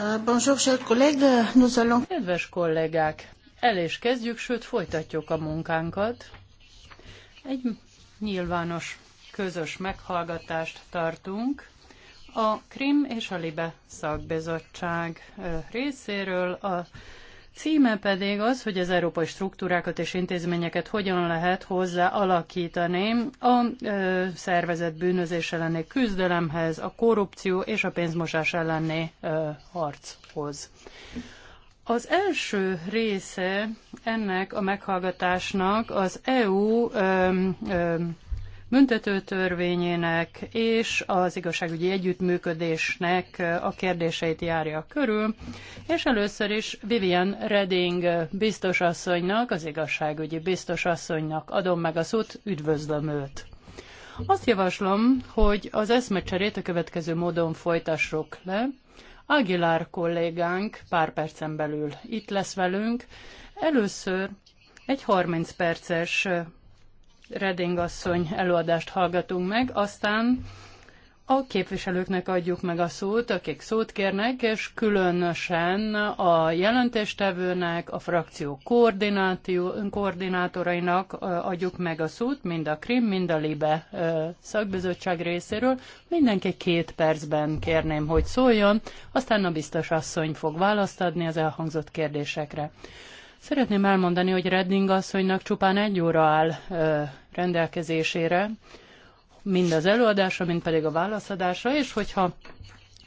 Euh, bonjour, chers collègues, nous allons... Kedves kollégák, el is kezdjük, sőt folytatjuk a munkánkat. Egy nyilvános közös meghallgatást tartunk a Krim és a Libe szakbizottság részéről a Címe pedig az, hogy az európai struktúrákat és intézményeket hogyan lehet hozzá alakítani a ö, szervezet bűnözés elleni küzdelemhez, a korrupció és a pénzmosás elleni ö, harchoz. Az első része ennek a meghallgatásnak az EU ö, ö, büntetőtörvényének és az igazságügyi együttműködésnek a kérdéseit járja körül, és először is Vivian Redding biztosasszonynak, az igazságügyi biztosasszonynak adom meg a szót, üdvözlöm őt. Azt javaslom, hogy az eszmecserét a következő módon folytassuk le. Aguilar kollégánk pár percen belül itt lesz velünk. Először egy 30 perces Reding asszony előadást hallgatunk meg, aztán a képviselőknek adjuk meg a szót, akik szót kérnek, és különösen a jelentéstevőnek, a frakció koordinátorainak adjuk meg a szót, mind a Krim, mind a Libe szakbizottság részéről. Mindenki két percben kérném, hogy szóljon, aztán a biztos asszony fog választ adni az elhangzott kérdésekre. Szeretném elmondani, hogy Redding asszonynak csupán egy óra áll rendelkezésére, mind az előadásra, mind pedig a válaszadásra, és hogyha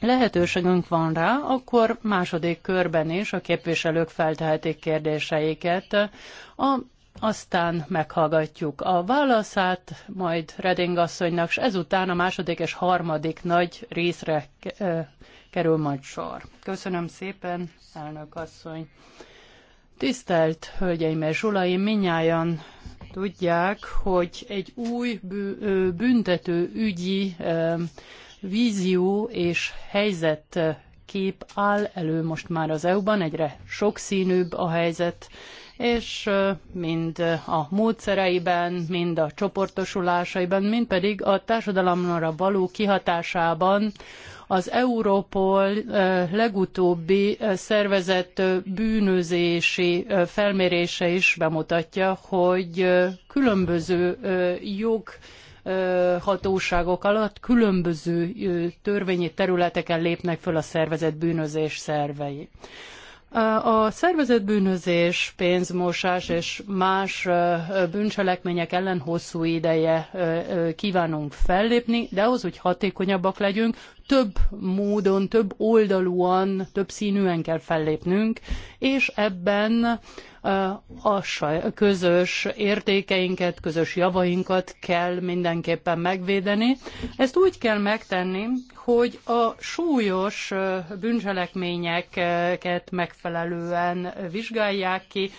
lehetőségünk van rá, akkor második körben is a képviselők feltehetik kérdéseiket. A aztán meghallgatjuk a válaszát, majd Redding asszonynak, és ezután a második és harmadik nagy részre kerül majd sor. Köszönöm szépen, elnök asszony. Tisztelt Hölgyeim és Uraim, minnyáján tudják, hogy egy új büntető ügyi vízió és helyzet kép áll elő most már az EU-ban, egyre sokszínűbb a helyzet, és mind a módszereiben, mind a csoportosulásaiban, mind pedig a társadalomra való kihatásában az Európol legutóbbi szervezett bűnözési felmérése is bemutatja, hogy különböző jog hatóságok alatt különböző törvényi területeken lépnek föl a szervezett bűnözés szervei. A szervezett bűnözés, pénzmosás és más bűncselekmények ellen hosszú ideje kívánunk fellépni, de ahhoz, hogy hatékonyabbak legyünk, több módon, több oldalúan, több színűen kell fellépnünk, és ebben a közös értékeinket, közös javainkat kell mindenképpen megvédeni. Ezt úgy kell megtenni, hogy a súlyos bűncselekményeket megfelelően vizsgálják ki,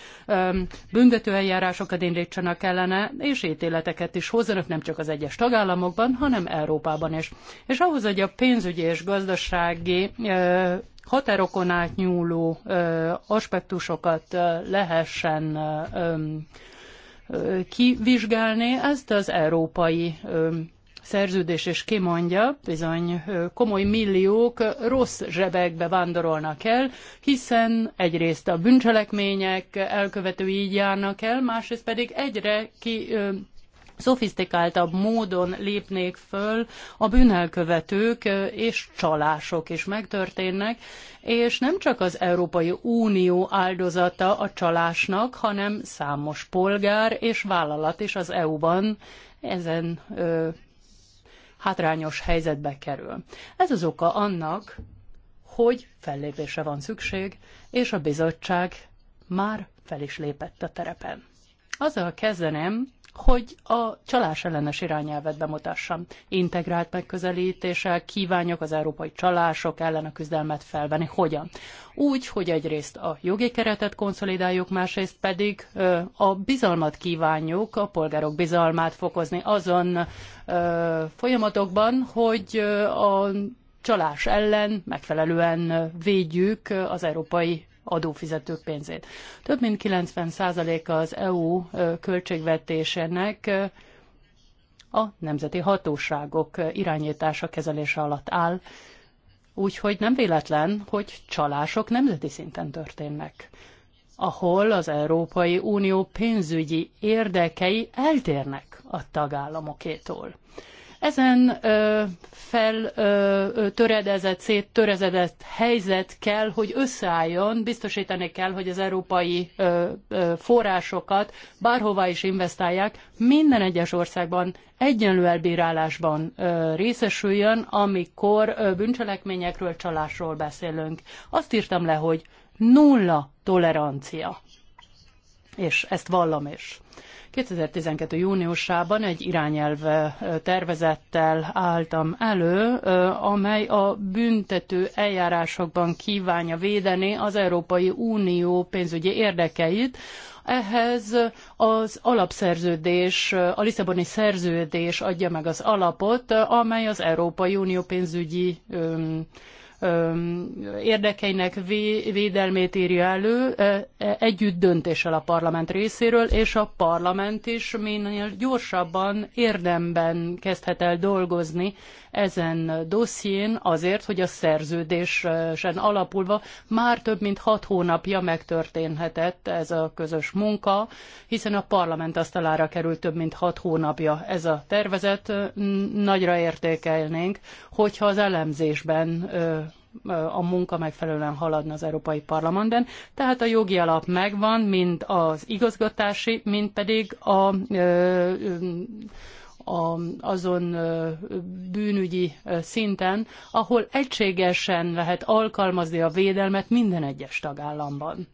büntetőeljárásokat indítsanak ellene, és ítéleteket is hozzanak nem csak az egyes tagállamokban, hanem Európában is. És ahhoz, hogy a pénzügyi és gazdasági határokon átnyúló aspektusokat lehessen kivizsgálni. Ezt az európai szerződés is kimondja, bizony komoly milliók rossz zsebekbe vándorolnak el, hiszen egyrészt a bűncselekmények elkövetői így járnak el, másrészt pedig egyre ki szofisztikáltabb módon lépnék föl a bűnelkövetők és csalások is megtörténnek, és nem csak az Európai Unió áldozata a csalásnak, hanem számos polgár és vállalat is az EU-ban ezen ö, hátrányos helyzetbe kerül. Ez az oka annak, hogy fellépésre van szükség, és a bizottság már fel is lépett a terepen. Azzal kezdenem, hogy a csalás ellenes irányelvet bemutassam. Integrált megközelítéssel kívánjak az európai csalások ellen a küzdelmet felvenni. Hogyan? Úgy, hogy egyrészt a jogi keretet konszolidáljuk, másrészt pedig a bizalmat kívánjuk, a polgárok bizalmát fokozni azon folyamatokban, hogy a csalás ellen megfelelően védjük az európai adófizetők pénzét. Több mint 90%-a az EU költségvetésének a nemzeti hatóságok irányítása kezelése alatt áll, úgyhogy nem véletlen, hogy csalások nemzeti szinten történnek ahol az Európai Unió pénzügyi érdekei eltérnek a tagállamokétól. Ezen ö, fel ö, töredezett, helyzet kell, hogy összeálljon, biztosítani kell, hogy az európai ö, ö, forrásokat bárhova is investálják, minden egyes országban egyenlő elbírálásban ö, részesüljön, amikor ö, bűncselekményekről, csalásról beszélünk. Azt írtam le, hogy nulla tolerancia és ezt vallom is. 2012. júniusában egy irányelv tervezettel álltam elő, amely a büntető eljárásokban kívánja védeni az Európai Unió pénzügyi érdekeit, ehhez az alapszerződés, a Lisszaboni szerződés adja meg az alapot, amely az Európai Unió pénzügyi érdekeinek védelmét írja elő e, együtt döntéssel a parlament részéről, és a parlament is minél gyorsabban érdemben kezdhet el dolgozni ezen dosszién azért, hogy a szerződésen alapulva már több mint hat hónapja megtörténhetett ez a közös munka, hiszen a parlament asztalára került több mint hat hónapja ez a tervezet. Nagyra értékelnénk, hogyha az elemzésben a munka megfelelően haladna az Európai Parlamentben. Tehát a jogi alap megvan, mind az igazgatási, mind pedig a, a, azon bűnügyi szinten, ahol egységesen lehet alkalmazni a védelmet minden egyes tagállamban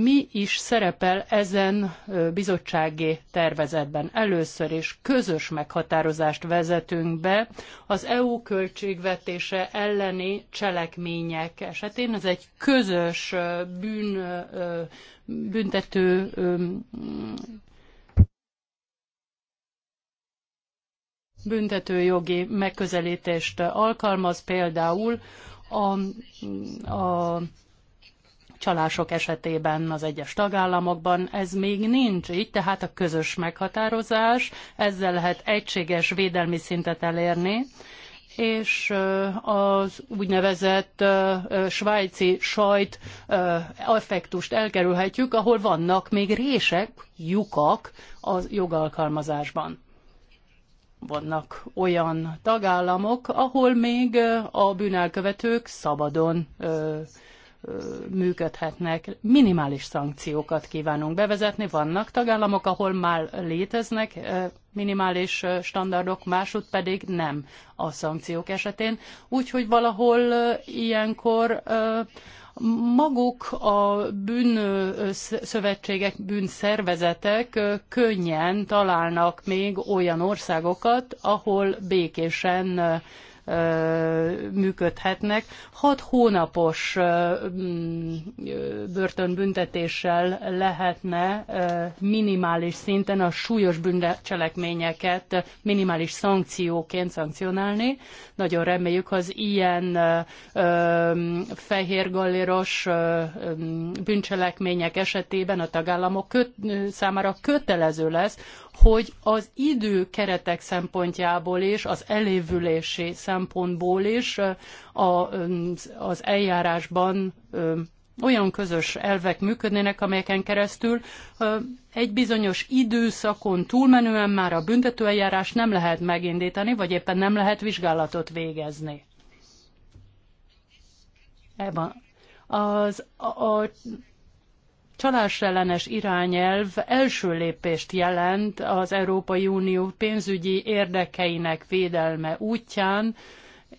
mi is szerepel ezen bizottsági tervezetben. Először is közös meghatározást vezetünk be az EU költségvetése elleni cselekmények esetén. Ez egy közös bűn, büntető büntetőjogi megközelítést alkalmaz, például a, a csalások esetében az egyes tagállamokban. Ez még nincs így, tehát a közös meghatározás, ezzel lehet egységes védelmi szintet elérni és az úgynevezett svájci sajt effektust elkerülhetjük, ahol vannak még rések, lyukak a jogalkalmazásban. Vannak olyan tagállamok, ahol még a bűnelkövetők szabadon működhetnek. Minimális szankciókat kívánunk bevezetni. Vannak tagállamok, ahol már léteznek minimális standardok, másod pedig nem a szankciók esetén. Úgyhogy valahol ilyenkor maguk a bűnszövetségek, bűnszervezetek könnyen találnak még olyan országokat, ahol békésen működhetnek. Hat hónapos börtönbüntetéssel lehetne minimális szinten a súlyos bűncselekményeket minimális szankcióként szankcionálni. Nagyon reméljük, az ilyen fehérgalléros bűncselekmények esetében a tagállamok köt, számára kötelező lesz, hogy az idő keretek szempontjából is, az elévülési szempontból is az eljárásban olyan közös elvek működnének, amelyeken keresztül egy bizonyos időszakon túlmenően már a büntetőeljárás nem lehet megindítani, vagy éppen nem lehet vizsgálatot végezni. Ebben az a, a Csalásellenes irányelv első lépést jelent az Európai Unió pénzügyi érdekeinek védelme útján,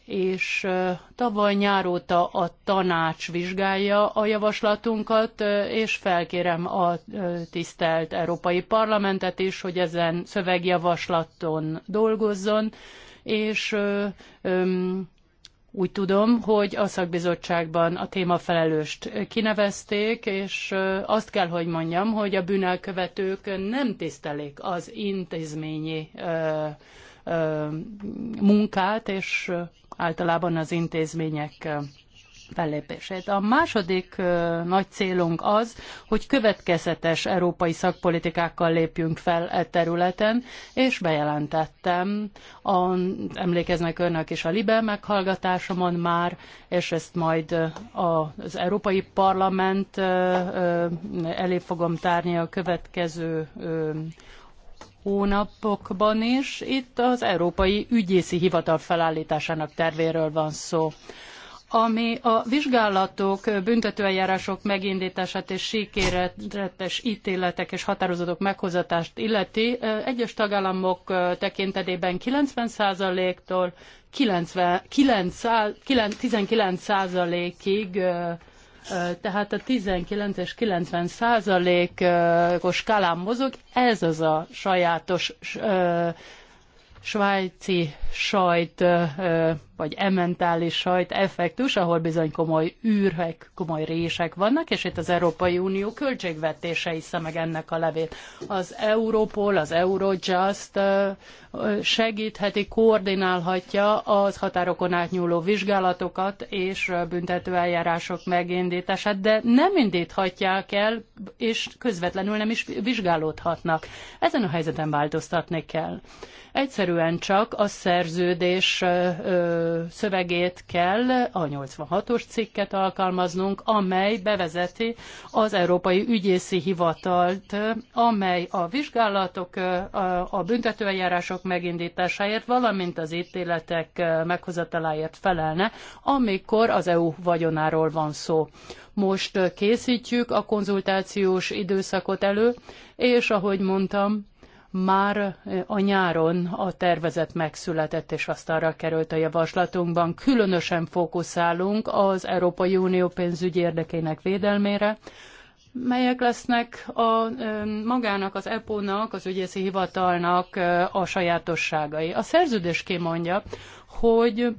és tavaly nyáróta a tanács vizsgálja a javaslatunkat, és felkérem a tisztelt Európai Parlamentet is, hogy ezen szövegjavaslaton dolgozzon, és úgy tudom, hogy a szakbizottságban a témafelelőst kinevezték, és azt kell, hogy mondjam, hogy a bűnelkövetők nem tisztelik az intézményi munkát, és általában az intézmények fellépését. A második nagy célunk az, hogy következetes európai szakpolitikákkal lépjünk fel e területen, és bejelentettem, a, emlékeznek önök is a Libe meghallgatásomon már, és ezt majd az Európai Parlament elé fogom tárni a következő hónapokban is. Itt az Európai Ügyészi Hivatal felállításának tervéről van szó ami a vizsgálatok, büntetőeljárások megindítását és síkéretes ítéletek és határozatok meghozatást illeti, eh, egyes tagállamok eh, tekintetében 90%-tól 19%-ig eh, tehát a 19 és 90 százalékos skálán mozog, ez az a sajátos svájci sajt vagy ementális sajt effektus, ahol bizony komoly űrhek, komoly rések vannak, és itt az Európai Unió költségvetése is meg ennek a levét. Az Europol, az Eurojust segítheti, koordinálhatja az határokon átnyúló vizsgálatokat és büntetőeljárások megindítását, de nem indíthatják el, és közvetlenül nem is vizsgálódhatnak. Ezen a helyzeten változtatni kell. Egyszerűen csak a szerződés ö, szövegét kell, a 86-os cikket alkalmaznunk, amely bevezeti az Európai Ügyészi Hivatalt, amely a vizsgálatok, a büntetőeljárások megindításáért, valamint az ítéletek meghozataláért felelne, amikor az EU vagyonáról van szó. Most készítjük a konzultációs időszakot elő, és ahogy mondtam, már a nyáron a tervezet megszületett, és asztalra került a javaslatunkban. Különösen fókuszálunk az Európai Unió pénzügyi érdekének védelmére, melyek lesznek a, magának, az EPO-nak, az ügyészi hivatalnak a sajátosságai. A szerződés kimondja, hogy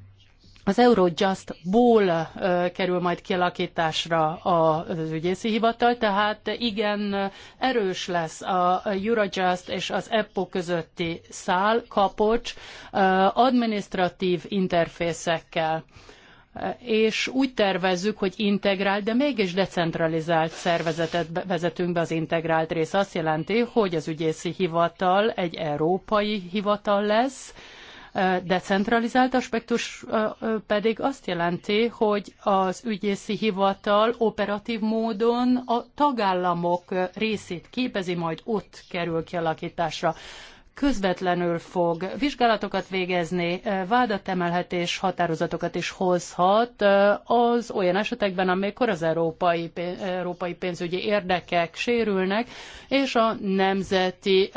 az Eurojust-ból kerül majd kialakításra az ügyészi hivatal, tehát igen erős lesz a Eurojust és az EPPO közötti szál, kapocs, administratív interfészekkel és úgy tervezzük, hogy integrált, de mégis decentralizált szervezetet vezetünk be az integrált rész. Azt jelenti, hogy az ügyészi hivatal egy európai hivatal lesz, Decentralizált aspektus pedig azt jelenti, hogy az ügyészi hivatal operatív módon a tagállamok részét képezi, majd ott kerül kialakításra közvetlenül fog vizsgálatokat végezni, vádat emelhet és határozatokat is hozhat az olyan esetekben, amikor az európai, európai pénzügyi érdekek sérülnek, és a nemzeti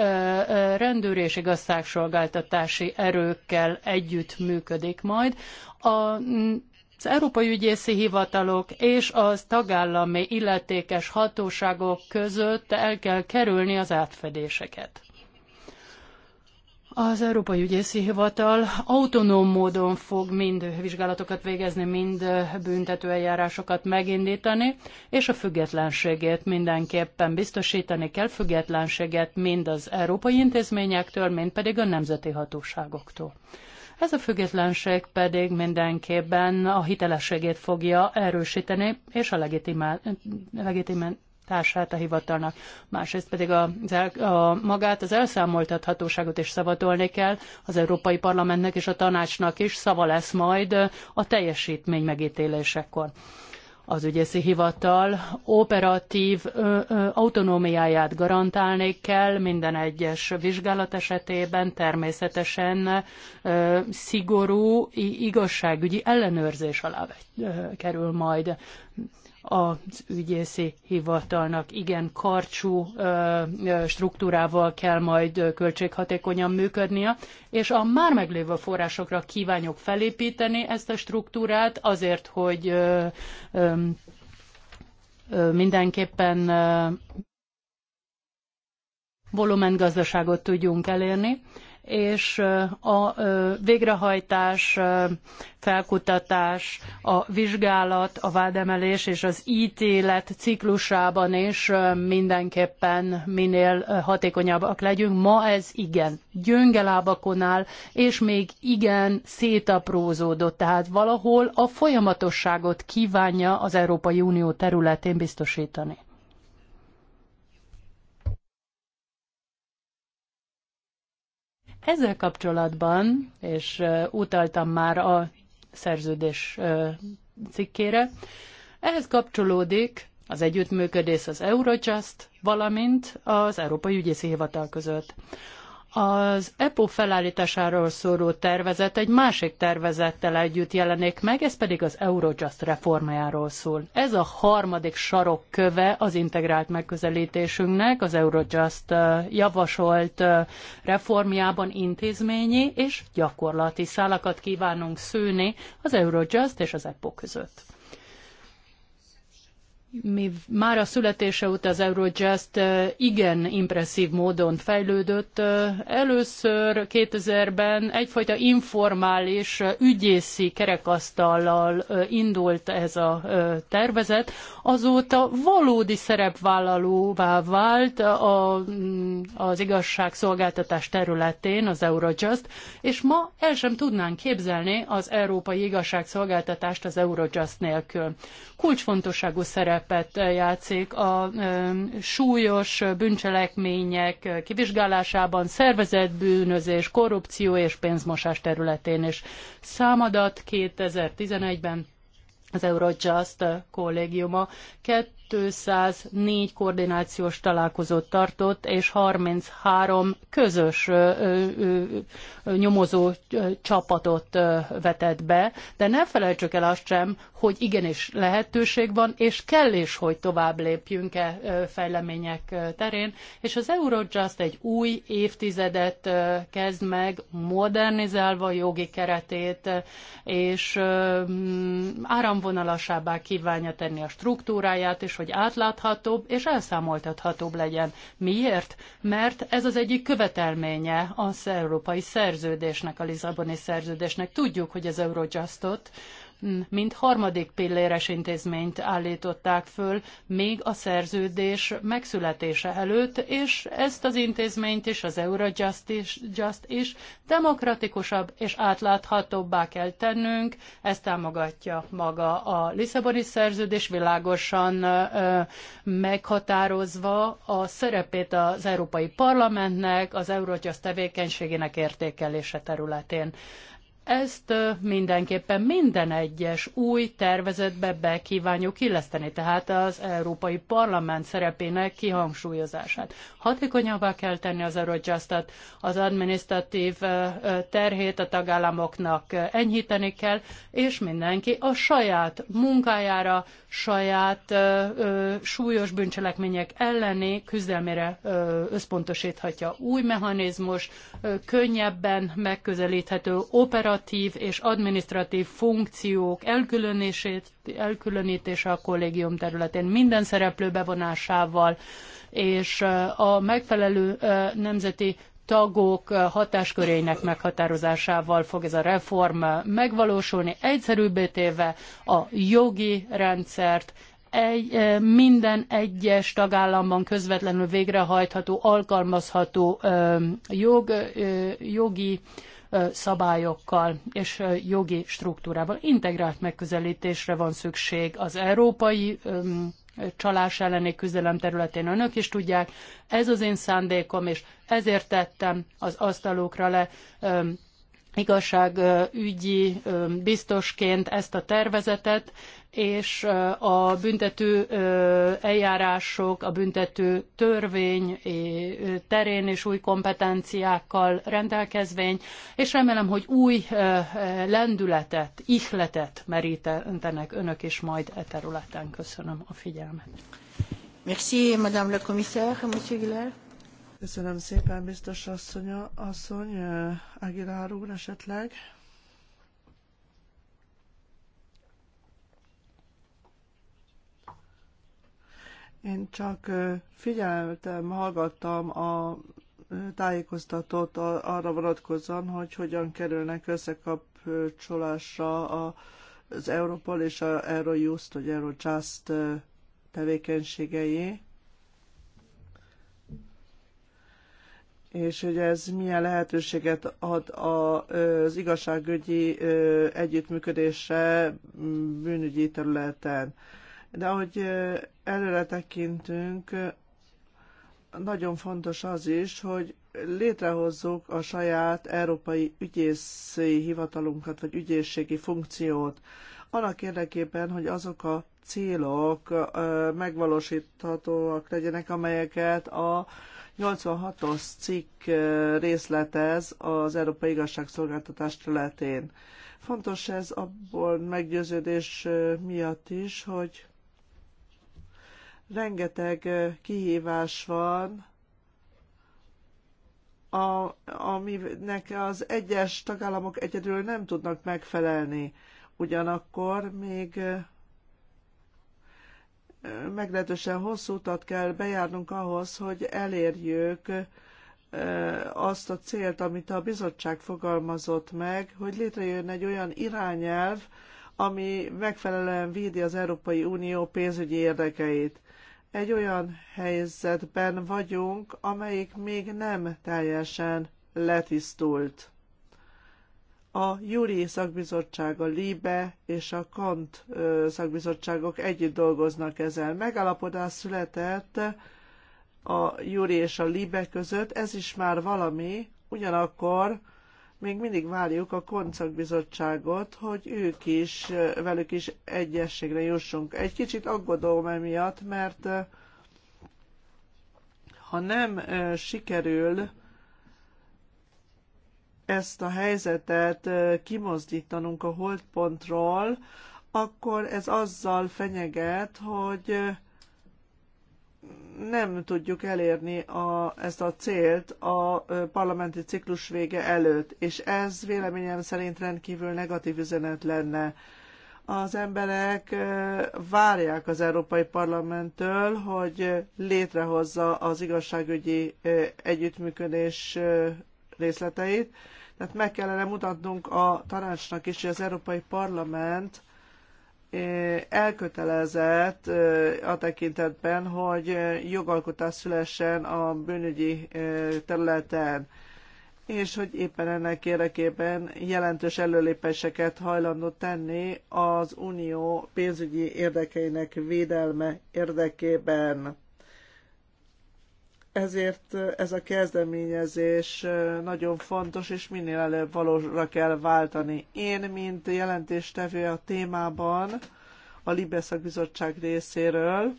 rendőr és igazságszolgáltatási erőkkel együtt működik majd. A az Európai Ügyészi Hivatalok és az tagállami illetékes hatóságok között el kell kerülni az átfedéseket. Az Európai Ügyészi Hivatal autonóm módon fog mind vizsgálatokat végezni, mind büntetőeljárásokat megindítani, és a függetlenségét mindenképpen biztosítani kell, függetlenséget mind az európai intézményektől, mind pedig a nemzeti hatóságoktól. Ez a függetlenség pedig mindenképpen a hitelességét fogja erősíteni, és a legitimációját társát a hivatalnak. Másrészt pedig a, a, magát, az elszámoltathatóságot is szavatolni kell az Európai Parlamentnek és a tanácsnak is szava lesz majd a teljesítmény megítélésekor az ügyészi hivatal operatív ö, ö, autonómiáját garantálni kell minden egyes vizsgálat esetében, természetesen ö, szigorú igazságügyi ellenőrzés alá kerül majd az ügyészi hivatalnak igen karcsú struktúrával kell majd költséghatékonyan működnie, és a már meglévő forrásokra kívánjuk felépíteni ezt a struktúrát azért, hogy mindenképpen volumengazdaságot tudjunk elérni, és a végrehajtás, felkutatás, a vizsgálat, a vádemelés és az ítélet ciklusában is mindenképpen minél hatékonyabbak legyünk. Ma ez igen lábakon áll, és még igen szétaprózódott. Tehát valahol a folyamatosságot kívánja az Európai Unió területén biztosítani. Ezzel kapcsolatban, és utaltam már a szerződés cikkére, ehhez kapcsolódik az együttműködés az Eurojust, valamint az Európai Ügyészi Hivatal között. Az EPO felállításáról szóló tervezet egy másik tervezettel együtt jelenik meg, ez pedig az Eurojust reformjáról szól. Ez a harmadik sarokköve az integrált megközelítésünknek, az Eurojust javasolt reformjában intézményi és gyakorlati szálakat kívánunk szőni az Eurojust és az EPO között mi már a születése óta az Eurojust igen impresszív módon fejlődött. Először 2000-ben egyfajta informális ügyészi kerekasztallal indult ez a tervezet, azóta valódi szerepvállalóvá vált a, mm, az igazságszolgáltatás területén az Eurojust, és ma el sem tudnánk képzelni az európai igazságszolgáltatást az Eurojust nélkül. Kulcsfontosságú szerep szerepet játszik a súlyos bűncselekmények kivizsgálásában, szervezett bűnözés, korrupció és pénzmosás területén is. Számadat 2011-ben az Eurojust kollégiuma 204 koordinációs találkozót tartott, és 33 közös nyomozó csapatot vetett be, de ne felejtsük el azt sem, hogy igenis lehetőség van, és kell is, hogy tovább lépjünk-e fejlemények terén, és az Eurojust egy új évtizedet kezd meg, modernizálva a jogi keretét, és áramvonalasábbá kívánja tenni a struktúráját, és hogy hogy átláthatóbb és elszámoltathatóbb legyen. Miért? Mert ez az egyik követelménye az európai szerződésnek, a Lisszaboni szerződésnek. Tudjuk, hogy az Eurojustot mint harmadik pilléres intézményt állították föl még a szerződés megszületése előtt, és ezt az intézményt is, az Eurojust is, Just is demokratikusabb és átláthatóbbá kell tennünk, ezt támogatja maga a Lisszaboni szerződés, világosan ö, meghatározva a szerepét az Európai Parlamentnek, az Eurojust tevékenységének értékelése területén. Ezt mindenképpen minden egyes új tervezetbe be kívánjuk illeszteni, tehát az Európai Parlament szerepének kihangsúlyozását. Hatékonyabbá kell tenni az Eurojustat, az administratív terhét a tagállamoknak enyhíteni kell, és mindenki a saját munkájára, saját súlyos bűncselekmények elleni küzdelmére összpontosíthatja. Új mechanizmus, könnyebben megközelíthető operatív, operatív és adminisztratív funkciók elkülönését, elkülönítése a kollégium területén minden szereplő bevonásával, és a megfelelő nemzeti tagok hatáskörének meghatározásával fog ez a reform megvalósulni, egyszerűbbé téve a jogi rendszert, egy, minden egyes tagállamban közvetlenül végrehajtható, alkalmazható jog, jogi szabályokkal és jogi struktúrával. Integrált megközelítésre van szükség az európai csalás elleni küzdelem területén önök is tudják. Ez az én szándékom, és ezért tettem az asztalokra le igazságügyi biztosként ezt a tervezetet, és a büntető eljárások, a büntető törvény terén és új kompetenciákkal rendelkezvény, és remélem, hogy új lendületet, ihletet merítenek önök is majd e területen. Köszönöm a figyelmet. Merci, Madame la Commissaire, Monsieur Guillard. Köszönöm szépen, biztos asszonya, asszony, Aguilar úr esetleg. Én csak figyeltem, hallgattam a tájékoztatót arra vonatkozóan, hogy hogyan kerülnek összekapcsolásra az Europol és a Eurojust vagy Eurojust tevékenységei. és hogy ez milyen lehetőséget ad az igazságügyi együttműködésre bűnügyi területen de ahogy előre tekintünk, nagyon fontos az is, hogy létrehozzuk a saját európai ügyészi hivatalunkat, vagy ügyészségi funkciót, annak érdekében, hogy azok a célok megvalósíthatóak legyenek, amelyeket a 86-os cikk részletez az Európai Igazságszolgáltatás területén. Fontos ez abból meggyőződés miatt is, hogy rengeteg kihívás van, a, aminek az egyes tagállamok egyedül nem tudnak megfelelni. Ugyanakkor még meglehetősen hosszú utat kell bejárnunk ahhoz, hogy elérjük azt a célt, amit a bizottság fogalmazott meg, hogy létrejön egy olyan irányelv, ami megfelelően védi az Európai Unió pénzügyi érdekeit egy olyan helyzetben vagyunk, amelyik még nem teljesen letisztult. A Júri szakbizottság, a LIBE és a KANT szakbizottságok együtt dolgoznak ezzel. Megállapodás született a Júri és a LIBE között, ez is már valami, ugyanakkor még mindig várjuk a koncakbizottságot, hogy ők is, velük is egyességre jussunk. Egy kicsit aggodom emiatt, mert eh, ha nem eh, sikerül ezt a helyzetet eh, kimozdítanunk a holdpontról, akkor ez azzal fenyeget, hogy nem tudjuk elérni a, ezt a célt a parlamenti ciklus vége előtt, és ez véleményem szerint rendkívül negatív üzenet lenne. Az emberek várják az Európai Parlamenttől, hogy létrehozza az igazságügyi együttműködés részleteit, tehát meg kellene mutatnunk a tanácsnak is, hogy az Európai Parlament elkötelezett a tekintetben, hogy jogalkotás szülessen a bűnügyi területen, és hogy éppen ennek érdekében jelentős előlépéseket hajlandó tenni az unió pénzügyi érdekeinek védelme érdekében ezért ez a kezdeményezés nagyon fontos, és minél előbb valóra kell váltani. Én, mint jelentéstevő a témában, a Libeszak Bizottság részéről,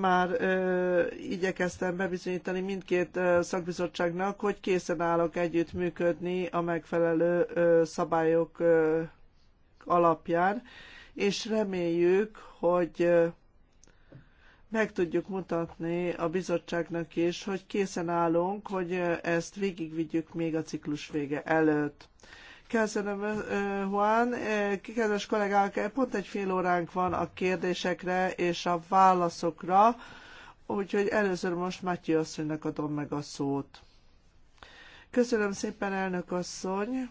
már ö, igyekeztem bebizonyítani mindkét ö, szakbizottságnak, hogy készen állok együttműködni a megfelelő ö, szabályok ö, alapján, és reméljük, hogy meg tudjuk mutatni a bizottságnak is, hogy készen állunk, hogy ezt végigvigyük még a ciklus vége előtt. Köszönöm, Juan. Kedves kollégák, pont egy fél óránk van a kérdésekre és a válaszokra, úgyhogy először most Matyi asszonynak adom meg a szót. Köszönöm szépen, elnök asszony,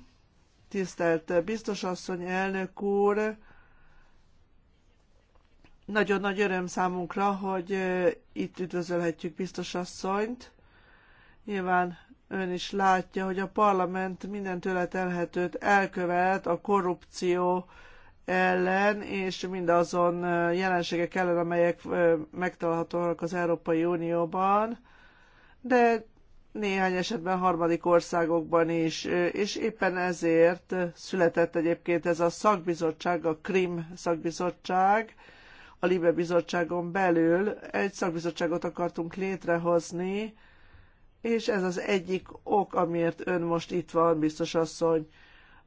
tisztelt biztos asszony, elnök úr, nagyon nagy öröm számunkra, hogy itt üdvözölhetjük biztos asszonyt. Nyilván ön is látja, hogy a parlament minden tőle telhetőt elkövet a korrupció ellen, és mindazon jelenségek ellen, amelyek megtalálhatóak az Európai Unióban, de néhány esetben harmadik országokban is, és éppen ezért született egyébként ez a szakbizottság, a Krim szakbizottság, a Libe Bizottságon belül egy szakbizottságot akartunk létrehozni, és ez az egyik ok, amiért ön most itt van, biztos asszony.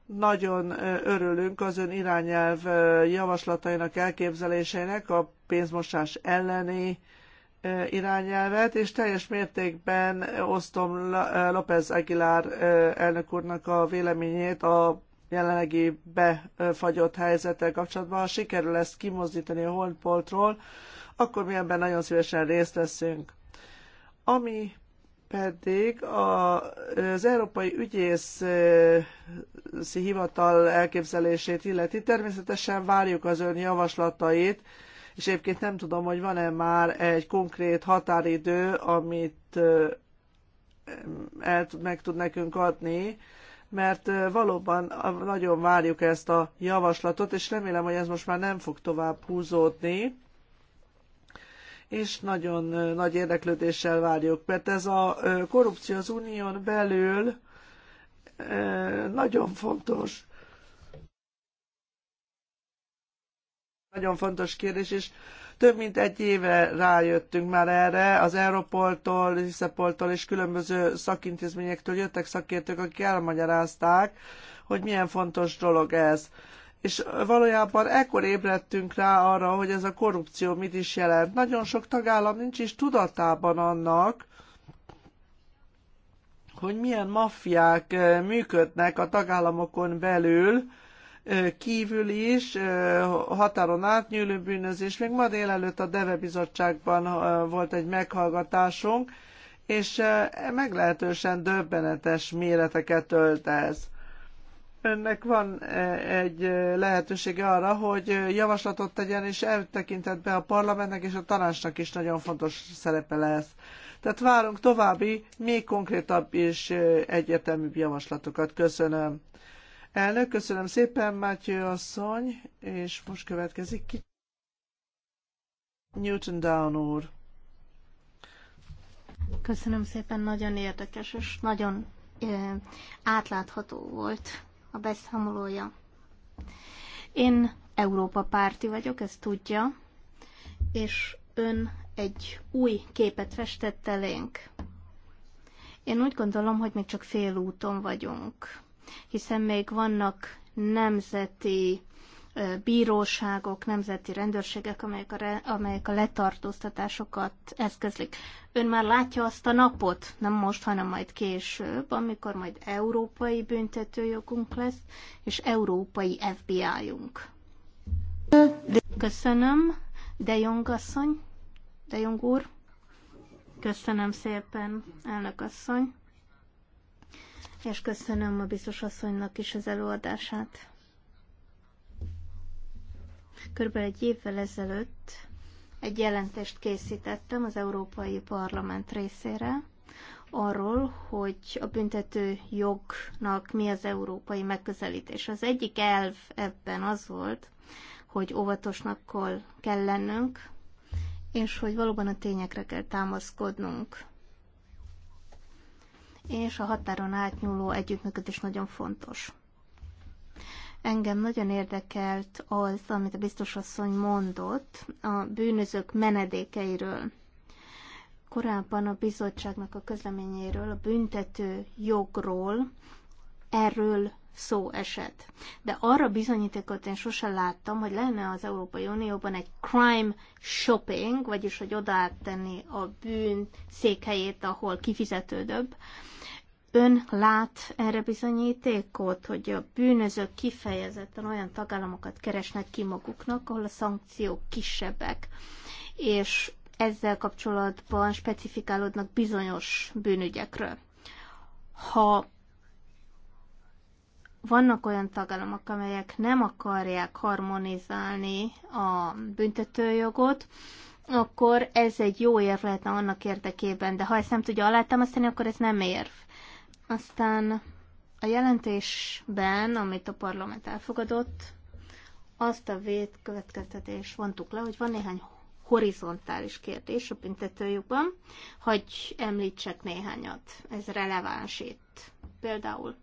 Nagyon örülünk az ön irányelv javaslatainak, elképzeléseinek a pénzmosás elleni irányelvet, és teljes mértékben osztom López Aguilar elnök úrnak a véleményét a jelenlegi befagyott helyzettel kapcsolatban, ha sikerül ezt kimozdítani a holdpoltról, akkor mi ebben nagyon szívesen részt veszünk. Ami pedig a, az Európai Ügyész Hivatal elképzelését illeti. Természetesen várjuk az ön javaslatait, és egyébként nem tudom, hogy van-e már egy konkrét határidő, amit el, meg tud nekünk adni, mert valóban nagyon várjuk ezt a javaslatot, és remélem, hogy ez most már nem fog tovább húzódni, és nagyon nagy érdeklődéssel várjuk, mert ez a korrupció az unión belül nagyon fontos nagyon fontos kérdés, és több mint egy éve rájöttünk már erre, az Europoltól, Lisszepoltól és különböző szakintézményektől jöttek szakértők, akik elmagyarázták, hogy milyen fontos dolog ez. És valójában ekkor ébredtünk rá arra, hogy ez a korrupció mit is jelent. Nagyon sok tagállam nincs is tudatában annak, hogy milyen maffiák eh, működnek a tagállamokon belül, kívül is, határon átnyúló bűnözés. Még ma délelőtt a DEVE bizottságban volt egy meghallgatásunk, és meglehetősen döbbenetes méreteket ölt ez. Önnek van egy lehetősége arra, hogy javaslatot tegyen, és eltekintetben a parlamentnek és a tanácsnak is nagyon fontos szerepe lesz. Tehát várunk további, még konkrétabb és egyetemű javaslatokat. Köszönöm. Elnök, köszönöm szépen, Mátyő asszony, és most következik ki. Newton Down úr. Köszönöm szépen, nagyon érdekes, és nagyon ö, átlátható volt a beszámolója. Én Európa párti vagyok, ezt tudja, és ön egy új képet festett elénk. Én úgy gondolom, hogy még csak félúton vagyunk hiszen még vannak nemzeti bíróságok, nemzeti rendőrségek, amelyek a, amelyek a letartóztatásokat eszközlik. Ön már látja azt a napot, nem most, hanem majd később, amikor majd európai büntetőjogunk lesz, és európai FBI-unk. Köszönöm, De Jong asszony, De Jong úr. Köszönöm szépen, elnök asszony és köszönöm a biztos asszonynak is az előadását. Körülbelül egy évvel ezelőtt egy jelentést készítettem az Európai Parlament részére, arról, hogy a büntető jognak mi az európai megközelítés. Az egyik elv ebben az volt, hogy óvatosnak kell lennünk, és hogy valóban a tényekre kell támaszkodnunk és a határon átnyúló együttműködés nagyon fontos. Engem nagyon érdekelt az, amit a biztos asszony mondott a bűnözők menedékeiről. Korábban a bizottságnak a közleményéről, a büntető jogról, erről szó esett. De arra bizonyítékot én sosem láttam, hogy lenne az Európai Unióban egy crime shopping, vagyis hogy oda tenni a bűn székhelyét, ahol kifizetődőbb. Ön lát erre bizonyítékot, hogy a bűnözők kifejezetten olyan tagállamokat keresnek ki maguknak, ahol a szankciók kisebbek, és ezzel kapcsolatban specifikálódnak bizonyos bűnügyekről. Ha vannak olyan tagállamok, amelyek nem akarják harmonizálni a büntetőjogot, akkor ez egy jó érv lehetne annak érdekében, de ha ezt nem tudja alátámasztani, akkor ez nem érv. Aztán a jelentésben, amit a parlament elfogadott, azt a védkövetkeztetés vontuk le, hogy van néhány horizontális kérdés a büntetőjukban, hogy említsek néhányat. Ez releváns itt. Például,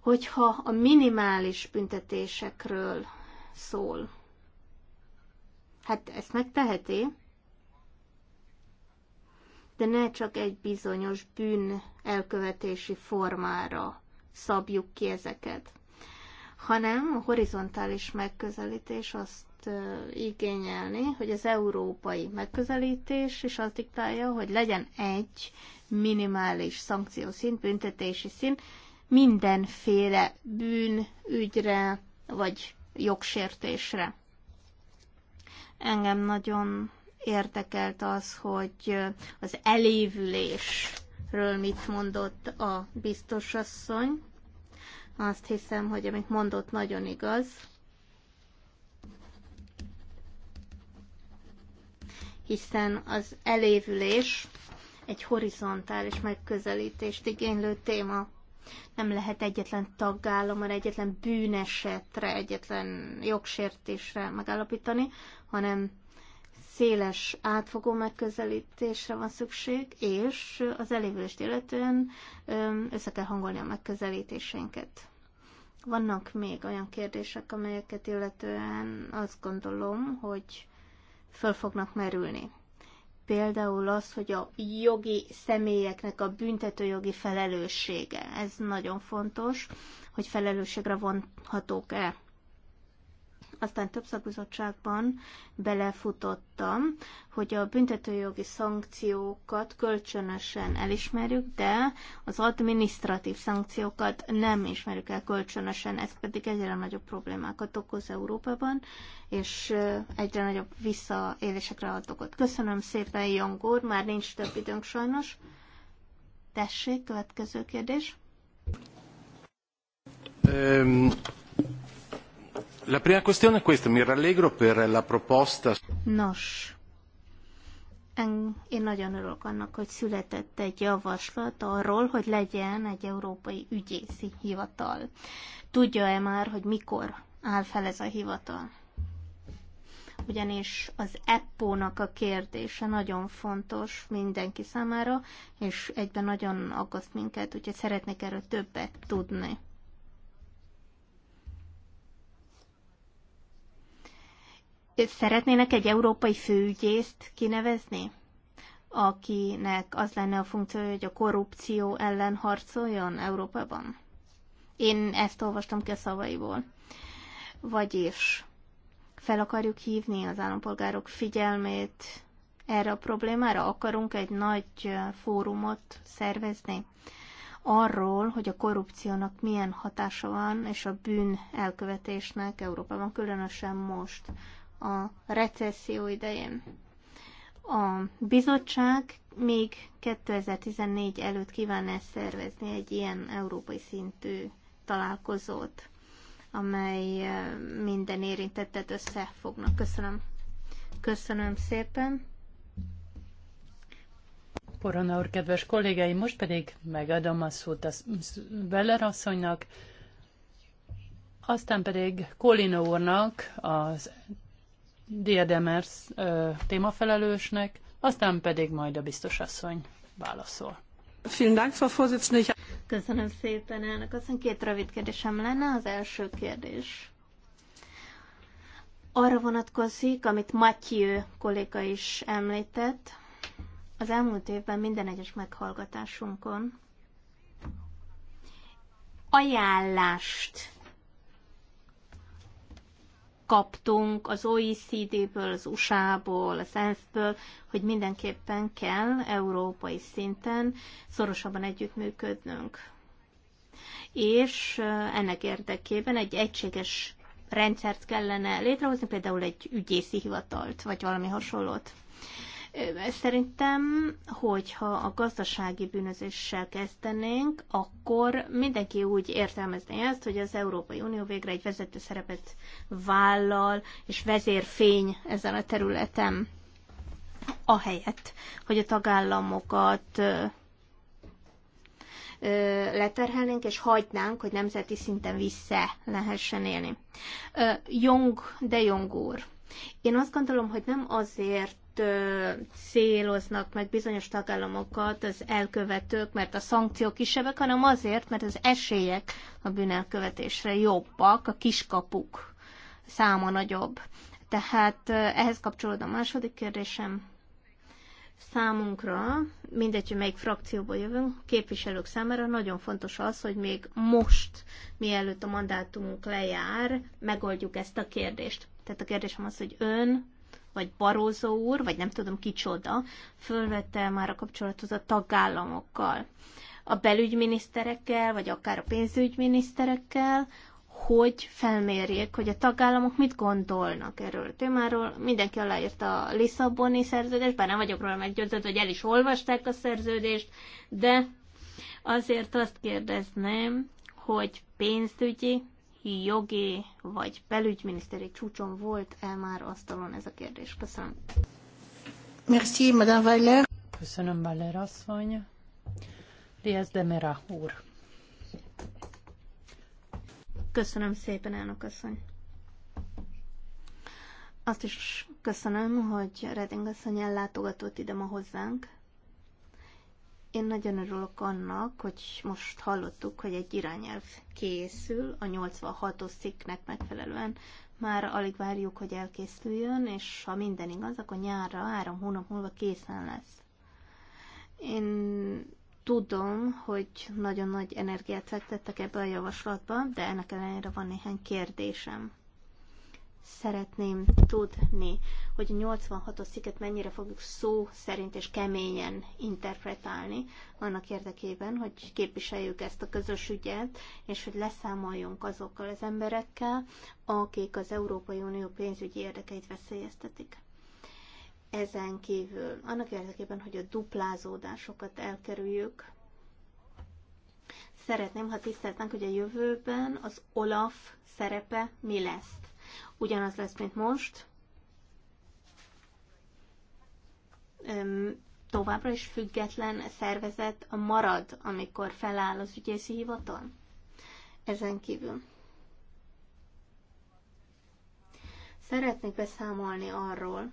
hogyha a minimális büntetésekről szól, hát ezt megteheti, de ne csak egy bizonyos bűn elkövetési formára szabjuk ki ezeket, hanem a horizontális megközelítés azt igényelni, hogy az európai megközelítés is azt diktálja, hogy legyen egy minimális szankciószint, büntetési szint mindenféle bűnügyre vagy jogsértésre. Engem nagyon érdekelt az, hogy az elévülésről mit mondott a biztosasszony. Azt hiszem, hogy amit mondott, nagyon igaz. Hiszen az elévülés egy horizontális megközelítést igénylő téma. Nem lehet egyetlen taggállomra, egyetlen bűnesetre, egyetlen jogsértésre megállapítani, hanem széles átfogó megközelítésre van szükség, és az elévülést illetően össze kell hangolni a megközelítéseinket. Vannak még olyan kérdések, amelyeket illetően azt gondolom, hogy föl fognak merülni. Például az, hogy a jogi személyeknek a büntetőjogi felelőssége. Ez nagyon fontos, hogy felelősségre vonhatók-e aztán több szakbizottságban belefutottam, hogy a büntetőjogi szankciókat kölcsönösen elismerjük, de az administratív szankciókat nem ismerjük el kölcsönösen, ez pedig egyre nagyobb problémákat okoz Európában, és egyre nagyobb visszaélésekre ad okot. Köszönöm szépen, Jongór, már nincs több időnk sajnos. Tessék, következő kérdés. Um, La prima questione è questa, mi rallegro per la proposta. Nos, én nagyon örülök annak, hogy született egy javaslat arról, hogy legyen egy európai ügyészi hivatal. Tudja-e már, hogy mikor áll fel ez a hivatal? Ugyanis az EPPO-nak a kérdése nagyon fontos mindenki számára, és egyben nagyon aggaszt minket, úgyhogy szeretnék erről többet tudni. szeretnének egy európai főügyészt kinevezni, akinek az lenne a funkció, hogy a korrupció ellen harcoljon Európában? Én ezt olvastam ki a szavaiból. Vagyis fel akarjuk hívni az állampolgárok figyelmét erre a problémára? Akarunk egy nagy fórumot szervezni arról, hogy a korrupciónak milyen hatása van, és a bűn elkövetésnek Európában, különösen most a recesszió idején. A bizottság még 2014 előtt kívánna -e szervezni egy ilyen európai szintű találkozót, amely minden érintettet összefognak. Köszönöm. Köszönöm szépen. Porona úr, kedves kollégáim, most pedig megadom a szót a Beller asszonynak, aztán pedig Kolino úrnak, az Diademers ö, témafelelősnek, aztán pedig majd a biztosasszony válaszol. Köszönöm szépen, elnök. Aztán két rövid kérdésem lenne. Az első kérdés arra vonatkozik, amit Matyő kolléga is említett. Az elmúlt évben minden egyes meghallgatásunkon ajánlást kaptunk az OECD-ből, az USA-ból, az ENSZ-ből, hogy mindenképpen kell európai szinten szorosabban együttműködnünk. És ennek érdekében egy egységes rendszert kellene létrehozni, például egy ügyészi hivatalt, vagy valami hasonlót. Szerintem, hogyha a gazdasági bűnözéssel kezdenénk, akkor mindenki úgy értelmezné ezt, hogy az Európai Unió végre egy vezető szerepet vállal, és vezérfény ezen a területen, ahelyett, hogy a tagállamokat leterhelnénk, és hagynánk, hogy nemzeti szinten vissza lehessen élni. Jong, de Jong úr, én azt gondolom, hogy nem azért céloznak meg bizonyos tagállamokat az elkövetők, mert a szankciók kisebbek, hanem azért, mert az esélyek a bűnelkövetésre jobbak, a kiskapuk száma nagyobb. Tehát ehhez kapcsolód a második kérdésem. Számunkra, mindegy, hogy melyik frakcióból jövünk, képviselők számára nagyon fontos az, hogy még most, mielőtt a mandátumunk lejár, megoldjuk ezt a kérdést. Tehát a kérdésem az, hogy ön vagy Barózó úr, vagy nem tudom kicsoda, fölvette már a kapcsolatot a tagállamokkal, a belügyminiszterekkel, vagy akár a pénzügyminiszterekkel, hogy felmérjék, hogy a tagállamok mit gondolnak erről a témáról. Mindenki aláírta a Lisszaboni szerződést, bár nem vagyok róla meggyőződve, hogy el is olvasták a szerződést, de azért azt kérdezném, hogy pénzügyi jogi vagy belügyminiszteri csúcson volt-e már asztalon ez a kérdés? Köszönöm. Merci, Madame Weiler. Köszönöm, Weiler asszony. Riaz Mera úr. Köszönöm szépen, elnök asszony. Azt is köszönöm, hogy Reding asszony ellátogatott ide ma hozzánk. Én nagyon örülök annak, hogy most hallottuk, hogy egy irányelv készül a 86-os cikknek megfelelően. Már alig várjuk, hogy elkészüljön, és ha minden igaz, akkor nyárra, három hónap múlva készen lesz. Én tudom, hogy nagyon nagy energiát fektettek ebbe a javaslatba, de ennek ellenére van néhány kérdésem szeretném tudni, hogy a 86-os sziket mennyire fogjuk szó szerint és keményen interpretálni, annak érdekében, hogy képviseljük ezt a közös ügyet, és hogy leszámoljunk azokkal az emberekkel, akik az Európai Unió pénzügyi érdekeit veszélyeztetik. Ezen kívül, annak érdekében, hogy a duplázódásokat elkerüljük, szeretném, ha tisztelnénk, hogy a jövőben az OLAF szerepe mi lesz ugyanaz lesz, mint most. Továbbra is független szervezet a marad, amikor feláll az ügyészi hivatal? Ezen kívül. Szeretnék beszámolni arról,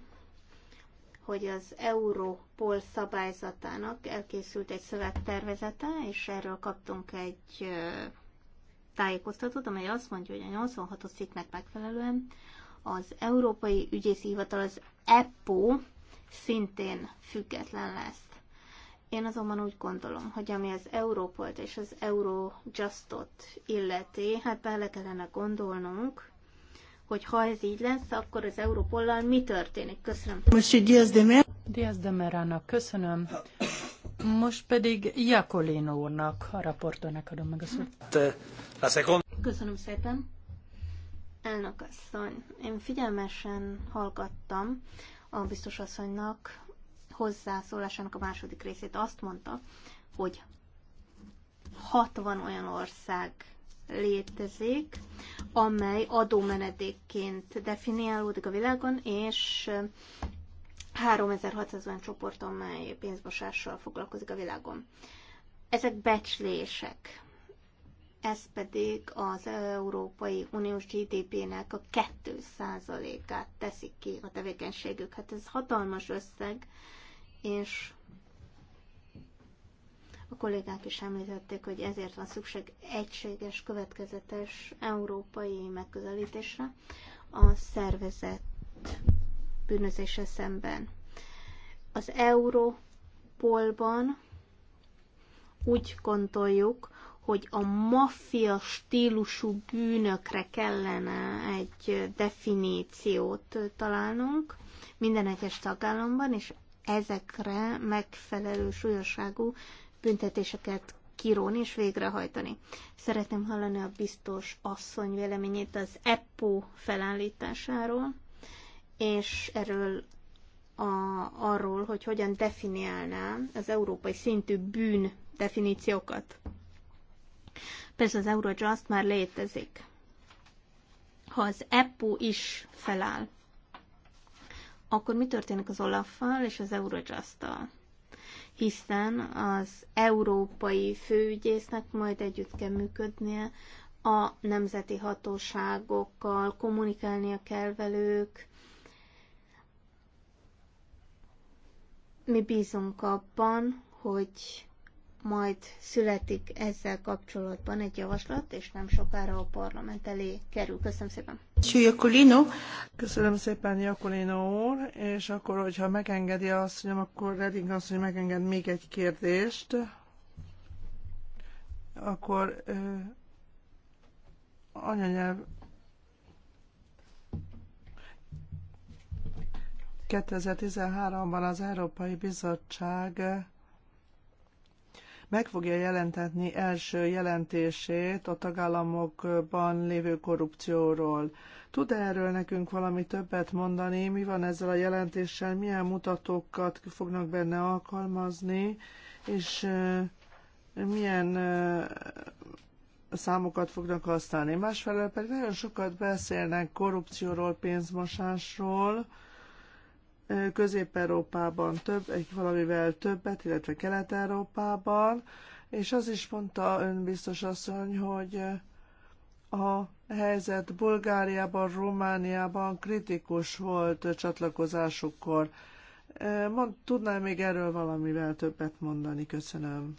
hogy az Europol szabályzatának elkészült egy szövegtervezete, és erről kaptunk egy tájékoztatót, amely azt mondja, hogy a 86-os cikknek megfelelően az Európai Ügyészi Hivatal, az EPO szintén független lesz. Én azonban úgy gondolom, hogy ami az Európolt és az Eurojustot illeti, hát bele kellene gondolnunk, hogy ha ez így lesz, akkor az Európollal mi történik. Köszönöm. Most Diaz de Merának köszönöm. Most pedig Jakolino úrnak, a raportőrnek adom meg a szót. Köszönöm szépen. Elnök asszony, én figyelmesen hallgattam a biztos asszonynak hozzászólásának a második részét. Azt mondta, hogy 60 olyan ország létezik, amely adómenedékként definiálódik a világon, és 3600 olyan csoport, amely pénzmosással foglalkozik a világon. Ezek becslések. Ez pedig az Európai Uniós GDP-nek a 2%-át teszik ki a tevékenységük. Hát ez hatalmas összeg, és a kollégák is említették, hogy ezért van szükség egységes, következetes európai megközelítésre a szervezet bűnözése szemben. Az Európolban úgy gondoljuk, hogy a maffia stílusú bűnökre kellene egy definíciót találnunk minden egyes tagállamban, és ezekre megfelelő súlyosságú büntetéseket kiróni és végrehajtani. Szeretném hallani a biztos asszony véleményét az EPO felállításáról és erről a, arról, hogy hogyan definiálná az európai szintű bűn definíciókat. Persze az Eurojust már létezik. Ha az EPU is feláll, akkor mi történik az Olaffal és az Eurojust-tal? Hiszen az európai főügyésznek majd együtt kell működnie, a nemzeti hatóságokkal kommunikálnia kell velük, Mi bízunk abban, hogy majd születik ezzel kapcsolatban egy javaslat, és nem sokára a parlament elé kerül. Köszönöm szépen. Köszönöm szépen, Jakulino úr, és akkor, hogyha megengedi azt asszonyom, akkor Redding hogy megenged még egy kérdést. Akkor ö, anyanyelv 2013-ban az Európai Bizottság meg fogja jelentetni első jelentését a tagállamokban lévő korrupcióról. Tud -e erről nekünk valami többet mondani? Mi van ezzel a jelentéssel? Milyen mutatókat fognak benne alkalmazni? És milyen számokat fognak használni? Másfelől pedig nagyon sokat beszélnek korrupcióról, pénzmosásról, Közép-Európában több, egy valamivel többet, illetve Kelet-Európában, és az is mondta ön biztos asszony, hogy a helyzet Bulgáriában, Romániában kritikus volt csatlakozásukkor. Mond, tudnál még erről valamivel többet mondani? Köszönöm.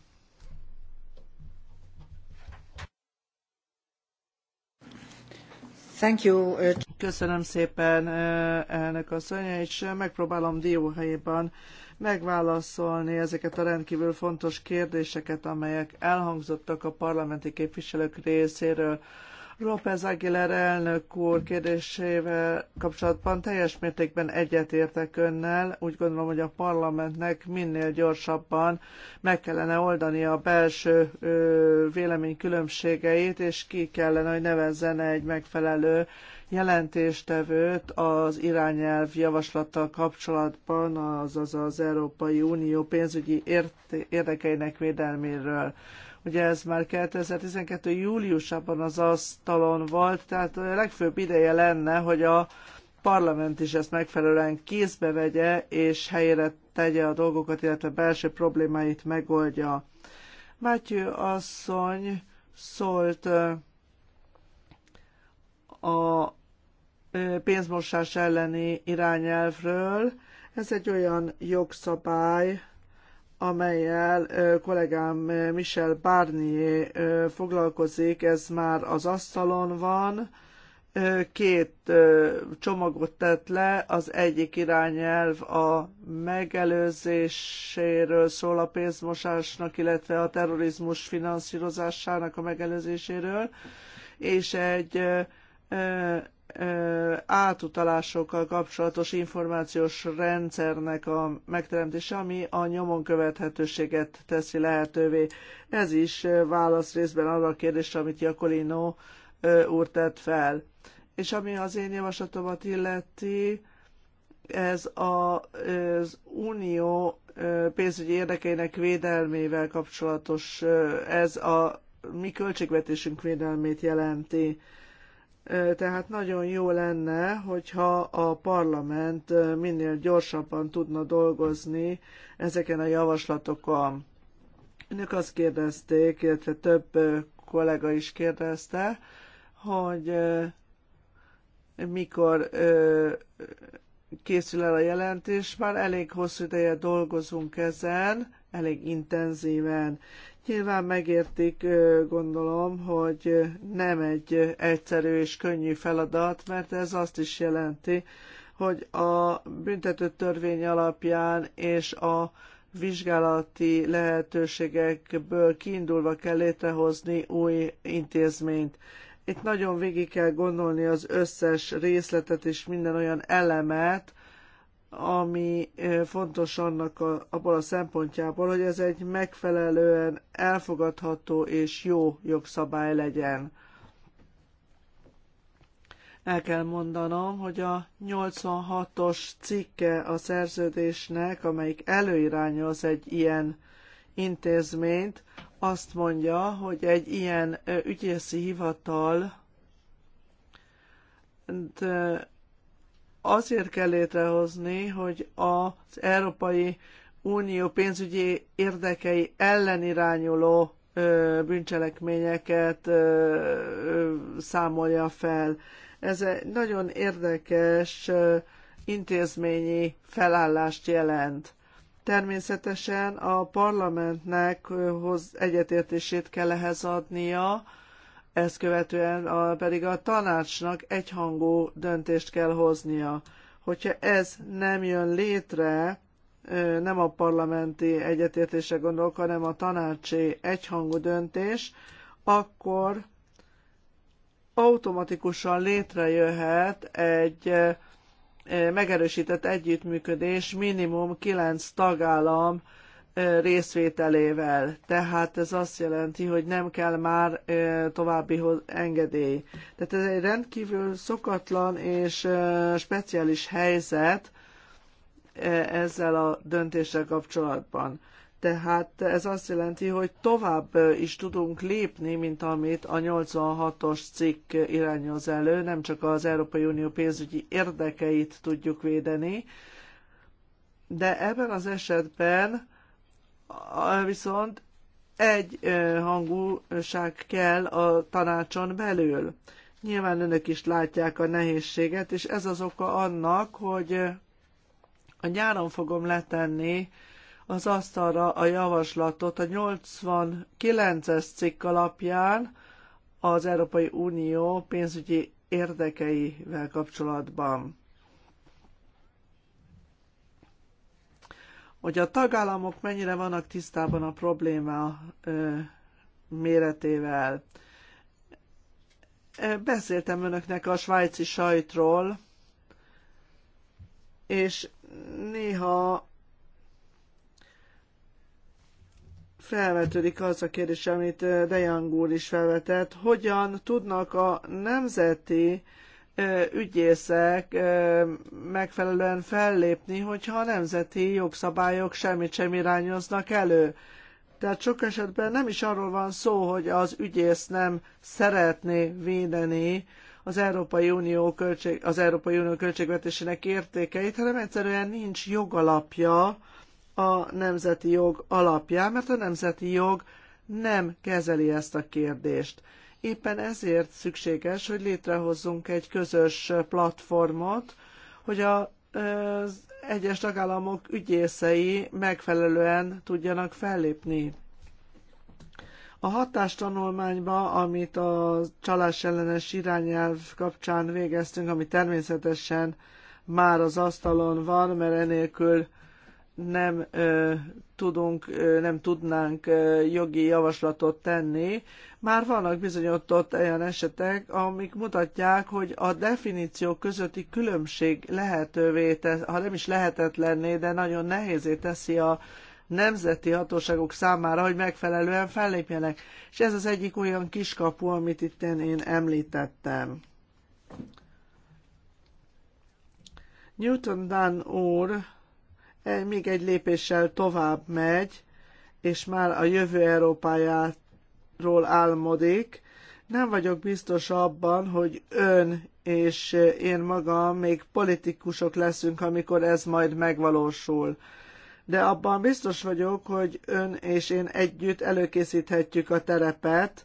Uh, Köszönöm szépen, uh, elnök asszony, és uh, megpróbálom dióhelyében megválaszolni ezeket a rendkívül fontos kérdéseket, amelyek elhangzottak a parlamenti képviselők részéről. López Aguilar elnök úr kérdésével kapcsolatban teljes mértékben egyetértek önnel. Úgy gondolom, hogy a parlamentnek minél gyorsabban meg kellene oldani a belső véleménykülönbségeit, és ki kellene, hogy nevezzen egy megfelelő jelentéstevőt az irányelv javaslattal kapcsolatban, azaz az Európai Unió pénzügyi érdekeinek védelméről. Ugye ez már 2012. júliusában az asztalon volt, tehát a legfőbb ideje lenne, hogy a parlament is ezt megfelelően kézbe vegye, és helyére tegye a dolgokat, illetve belső problémáit megoldja. Mátyő asszony szólt a pénzmosás elleni irányelvről. Ez egy olyan jogszabály, amelyel kollégám Michel Barnier foglalkozik, ez már az asztalon van. Két csomagot tett le, az egyik irányelv a megelőzéséről szól a pénzmosásnak, illetve a terrorizmus finanszírozásának a megelőzéséről, és egy átutalásokkal kapcsolatos információs rendszernek a megteremtése, ami a nyomon követhetőséget teszi lehetővé. Ez is válasz részben arra a kérdésre, amit Jakolino úr tett fel. És ami az én javaslatomat illeti, ez az unió pénzügyi érdekeinek védelmével kapcsolatos, ez a mi költségvetésünk védelmét jelenti tehát nagyon jó lenne, hogyha a parlament minél gyorsabban tudna dolgozni ezeken a javaslatokon. Önök azt kérdezték, illetve több kollega is kérdezte, hogy mikor készül el a jelentés, már elég hosszú ideje dolgozunk ezen, elég intenzíven. Nyilván megértik, gondolom, hogy nem egy egyszerű és könnyű feladat, mert ez azt is jelenti, hogy a büntető törvény alapján és a vizsgálati lehetőségekből kiindulva kell létrehozni új intézményt. Itt nagyon végig kell gondolni az összes részletet és minden olyan elemet, ami fontos annak a, abban a szempontjából, hogy ez egy megfelelően elfogadható és jó jogszabály legyen. El kell mondanom, hogy a 86-os cikke a szerződésnek, amelyik előirányoz egy ilyen intézményt, azt mondja, hogy egy ilyen ügyészi hivatal azért kell létrehozni, hogy az Európai Unió pénzügyi érdekei ellen irányuló bűncselekményeket számolja fel. Ez egy nagyon érdekes intézményi felállást jelent. Természetesen a parlamentnek egyetértését kell ehhez adnia, ezt követően a, pedig a tanácsnak egyhangú döntést kell hoznia. Hogyha ez nem jön létre, nem a parlamenti egyetértésre gondolok, hanem a tanácsi egyhangú döntés, akkor automatikusan létrejöhet egy megerősített együttműködés minimum kilenc tagállam részvételével. Tehát ez azt jelenti, hogy nem kell már további engedély. Tehát ez egy rendkívül szokatlan és speciális helyzet ezzel a döntéssel kapcsolatban. Tehát ez azt jelenti, hogy tovább is tudunk lépni, mint amit a 86-os cikk irányoz elő, nem csak az Európai Unió pénzügyi érdekeit tudjuk védeni, de ebben az esetben viszont egy hangúság kell a tanácson belül. Nyilván önök is látják a nehézséget, és ez az oka annak, hogy a nyáron fogom letenni az asztalra a javaslatot a 89-es cikk alapján az Európai Unió pénzügyi érdekeivel kapcsolatban. hogy a tagállamok mennyire vannak tisztában a probléma méretével. Beszéltem önöknek a svájci sajtról, és néha felvetődik az a kérdés, amit Dejang úr is felvetett, hogyan tudnak a nemzeti ügyészek megfelelően fellépni, hogyha a nemzeti jogszabályok semmit sem irányoznak elő. Tehát sok esetben nem is arról van szó, hogy az ügyész nem szeretné védeni az Európai Unió, költség, az Európai Unió költségvetésének értékeit, hanem egyszerűen nincs jogalapja a nemzeti jog alapján, mert a nemzeti jog nem kezeli ezt a kérdést. Éppen ezért szükséges, hogy létrehozzunk egy közös platformot, hogy az egyes tagállamok ügyészei megfelelően tudjanak fellépni. A hatástanulmányba, amit a csalás ellenes irányelv kapcsán végeztünk, ami természetesen már az asztalon van, mert enélkül nem ö, tudunk, ö, nem tudnánk ö, jogi javaslatot tenni. Már vannak bizonyított olyan esetek, amik mutatják, hogy a definíciók közötti különbség lehetővé tesz, ha nem is lehetetlenné, de nagyon nehézé teszi a nemzeti hatóságok számára, hogy megfelelően fellépjenek. És ez az egyik olyan kiskapu, amit itt én említettem. Newton Dunn úr még egy lépéssel tovább megy, és már a jövő Európájáról álmodik. Nem vagyok biztos abban, hogy ön és én magam még politikusok leszünk, amikor ez majd megvalósul. De abban biztos vagyok, hogy ön és én együtt előkészíthetjük a terepet,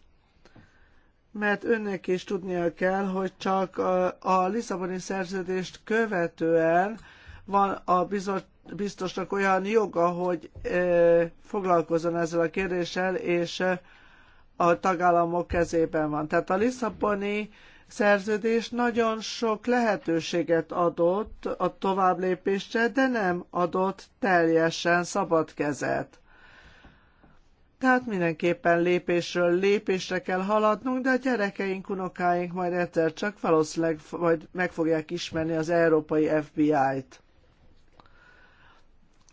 mert önnek is tudnia kell, hogy csak a, a Lisszaboni szerződést követően van a bizot, biztosnak olyan joga, hogy e, foglalkozzon ezzel a kérdéssel, és e, a tagállamok kezében van. Tehát a Lisszaboni szerződés nagyon sok lehetőséget adott a továbblépésre, de nem adott teljesen szabad kezet. Tehát mindenképpen lépésről lépésre kell haladnunk, de a gyerekeink, unokáink majd egyszer csak valószínűleg majd meg fogják ismerni az európai FBI-t.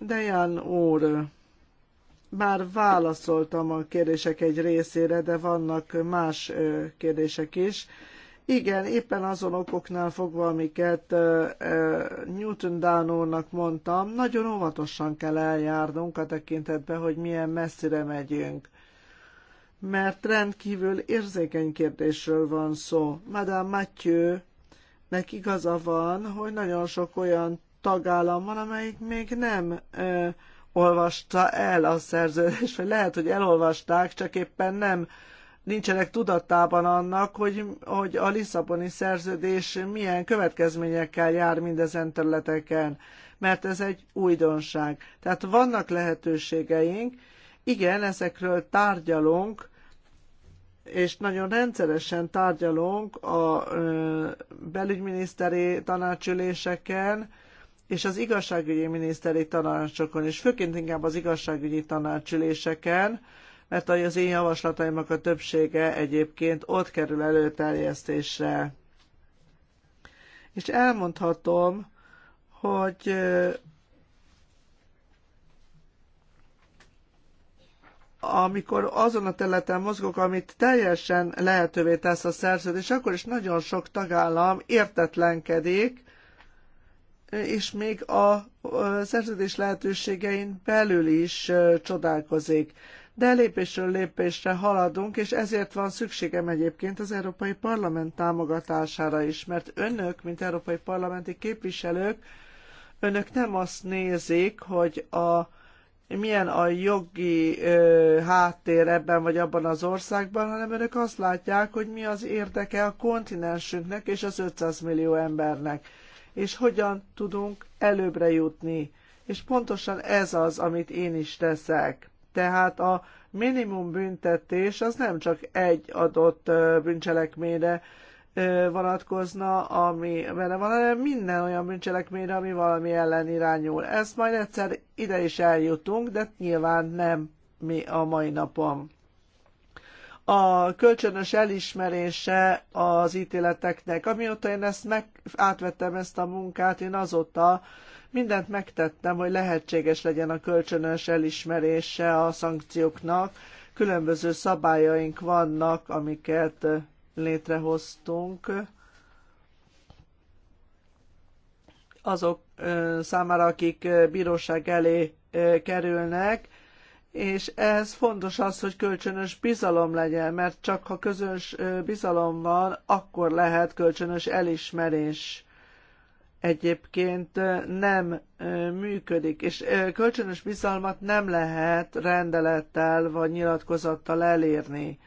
Dejan úr, már válaszoltam a kérdések egy részére, de vannak más kérdések is. Igen, éppen azon okoknál fogva, amiket Newton úrnak mondtam, nagyon óvatosan kell eljárnunk a tekintetben, hogy milyen messzire megyünk. Mert rendkívül érzékeny kérdésről van szó. Madame Mathieu nek igaza van, hogy nagyon sok olyan tagállam van, amelyik még nem ö, olvasta el a szerződést, vagy lehet, hogy elolvasták, csak éppen nem nincsenek tudatában annak, hogy, hogy a Lisszaboni szerződés milyen következményekkel jár mindezen területeken, mert ez egy újdonság. Tehát vannak lehetőségeink, igen, ezekről tárgyalunk, és nagyon rendszeresen tárgyalunk a belügyminiszteri tanácsüléseken, és az igazságügyi miniszteri tanácsokon, és főként inkább az igazságügyi tanácsüléseken, mert az én javaslataimnak a többsége egyébként ott kerül előterjesztésre. És elmondhatom, hogy amikor azon a területen mozgok, amit teljesen lehetővé tesz a szerződés, akkor is nagyon sok tagállam értetlenkedik, és még a szerződés lehetőségein belül is csodálkozik. De lépésről lépésre haladunk, és ezért van szükségem egyébként az Európai Parlament támogatására is, mert önök, mint Európai Parlamenti képviselők, önök nem azt nézik, hogy a, milyen a jogi ö, háttér ebben vagy abban az országban, hanem önök azt látják, hogy mi az érdeke a kontinensünknek és az 500 millió embernek és hogyan tudunk előbbre jutni. És pontosan ez az, amit én is teszek. Tehát a minimum büntetés az nem csak egy adott bűncselekményre vonatkozna, ami vele van, hanem minden olyan bűncselekményre, ami valami ellen irányul. Ezt majd egyszer ide is eljutunk, de nyilván nem mi a mai napon a kölcsönös elismerése az ítéleteknek. Amióta én ezt meg, átvettem ezt a munkát, én azóta mindent megtettem, hogy lehetséges legyen a kölcsönös elismerése a szankcióknak. Különböző szabályaink vannak, amiket létrehoztunk. Azok számára, akik bíróság elé kerülnek, és ez fontos az, hogy kölcsönös bizalom legyen, mert csak ha közös bizalom van, akkor lehet kölcsönös elismerés. Egyébként nem működik, és kölcsönös bizalmat nem lehet rendelettel vagy nyilatkozattal elérni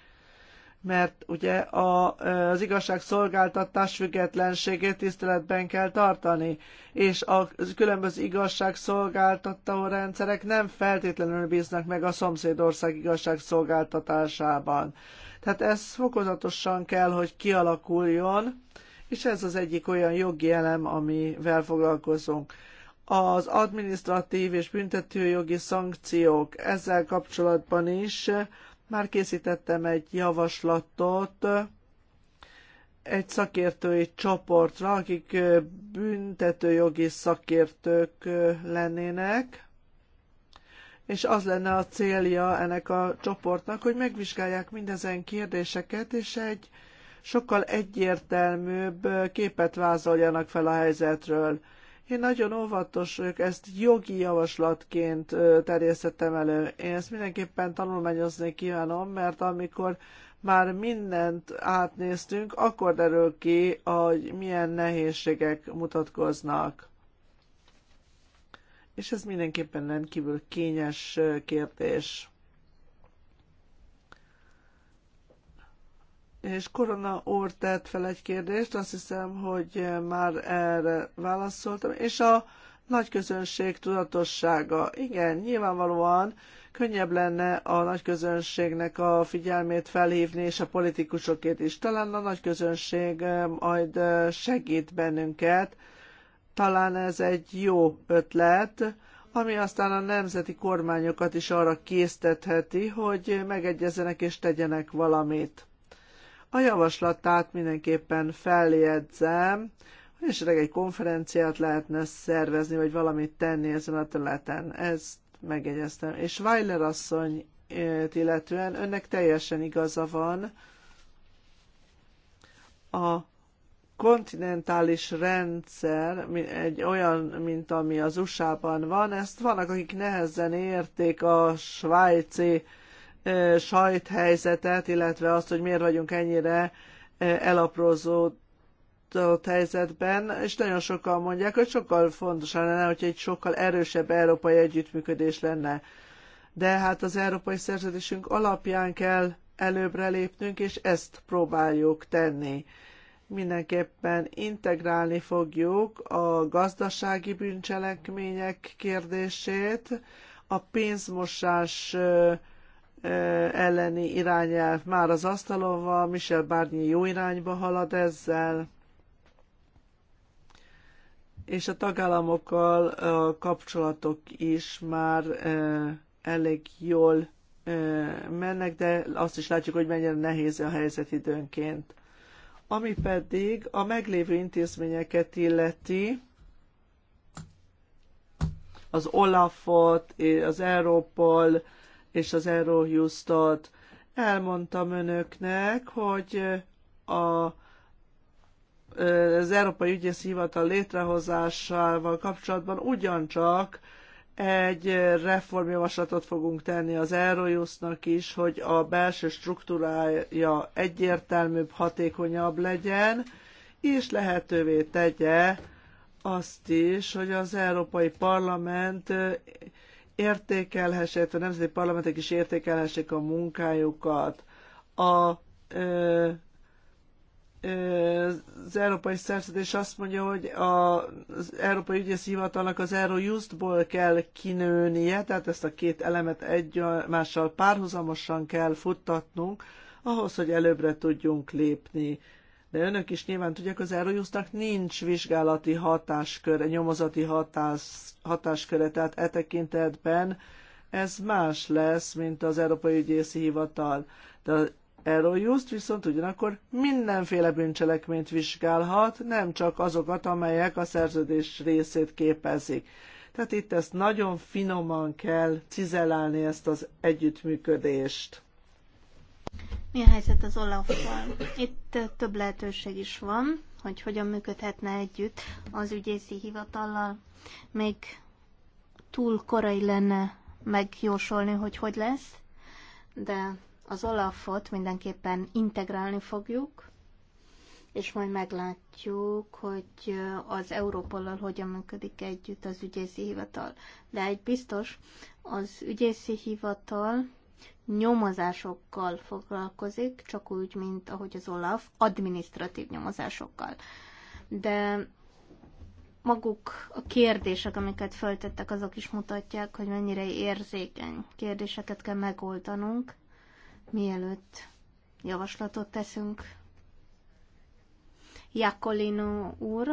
mert ugye a, az szolgáltatás függetlenségét tiszteletben kell tartani, és a különböző igazság szolgáltató rendszerek nem feltétlenül bíznak meg a szomszédország szolgáltatásában, Tehát ez fokozatosan kell, hogy kialakuljon, és ez az egyik olyan jogi elem, amivel foglalkozunk az administratív és büntetőjogi szankciók ezzel kapcsolatban is már készítettem egy javaslatot egy szakértői csoportra, akik büntetőjogi szakértők lennének, és az lenne a célja ennek a csoportnak, hogy megvizsgálják mindezen kérdéseket, és egy sokkal egyértelműbb képet vázoljanak fel a helyzetről én nagyon óvatos vagyok, ezt jogi javaslatként terjesztettem elő. Én ezt mindenképpen tanulmányozni kívánom, mert amikor már mindent átnéztünk, akkor derül ki, hogy milyen nehézségek mutatkoznak. És ez mindenképpen rendkívül kényes kérdés. És Korona úr tett fel egy kérdést, azt hiszem, hogy már erre válaszoltam. És a nagy közönség tudatossága. Igen, nyilvánvalóan könnyebb lenne a nagy közönségnek a figyelmét felhívni, és a politikusokét is. Talán a nagy közönség majd segít bennünket. Talán ez egy jó ötlet, ami aztán a nemzeti kormányokat is arra késztetheti, hogy megegyezenek és tegyenek valamit. A javaslatát mindenképpen feljegyzem, hogy esetleg egy konferenciát lehetne szervezni, vagy valamit tenni ezen a területen. Ezt megjegyeztem. És Weiler asszony illetően önnek teljesen igaza van. A kontinentális rendszer, egy olyan, mint ami az USA-ban van, ezt vannak, akik nehezen érték a svájci sajthelyzetet, illetve azt, hogy miért vagyunk ennyire elaprózott helyzetben, és nagyon sokan mondják, hogy sokkal fontosabb lenne, hogy egy sokkal erősebb európai együttműködés lenne. De hát az európai szerződésünk alapján kell előbbre lépnünk, és ezt próbáljuk tenni. Mindenképpen integrálni fogjuk a gazdasági bűncselekmények kérdését, a pénzmosás elleni irányelv már az asztalon van, Michel Barnier jó irányba halad ezzel, és a tagállamokkal a kapcsolatok is már elég jól mennek, de azt is látjuk, hogy mennyire nehéz a helyzet időnként. Ami pedig a meglévő intézményeket illeti, az Olafot, az Európol, és az Houston-t. Elmondtam önöknek, hogy a, az Európai Ügyész Hivatal létrehozásával kapcsolatban ugyancsak egy reformjavaslatot fogunk tenni az Eurojusznak is, hogy a belső struktúrája egyértelműbb, hatékonyabb legyen, és lehetővé tegye azt is, hogy az Európai Parlament értékelhessék, a nemzeti parlamentek is értékelhessék a munkájukat. A, ö, ö, az Európai Szerződés azt mondja, hogy a, az Európai Ügyész Hivatalnak az Eurojustból kell kinőnie, tehát ezt a két elemet egymással párhuzamosan kell futtatnunk, ahhoz, hogy előbbre tudjunk lépni. De önök is nyilván tudják, az Eurojusznak nincs vizsgálati hatásköre, nyomozati hatás, hatásköre, tehát e tekintetben ez más lesz, mint az Európai Ügyészi Hivatal. De az Eurojust viszont ugyanakkor mindenféle bűncselekményt vizsgálhat, nem csak azokat, amelyek a szerződés részét képezik. Tehát itt ezt nagyon finoman kell cizelálni ezt az együttműködést. Mi a helyzet az Olaf-val? Itt eh, több lehetőség is van, hogy hogyan működhetne együtt az ügyészi hivatallal. Még túl korai lenne megjósolni, hogy hogy lesz, de az Olafot mindenképpen integrálni fogjuk, és majd meglátjuk, hogy eh, az Európollal hogyan működik együtt az ügyészi hivatal. De egy biztos, az ügyészi hivatal nyomozásokkal foglalkozik, csak úgy, mint ahogy az OLAF administratív nyomozásokkal. De maguk a kérdések, amiket föltettek, azok is mutatják, hogy mennyire érzékeny kérdéseket kell megoldanunk, mielőtt javaslatot teszünk. Jakolino úr,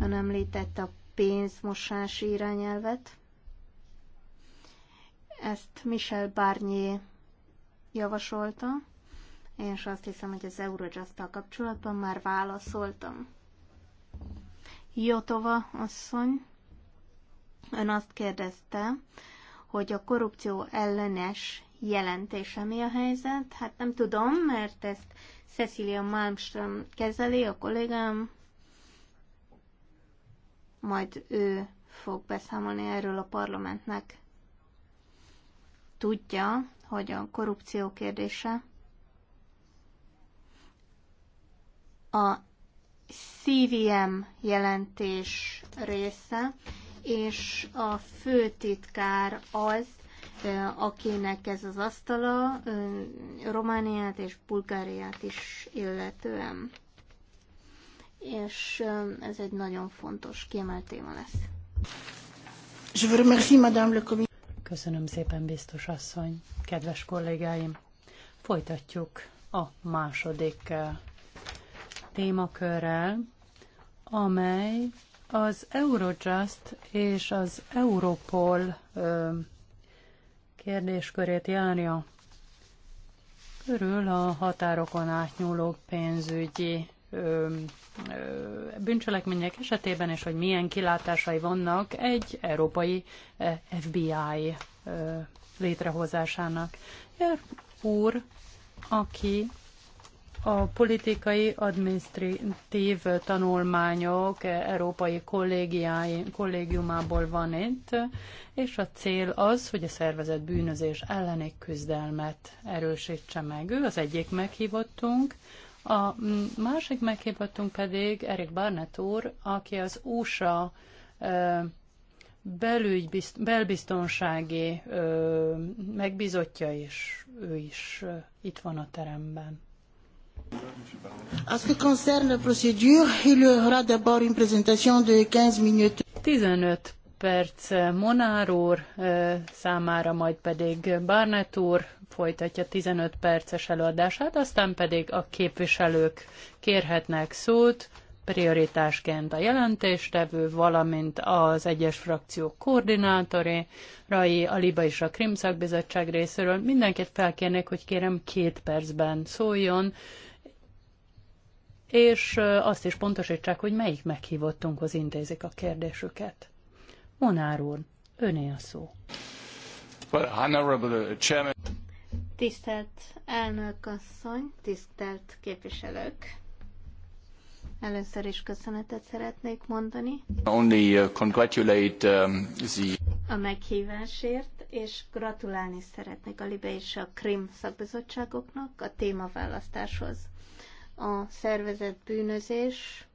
ön említette a pénzmosási irányelvet. Ezt Michel Barnier javasolta, és azt hiszem, hogy az eurojust kapcsolatban már válaszoltam. Jotova asszony, ön azt kérdezte, hogy a korrupció ellenes jelentése mi a helyzet? Hát nem tudom, mert ezt Cecilia Malmström kezeli, a kollégám, majd ő fog beszámolni erről a parlamentnek tudja, hogy a korrupció kérdése a CVM jelentés része, és a főtitkár az, akinek ez az asztala Romániát és Bulgáriát is illetően. És ez egy nagyon fontos kiemelt téma lesz. Je vous remercie, Madame le Köszönöm szépen, biztos asszony, kedves kollégáim. Folytatjuk a második eh, témakörrel, amely az Eurojust és az Europol eh, kérdéskörét járja körül a határokon átnyúló pénzügyi bűncselekmények esetében, és hogy milyen kilátásai vannak egy európai FBI létrehozásának. Ér úr, aki a politikai adminisztratív tanulmányok európai kollégiumából van itt, és a cél az, hogy a szervezet bűnözés elleni küzdelmet erősítse meg. Ő az egyik meghívottunk, a másik meghívottunk pedig Erik Barnett úr, aki az USA belügybizt, belbiztonsági megbizotja, és ő is itt van a teremben. En ce qui concerne la procédure, il y aura d'abord une présentation de 15 minutes. 15 perc Monár úr, számára majd pedig Barnett úr folytatja 15 perces előadását, aztán pedig a képviselők kérhetnek szót, prioritásként a jelentéstevő, valamint az egyes frakciók koordinátoré, Rai, a Liba és a Krimszakbizottság részéről. Mindenkit felkérnék, hogy kérem két percben szóljon, és azt is pontosítsák, hogy melyik meghívottunkhoz intézik a kérdésüket. Monár úr, öné a szó. Well, honorable uh, chairman. Tisztelt elnök asszony, tisztelt képviselők! Először is köszönetet szeretnék mondani. Only uh, congratulate um, the... a meghívásért, és gratulálni szeretnék a Libe és a Krim szakbizottságoknak a témaválasztáshoz. A szervezett bűnözés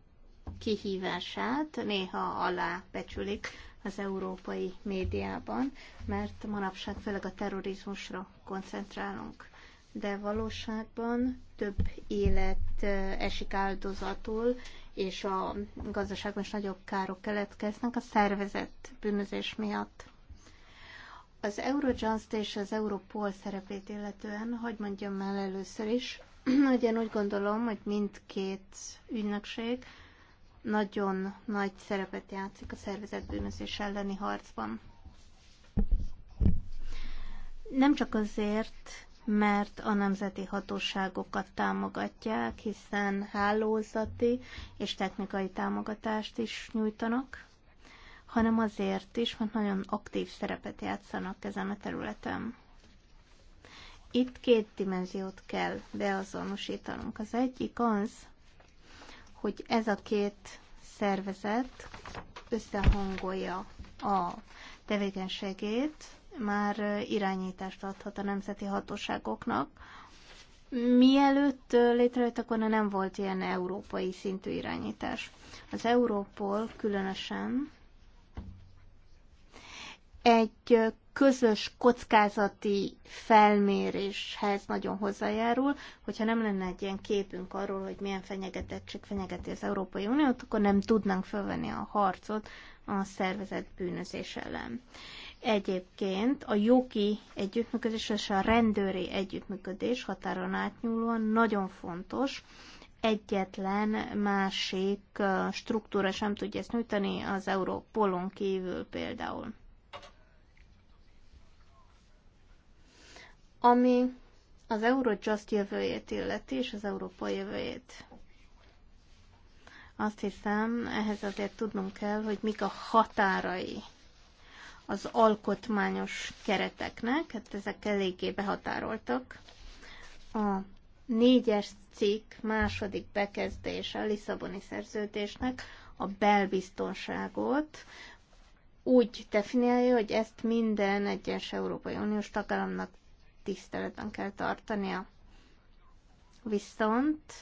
kihívását néha alá becsülik az európai médiában, mert manapság főleg a terrorizmusra koncentrálunk. De valóságban több élet esik áldozatul, és a gazdaságban is nagyobb károk keletkeznek a szervezett bűnözés miatt. Az Eurojust és az Europol szerepét illetően, hogy mondjam el először is, hogy én úgy gondolom, hogy mindkét ügynökség nagyon nagy szerepet játszik a szervezett bűnözés elleni harcban. Nem csak azért, mert a nemzeti hatóságokat támogatják, hiszen hálózati és technikai támogatást is nyújtanak, hanem azért is, mert nagyon aktív szerepet játszanak ezen a területen. Itt két dimenziót kell beazonosítanunk. Az egyik az, hogy ez a két szervezet összehangolja a tevékenységét, már irányítást adhat a nemzeti hatóságoknak. Mielőtt létrejött, akkor nem volt ilyen európai szintű irányítás. Az Európol különösen egy közös kockázati felméréshez nagyon hozzájárul, hogyha nem lenne egy ilyen képünk arról, hogy milyen fenyegetettség fenyegeti az Európai Uniót, akkor nem tudnánk felvenni a harcot a szervezet bűnözés ellen. Egyébként a jogi együttműködés és a rendőri együttműködés határon átnyúlóan nagyon fontos, egyetlen másik struktúra sem tudja ezt nyújtani az Európolon kívül például. ami az Eurojust jövőjét illeti, és az Európa jövőjét. Azt hiszem, ehhez azért tudnunk kell, hogy mik a határai az alkotmányos kereteknek, hát ezek eléggé behatároltak. A négyes cikk második bekezdése a Lisszaboni szerződésnek a belbiztonságot úgy definiálja, hogy ezt minden egyes Európai Uniós tagállamnak tiszteletben kell tartania. Viszont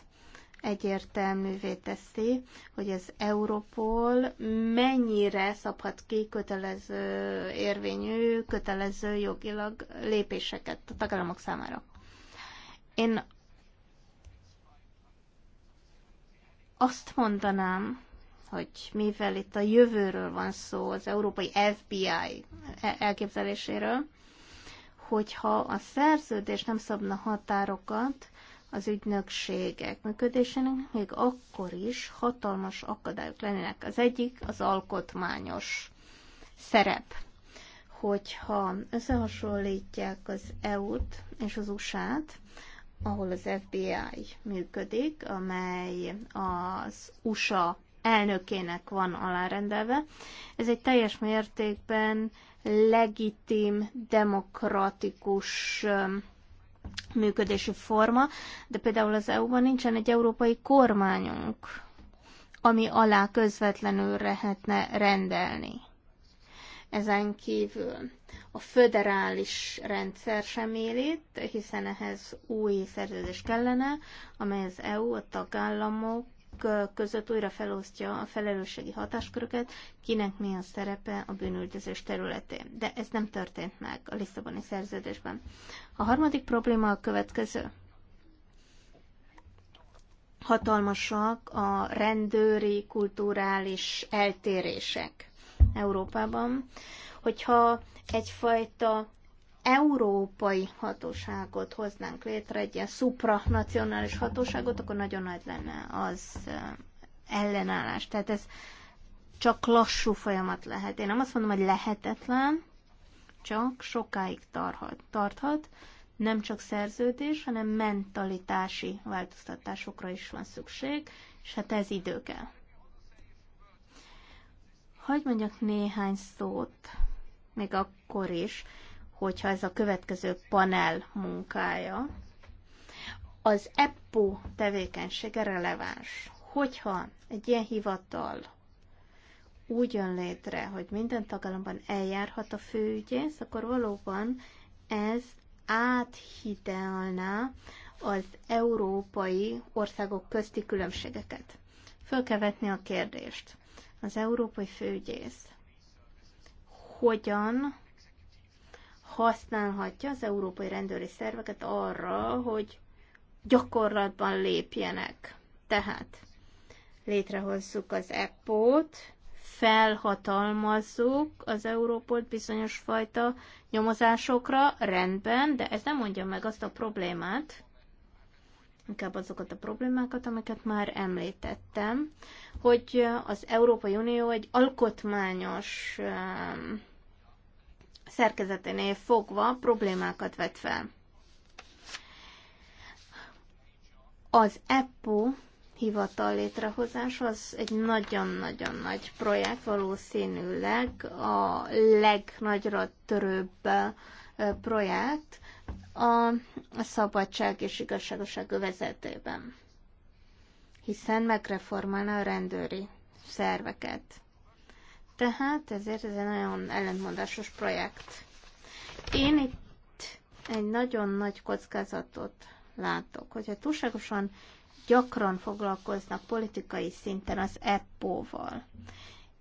egyértelművé teszi, hogy az Europol mennyire szabhat ki kötelező érvényű, kötelező jogilag lépéseket a tagállamok számára. Én azt mondanám, hogy mivel itt a jövőről van szó, az európai FBI elképzeléséről, hogyha a szerződés nem szabna határokat az ügynökségek működésének, még akkor is hatalmas akadályok lennének. Az egyik az alkotmányos szerep. Hogyha összehasonlítják az EU-t és az USA-t, ahol az FBI működik, amely az USA elnökének van alárendelve. Ez egy teljes mértékben legitim, demokratikus működési forma, de például az EU-ban nincsen egy európai kormányunk, ami alá közvetlenül lehetne rendelni. Ezen kívül a föderális rendszer sem élít, hiszen ehhez új szerződés kellene, amely az EU, a tagállamok között újra felosztja a felelősségi hatásköröket, kinek mi a szerepe a bűnüldözés területén. De ez nem történt meg a Lisszaboni szerződésben. A harmadik probléma a következő. Hatalmasak a rendőri, kulturális eltérések Európában. Hogyha egyfajta európai hatóságot hoznánk létre, egy ilyen supranacionális hatóságot, akkor nagyon nagy lenne az ellenállás. Tehát ez csak lassú folyamat lehet. Én nem azt mondom, hogy lehetetlen, csak sokáig tarhat, tarthat. Nem csak szerződés, hanem mentalitási változtatásokra is van szükség, és hát ez idő kell. Hagy mondjak néhány szót, még akkor is, hogyha ez a következő panel munkája, az EPPO tevékenysége releváns. Hogyha egy ilyen hivatal úgy jön létre, hogy minden tagállamban eljárhat a főügyész, akkor valóban ez áthidelná az európai országok közti különbségeket. Föl kell vetni a kérdést. Az európai főügyész hogyan használhatja az európai rendőri szerveket arra, hogy gyakorlatban lépjenek. Tehát létrehozzuk az EPO-t, felhatalmazzuk az Európolt bizonyos fajta nyomozásokra, rendben, de ez nem mondja meg azt a problémát, inkább azokat a problémákat, amiket már említettem, hogy az Európai Unió egy alkotmányos szerkezeténél fogva problémákat vet fel. Az EPO hivatal létrehozás az egy nagyon-nagyon nagy projekt, valószínűleg a legnagyra törőbb projekt a szabadság és igazságoság vezetében, hiszen megreformálna a rendőri szerveket. Tehát ezért ez egy nagyon ellentmondásos projekt. Én itt egy nagyon nagy kockázatot látok, hogyha túlságosan gyakran foglalkoznak politikai szinten az epo val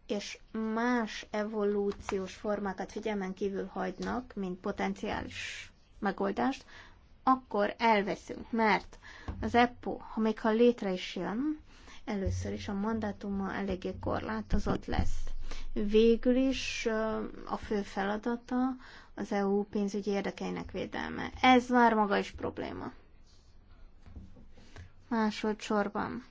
és más evolúciós formákat figyelmen kívül hagynak, mint potenciális megoldást, akkor elveszünk, mert az epo, ha még ha létre is jön, először is a mandátuma eléggé korlátozott lesz. Végül is a fő feladata az EU pénzügyi érdekeinek védelme. Ez már maga is probléma. Másodszorban.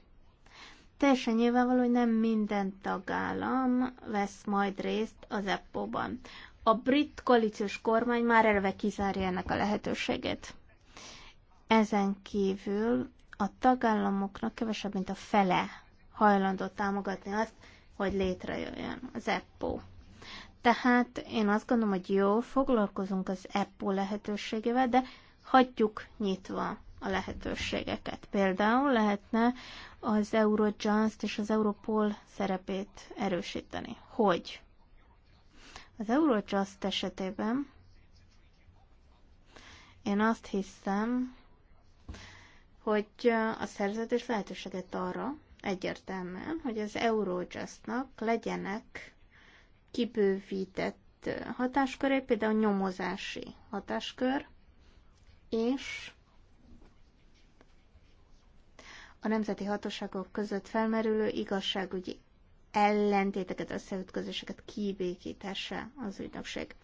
Teljesen nyilvánvaló, hogy nem minden tagállam vesz majd részt az epo ban A brit koalíciós kormány már eleve kizárja ennek a lehetőséget. Ezen kívül a tagállamoknak kevesebb, mint a fele hajlandó támogatni azt, hogy létrejöjjön az EPPO. Tehát én azt gondolom, hogy jó, foglalkozunk az EPPO lehetőségével, de hagyjuk nyitva a lehetőségeket. Például lehetne az Eurojust és az Europol szerepét erősíteni. Hogy? Az Eurojust esetében én azt hiszem, hogy a szerződés lehetőséget arra, egyértelműen, hogy az Eurojustnak legyenek kibővített hatásköré, például nyomozási hatáskör, és a nemzeti hatóságok között felmerülő igazságügyi ellentéteket, összeütközéseket kibékítése az ügynökség.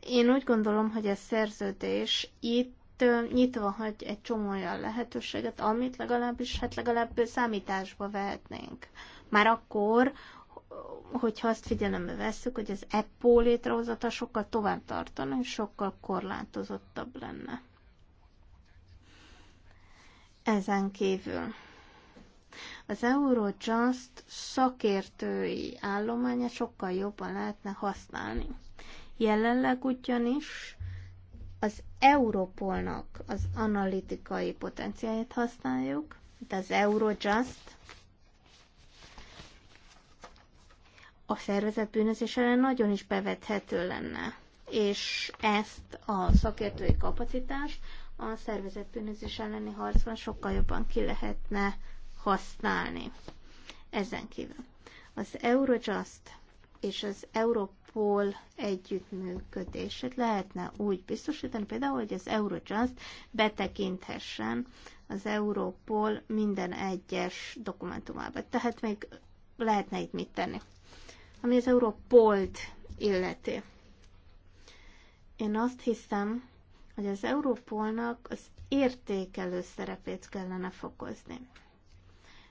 Én úgy gondolom, hogy a szerződés itt nyitva hagy egy csomó olyan lehetőséget, amit legalábbis, hát legalább számításba vehetnénk. Már akkor, hogyha azt figyelembe veszük, hogy az EPO létrehozata sokkal tovább tartana, és sokkal korlátozottabb lenne. Ezen kívül az Eurojust szakértői állománya sokkal jobban lehetne használni. Jelenleg ugyanis az Europolnak az analitikai potenciáját használjuk, de az Eurojust a szervezet bűnözés ellen nagyon is bevethető lenne. És ezt a szakértői kapacitást a szervezet bűnözés elleni harcban sokkal jobban ki lehetne használni. Ezen kívül az Eurojust és az Európa Europol együttműködését lehetne úgy biztosítani, például, hogy az Eurojust betekinthessen az Európol minden egyes dokumentumába. Tehát még lehetne itt mit tenni. Ami az Európolt illeti. Én azt hiszem, hogy az Európolnak az értékelő szerepét kellene fokozni.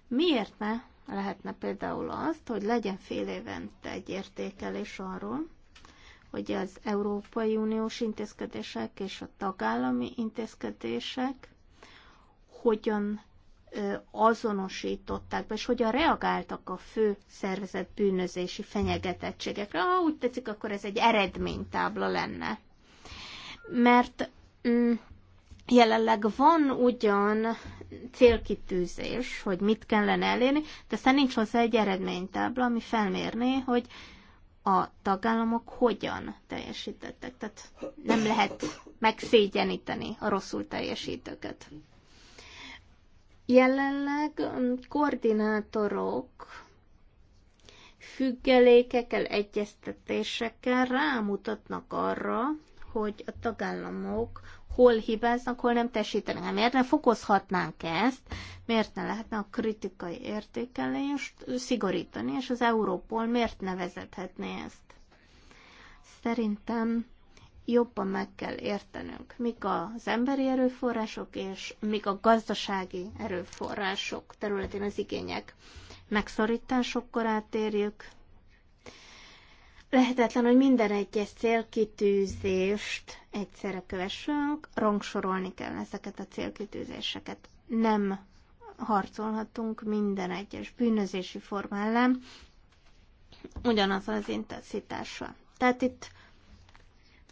Miért ne lehetne például azt, hogy legyen fél évente egy értékelés arról, hogy az Európai Uniós intézkedések és a tagállami intézkedések hogyan azonosították be, és hogyan reagáltak a fő szervezet bűnözési fenyegetettségekre. Ha úgy tetszik, akkor ez egy eredménytábla lenne. Mert mm, Jelenleg van ugyan célkitűzés, hogy mit kellene elérni, de aztán nincs hozzá egy eredménytábla, ami felmérné, hogy a tagállamok hogyan teljesítettek. Tehát nem lehet megszégyeníteni a rosszul teljesítőket. Jelenleg um, koordinátorok függelékekkel, egyeztetésekkel rámutatnak arra, hogy a tagállamok hol hibáznak, hol nem tesítenek. Hát miért ne fokozhatnánk ezt? Miért ne lehetne a kritikai értékelést szigorítani, és az Európol miért nevezethetné ezt? Szerintem jobban meg kell értenünk, mik az emberi erőforrások és mik a gazdasági erőforrások területén az igények. Megszorításokkor átérjük, lehetetlen, hogy minden egyes célkitűzést egyszerre kövessünk, rangsorolni kell ezeket a célkitűzéseket. Nem harcolhatunk minden egyes bűnözési forma ugyanaz az intenzitással. Tehát itt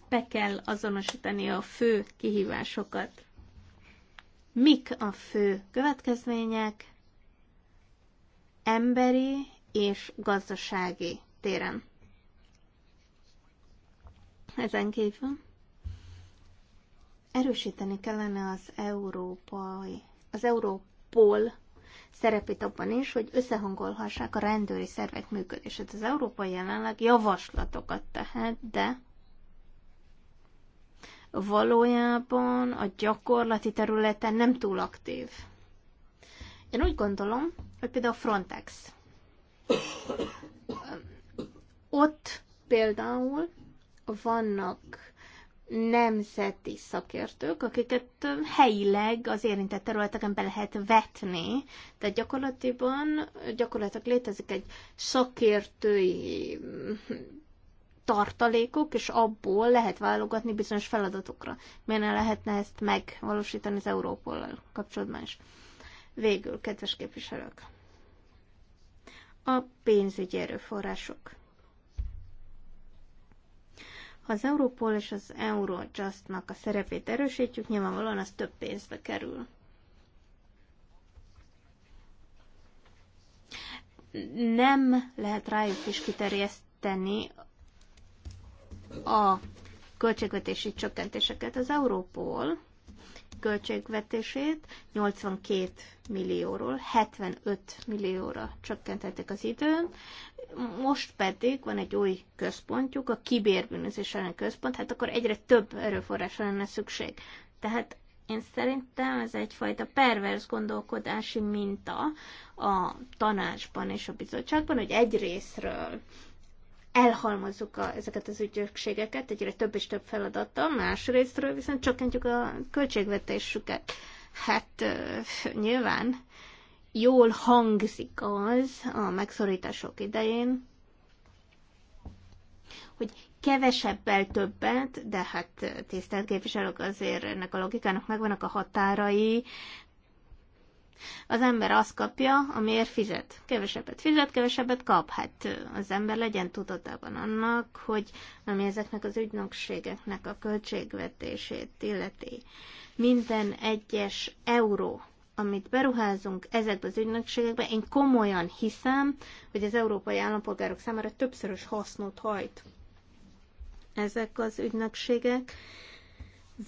be kell azonosítani a fő kihívásokat. Mik a fő következmények emberi és gazdasági téren? Ezen kívül erősíteni kellene az európai, az Európol szerepét abban is, hogy összehangolhassák a rendőri szervek működését. Az Európai jelenleg javaslatokat tehet, de valójában a gyakorlati területen nem túl aktív. Én úgy gondolom, hogy például a Frontex. Ott például vannak nemzeti szakértők, akiket helyileg az érintett területeken be lehet vetni. Tehát gyakorlatiban, gyakorlatilag létezik egy szakértői tartalékok, és abból lehet válogatni bizonyos feladatokra. Miért ne lehetne ezt megvalósítani az Európol kapcsolatban is? Végül, kedves képviselők! A pénzügyi erőforrások. Ha az Európol és az Eurojustnak a szerepét erősítjük, nyilvánvalóan az több pénzbe kerül. Nem lehet rájuk is kiterjeszteni a költségvetési csökkentéseket. Az Európol költségvetését 82 millióról 75 millióra csökkentették az időn, most pedig van egy új központjuk, a kibérbűnözés ellen központ, hát akkor egyre több erőforrásra lenne szükség. Tehát én szerintem ez egyfajta pervers gondolkodási minta a tanácsban és a bizottságban, hogy egy részről elhalmozzuk a, ezeket az ügyökségeket, egyre több és több feladattal, részről viszont csökkentjük a költségvetésüket. Hát nyilván jól hangzik az a megszorítások idején, hogy kevesebbel többet, de hát tisztelt képviselők, azért ennek a logikának megvannak a határai. Az ember azt kapja, amiért fizet. Kevesebbet fizet, kevesebbet kap. Hát az ember legyen tudatában annak, hogy ami ezeknek az ügynökségeknek a költségvetését illeti. Minden egyes euró, amit beruházunk ezekbe az ügynökségekbe, én komolyan hiszem, hogy az európai állampolgárok számára többszörös hasznot hajt. Ezek az ügynökségek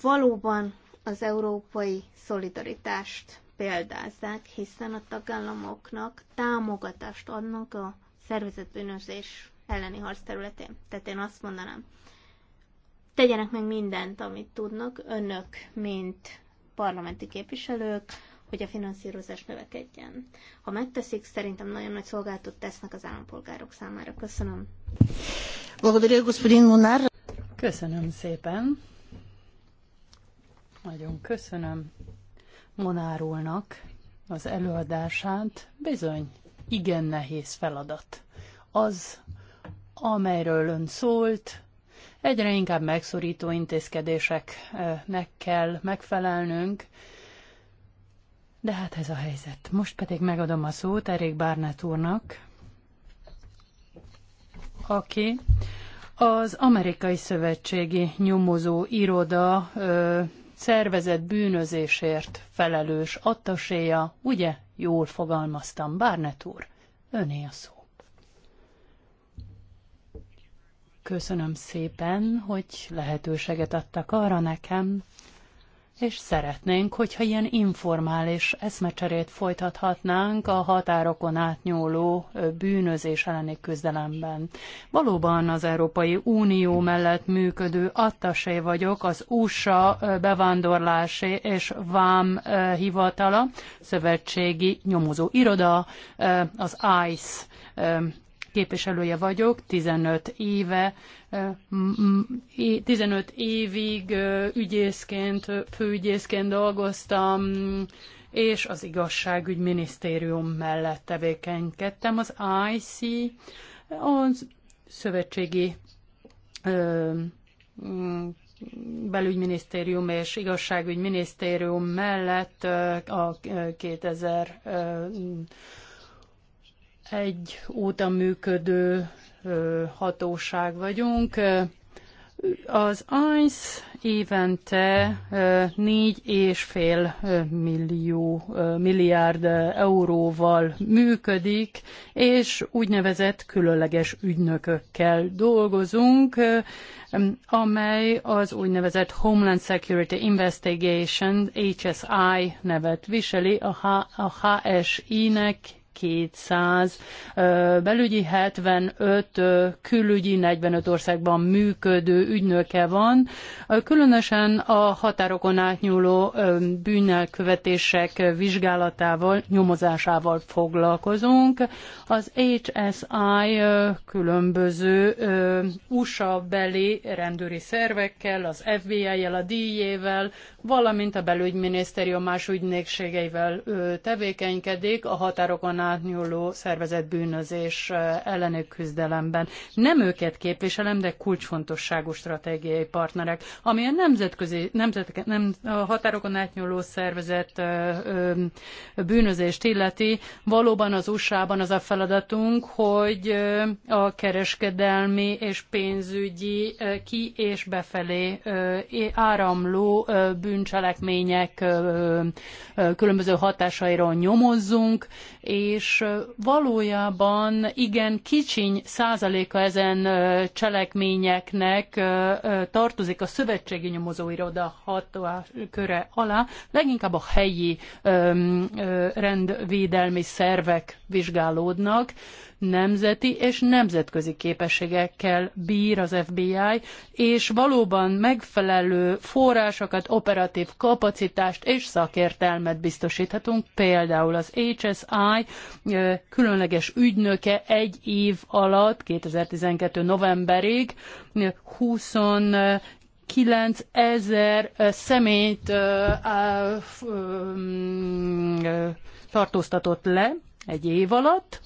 valóban az európai szolidaritást példázzák, hiszen a tagállamoknak támogatást adnak a szervezetbűnözés elleni harc területén. Tehát én azt mondanám, tegyenek meg mindent, amit tudnak önök, mint parlamenti képviselők, hogy a finanszírozás növekedjen. Ha megteszik, szerintem nagyon nagy szolgáltat tesznek az állampolgárok számára. Köszönöm. Köszönöm szépen. Nagyon köszönöm Monár úrnak az előadását. Bizony, igen nehéz feladat. Az, amelyről ön szólt, egyre inkább megszorító intézkedéseknek kell megfelelnünk, de hát ez a helyzet. Most pedig megadom a szót Erik Barnett úrnak, aki az Amerikai Szövetségi Nyomozó Iroda ö, szervezett bűnözésért felelős attaséja, ugye? Jól fogalmaztam, Barnett úr. Öné a szó. Köszönöm szépen, hogy lehetőséget adtak arra nekem, és szeretnénk, hogyha ilyen informális eszmecserét folytathatnánk a határokon átnyúló bűnözés elleni küzdelemben. Valóban az Európai Unió mellett működő attasé vagyok, az USA bevándorlási és vám hivatala, szövetségi nyomozó iroda, az ICE képviselője vagyok, 15 éve, 15 évig ügyészként, főügyészként dolgoztam, és az igazságügyminisztérium minisztérium mellett tevékenykedtem. Az IC, a szövetségi belügyminisztérium és igazságügyminisztérium mellett a 2000 egy óta működő hatóság vagyunk. Az ANSZ évente négy és fél millió, milliárd euróval működik, és úgynevezett különleges ügynökökkel dolgozunk, amely az úgynevezett Homeland Security Investigation, HSI nevet viseli, a HSI-nek 200 belügyi, 75 külügyi, 45 országban működő ügynöke van. Különösen a határokon átnyúló bűnelkövetések vizsgálatával, nyomozásával foglalkozunk. Az HSI különböző USA beli rendőri szervekkel, az FBI-jel, a DJ-vel, valamint a belügyminisztérium más ügynökségeivel tevékenykedik a határokon átnyúló szervezetbűnözés elleni küzdelemben. Nem őket képviselem, de kulcsfontosságú stratégiai partnerek, ami a nemzetközi, nemzetek, nem, a határokon átnyúló szervezet bűnözést illeti. Valóban az USA-ban az a feladatunk, hogy a kereskedelmi és pénzügyi ki és befelé áramló bűncselekmények különböző hatásairól nyomozzunk, és és valójában igen kicsiny százaléka ezen cselekményeknek tartozik a szövetségi nyomozóiroda hatóköre alá, leginkább a helyi rendvédelmi szervek vizsgálódnak nemzeti és nemzetközi képességekkel bír az FBI, és valóban megfelelő forrásokat, operatív kapacitást és szakértelmet biztosíthatunk. Például az HSI különleges ügynöke egy év alatt, 2012. novemberig 20 9 ezer személyt tartóztatott le egy év alatt,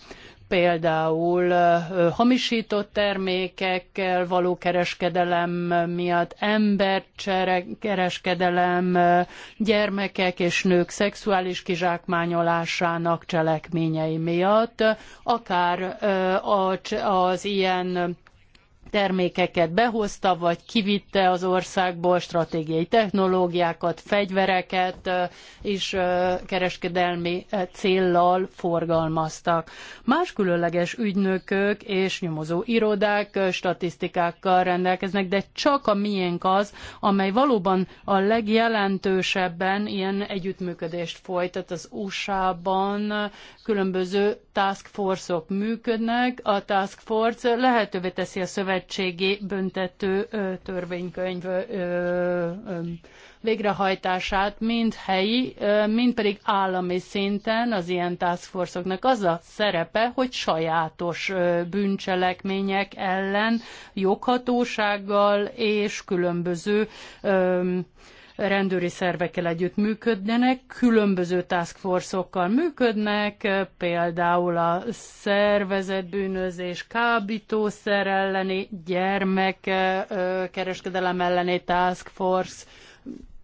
például hamisított termékekkel való kereskedelem miatt, emberkereskedelem, gyermekek és nők szexuális kizsákmányolásának cselekményei miatt, akár az ilyen termékeket behozta vagy kivitte az országból, stratégiai technológiákat, fegyvereket és kereskedelmi céllal forgalmaztak. Más különleges ügynökök és nyomozó irodák statisztikákkal rendelkeznek, de csak a miénk az, amely valóban a legjelentősebben ilyen együttműködést folytat az USA-ban különböző task force-ok működnek, a task force lehetővé teszi a szövetségi büntető törvénykönyv végrehajtását mind helyi, mind pedig állami szinten az ilyen task force-oknak az a szerepe, hogy sajátos bűncselekmények ellen joghatósággal és különböző rendőri szervekkel együtt működjenek, különböző task force-okkal működnek, például a szervezetbűnözés, kábítószer elleni, gyermekkereskedelem elleni task force,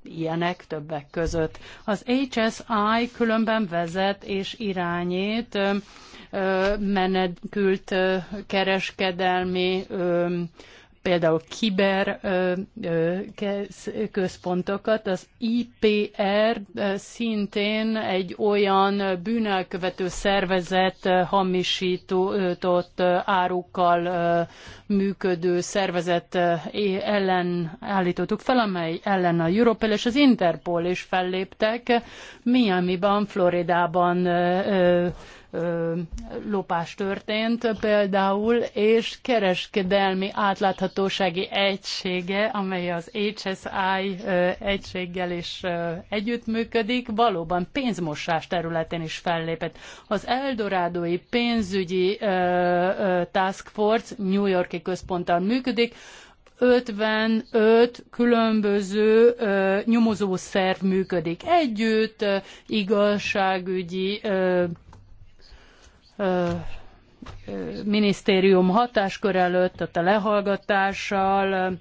ilyenek többek között. Az HSI különben vezet és irányít menekült kereskedelmi például kiber központokat, az IPR szintén egy olyan bűnelkövető szervezet hamisított árukkal működő szervezet ellen állítottuk fel, amely ellen a Europol és az Interpol is felléptek. Miami-ban, Floridában lopás történt például, és kereskedelmi átláthatósági egysége, amely az HSI egységgel is együttműködik, valóban pénzmosás területén is fellépett. Az Eldorádói pénzügyi Task Force New Yorki központtal működik, 55 különböző ö, nyomozószerv működik együtt, ö, igazságügyi ö, minisztérium hatáskör előtt, tehát a lehallgatással,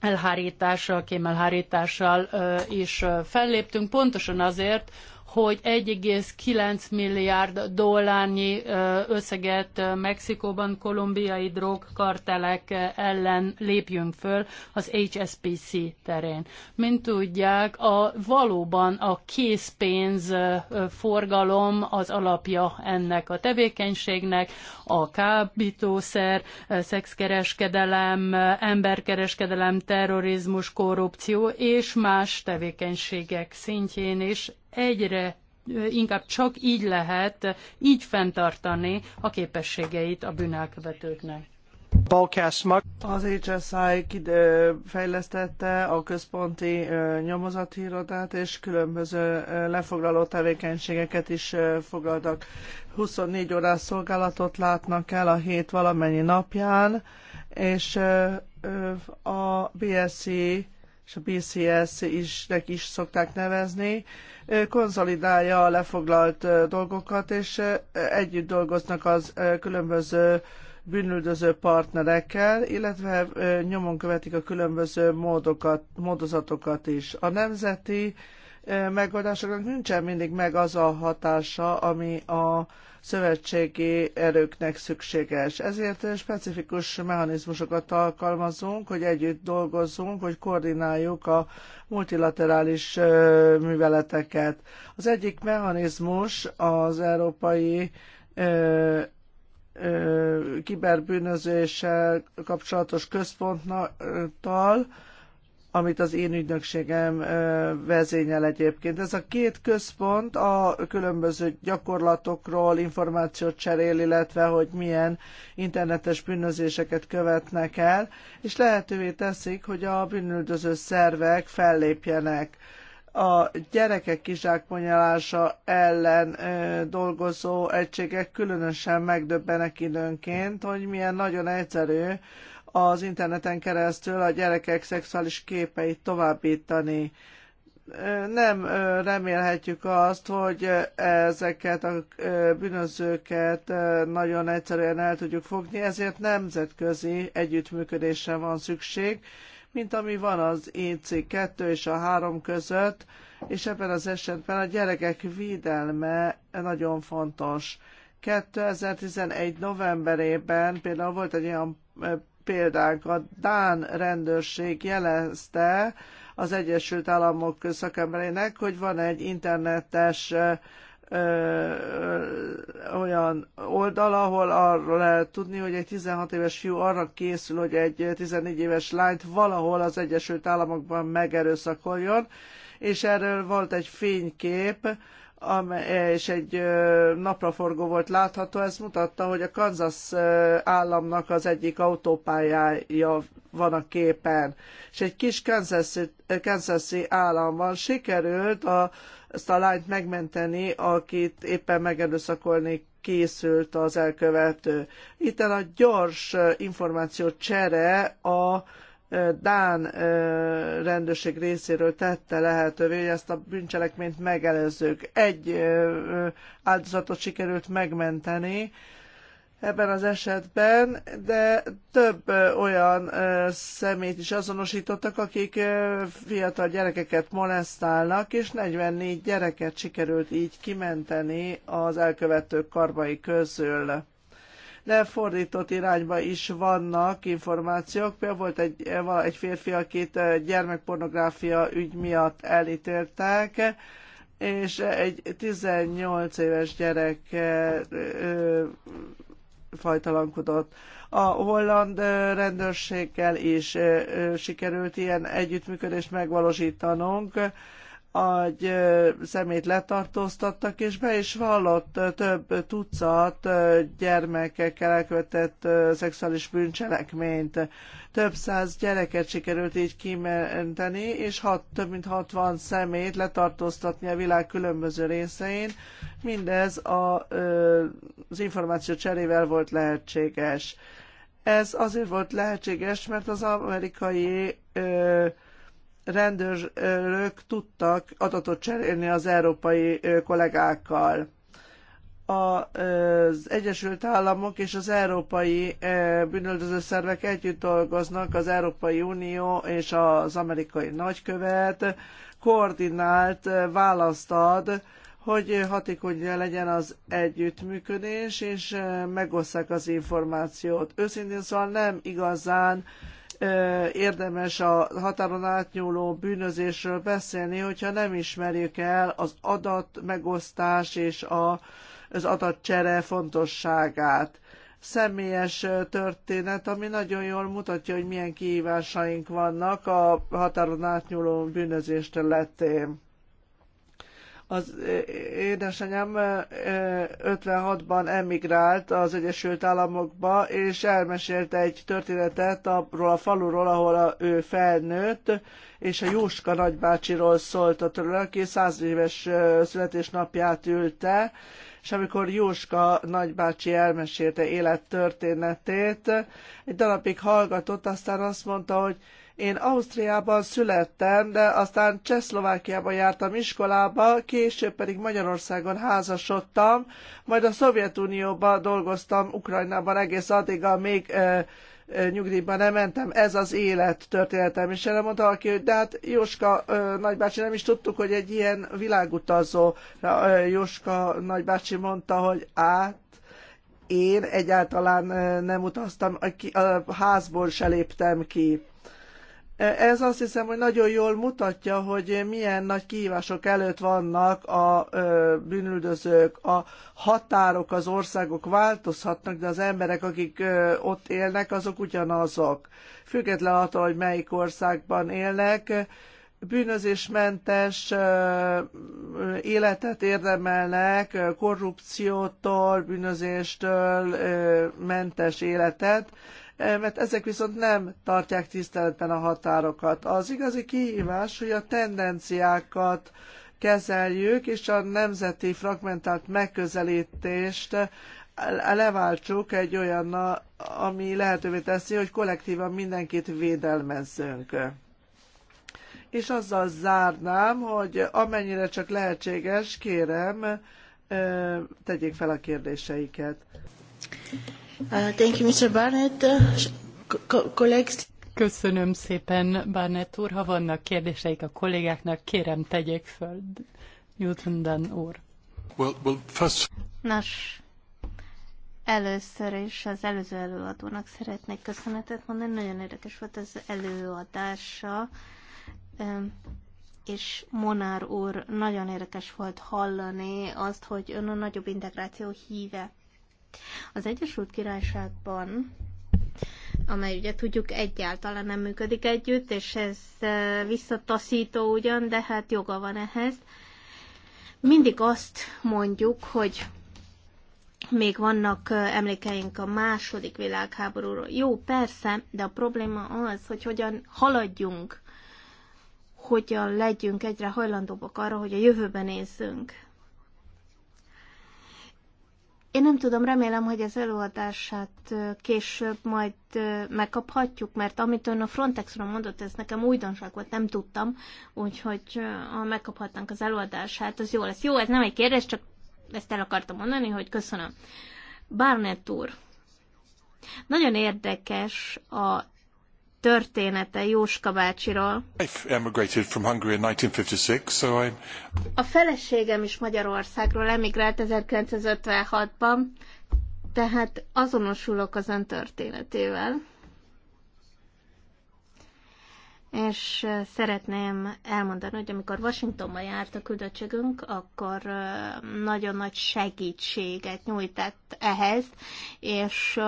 elhárítással, kémelhárítással is felléptünk, pontosan azért, hogy 1,9 milliárd dollárnyi összeget Mexikóban kolumbiai drogkartelek ellen lépjünk föl az HSPC terén. Mint tudják, a, valóban a készpénz forgalom az alapja ennek a tevékenységnek, a kábítószer, szexkereskedelem, emberkereskedelem, terrorizmus, korrupció és más tevékenységek szintjén is egyre inkább csak így lehet így fenntartani a képességeit a bűnelkövetőknek. Az HSI fejlesztette a központi nyomozatírodát, és különböző lefoglaló tevékenységeket is foglaltak. 24 órás szolgálatot látnak el a hét valamennyi napján, és a BSC és a BCS is, nek is szokták nevezni, konszolidálja a lefoglalt dolgokat, és együtt dolgoznak az különböző bűnüldöző partnerekkel, illetve nyomon követik a különböző módokat, módozatokat is. A nemzeti megoldásoknak nincsen mindig meg az a hatása, ami a szövetségi erőknek szükséges. Ezért specifikus mechanizmusokat alkalmazunk, hogy együtt dolgozzunk, hogy koordináljuk a multilaterális műveleteket. Az egyik mechanizmus az európai kiberbűnözéssel kapcsolatos központtal, amit az én ügynökségem vezényel egyébként. Ez a két központ a különböző gyakorlatokról információt cserél, illetve hogy milyen internetes bűnözéseket követnek el, és lehetővé teszik, hogy a bűnüldöző szervek fellépjenek a gyerekek kizsákmonyolása ellen ö, dolgozó egységek különösen megdöbbenek időnként, hogy milyen nagyon egyszerű az interneten keresztül a gyerekek szexuális képeit továbbítani. Nem remélhetjük azt, hogy ezeket a bűnözőket nagyon egyszerűen el tudjuk fogni, ezért nemzetközi együttműködésre van szükség, mint ami van az ic 2 és a 3 között, és ebben az esetben a gyerekek védelme nagyon fontos. 2011. novemberében például volt egy olyan példánk. A Dán rendőrség jelezte az Egyesült Államok szakembereinek, hogy van egy internetes ö, olyan oldal, ahol arról lehet tudni, hogy egy 16 éves fiú arra készül, hogy egy 14 éves lányt valahol az Egyesült Államokban megerőszakoljon, és erről volt egy fénykép, és egy napraforgó volt látható, ez mutatta, hogy a Kansas államnak az egyik autópályája van a képen. És egy kis Kansas-i, államban sikerült a, ezt a lányt megmenteni, akit éppen megerőszakolni készült az elkövető. Itt a gyors információ csere a Dán rendőrség részéről tette lehetővé, hogy ezt a bűncselekményt megelőzzük. Egy áldozatot sikerült megmenteni, ebben az esetben, de több olyan szemét is azonosítottak, akik fiatal gyerekeket molesztálnak, és 44 gyereket sikerült így kimenteni az elkövetők karbai közül de fordított irányba is vannak információk. Például volt egy, egy férfi, akit gyermekpornográfia ügy miatt elítéltek, és egy 18 éves gyerek fajtalankodott. A holland rendőrséggel is sikerült ilyen együttműködést megvalósítanunk, egy szemét letartóztattak, és be is vallott több tucat gyermekekkel elkövetett szexuális bűncselekményt. Több száz gyereket sikerült így kimenteni, és hat, több mint 60 szemét letartóztatni a világ különböző részein. Mindez a, az információ cserével volt lehetséges. Ez azért volt lehetséges, mert az amerikai ö, rendőrök tudtak adatot cserélni az európai kollégákkal az Egyesült Államok és az európai bűnöldöző szervek együtt dolgoznak, az Európai Unió és az amerikai nagykövet koordinált választ ad, hogy hatékony legyen az együttműködés, és megosszák az információt. Őszintén szóval nem igazán érdemes a határon átnyúló bűnözésről beszélni, hogyha nem ismerjük el az adatmegosztás és a, az adatcsere fontosságát. Személyes történet, ami nagyon jól mutatja, hogy milyen kihívásaink vannak a határon átnyúló bűnözés területén az édesanyám 56-ban emigrált az Egyesült Államokba, és elmesélte egy történetet arról a faluról, ahol a, ő felnőtt, és a Jóska nagybácsiról szólt a törő, aki 100 éves születésnapját ülte, és amikor Jóska nagybácsi elmesélte élettörténetét, egy darabig hallgatott, aztán azt mondta, hogy én Ausztriában születtem, de aztán Csehszlovákiában jártam iskolába, később pedig Magyarországon házasodtam, majd a Szovjetunióban dolgoztam, Ukrajnában egész addig, amíg e, nyugdíjban nem mentem, ez az élet történetem. És erre mondta valaki, hogy de hát Jóska nagybácsi, nem is tudtuk, hogy egy ilyen világutazó. Jóska nagybácsi mondta, hogy át, én egyáltalán nem utaztam, a házból se léptem ki. Ez azt hiszem, hogy nagyon jól mutatja, hogy milyen nagy kihívások előtt vannak a bűnüldözők. A határok, az országok változhatnak, de az emberek, akik ott élnek, azok ugyanazok. Független attól, hogy melyik országban élnek, bűnözésmentes életet érdemelnek, korrupciótól, bűnözéstől mentes életet, Eh, mert ezek viszont nem tartják tiszteletben a határokat. Az igazi kihívás, hogy a tendenciákat kezeljük, és a nemzeti fragmentált megközelítést leváltsuk egy olyan, ami lehetővé teszi, hogy kollektívan mindenkit védelmezzünk. És azzal zárnám, hogy amennyire csak lehetséges, kérem, eh, tegyék fel a kérdéseiket. Uh, uh, Köszönöm szépen, Barnett úr. Ha vannak kérdéseik a kollégáknak, kérem tegyék föl. Newton Dan úr. Well, well, first... Nos, először is az előző előadónak szeretnék köszönetet mondani. Nagyon érdekes volt az előadása, és Monár úr, nagyon érdekes volt hallani azt, hogy ön a nagyobb integráció híve. Az Egyesült Királyságban amely ugye tudjuk egyáltalán nem működik együtt, és ez visszataszító ugyan, de hát joga van ehhez. Mindig azt mondjuk, hogy még vannak emlékeink a második világháborúról. Jó, persze, de a probléma az, hogy hogyan haladjunk, hogyan legyünk egyre hajlandóbbak arra, hogy a jövőben nézzünk. Én nem tudom, remélem, hogy az előadását később majd megkaphatjuk, mert amit ön a Frontexről mondott, ez nekem újdonság volt, nem tudtam, úgyhogy ha megkaphatnánk az előadását, az jó lesz. Jó, ez nem egy kérdés, csak ezt el akartam mondani, hogy köszönöm. Barnett úr, nagyon érdekes a története Jóska bácsiról. A feleségem is Magyarországról emigrált 1956-ban, tehát azonosulok az ön történetével és szeretném elmondani, hogy amikor Washingtonba járt a küldöttségünk, akkor nagyon nagy segítséget nyújtott ehhez, és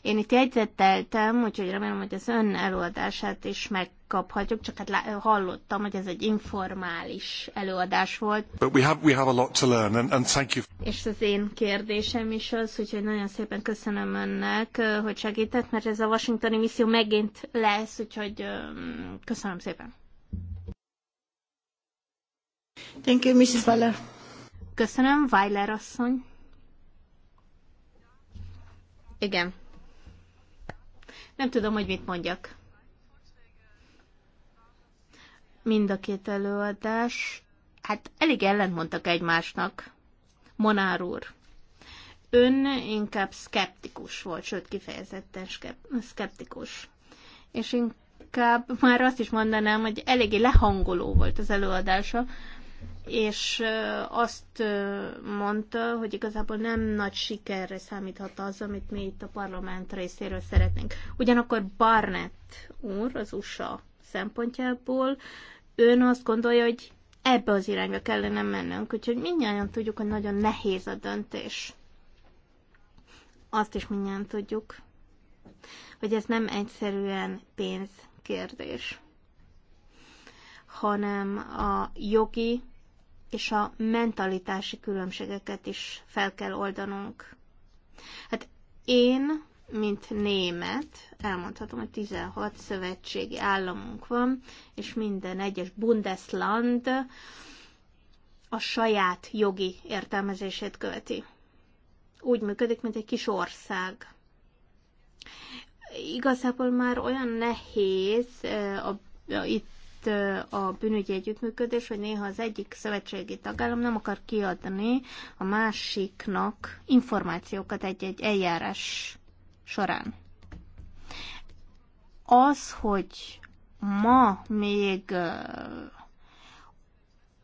én itt jegyzetteltem, úgyhogy remélem, hogy az ön előadását is meg megkaphatjuk, csak hát hallottam, hogy ez egy informális előadás volt. But we have, we have a lot to learn, and, and thank you. És az én kérdésem is az, úgyhogy nagyon szépen köszönöm önnek, hogy segített, mert ez a washingtoni misszió megint lesz, úgyhogy köszönöm szépen. Thank you, Mrs. Weiler. Köszönöm, Weiler asszony. Igen. Nem tudom, hogy mit mondjak mind a két előadás, hát elég ellentmondtak egymásnak. Monár úr, ön inkább skeptikus volt, sőt kifejezetten skeptikus. És inkább már azt is mondanám, hogy eléggé lehangoló volt az előadása, és azt mondta, hogy igazából nem nagy sikerre számíthat az, amit mi itt a parlament részéről szeretnénk. Ugyanakkor Barnett úr, az USA szempontjából ön azt gondolja, hogy ebbe az irányba kellene mennünk, úgyhogy mindjárt tudjuk, hogy nagyon nehéz a döntés. Azt is mindjárt tudjuk, hogy ez nem egyszerűen pénzkérdés, hanem a jogi és a mentalitási különbségeket is fel kell oldanunk. Hát én mint német, elmondhatom, hogy 16 szövetségi államunk van, és minden egyes Bundesland a saját jogi értelmezését követi. Úgy működik, mint egy kis ország. Igazából már olyan nehéz a, a, itt a bűnügyi együttműködés, hogy néha az egyik szövetségi tagállam nem akar kiadni a másiknak információkat egy-egy eljárás során. Az, hogy ma még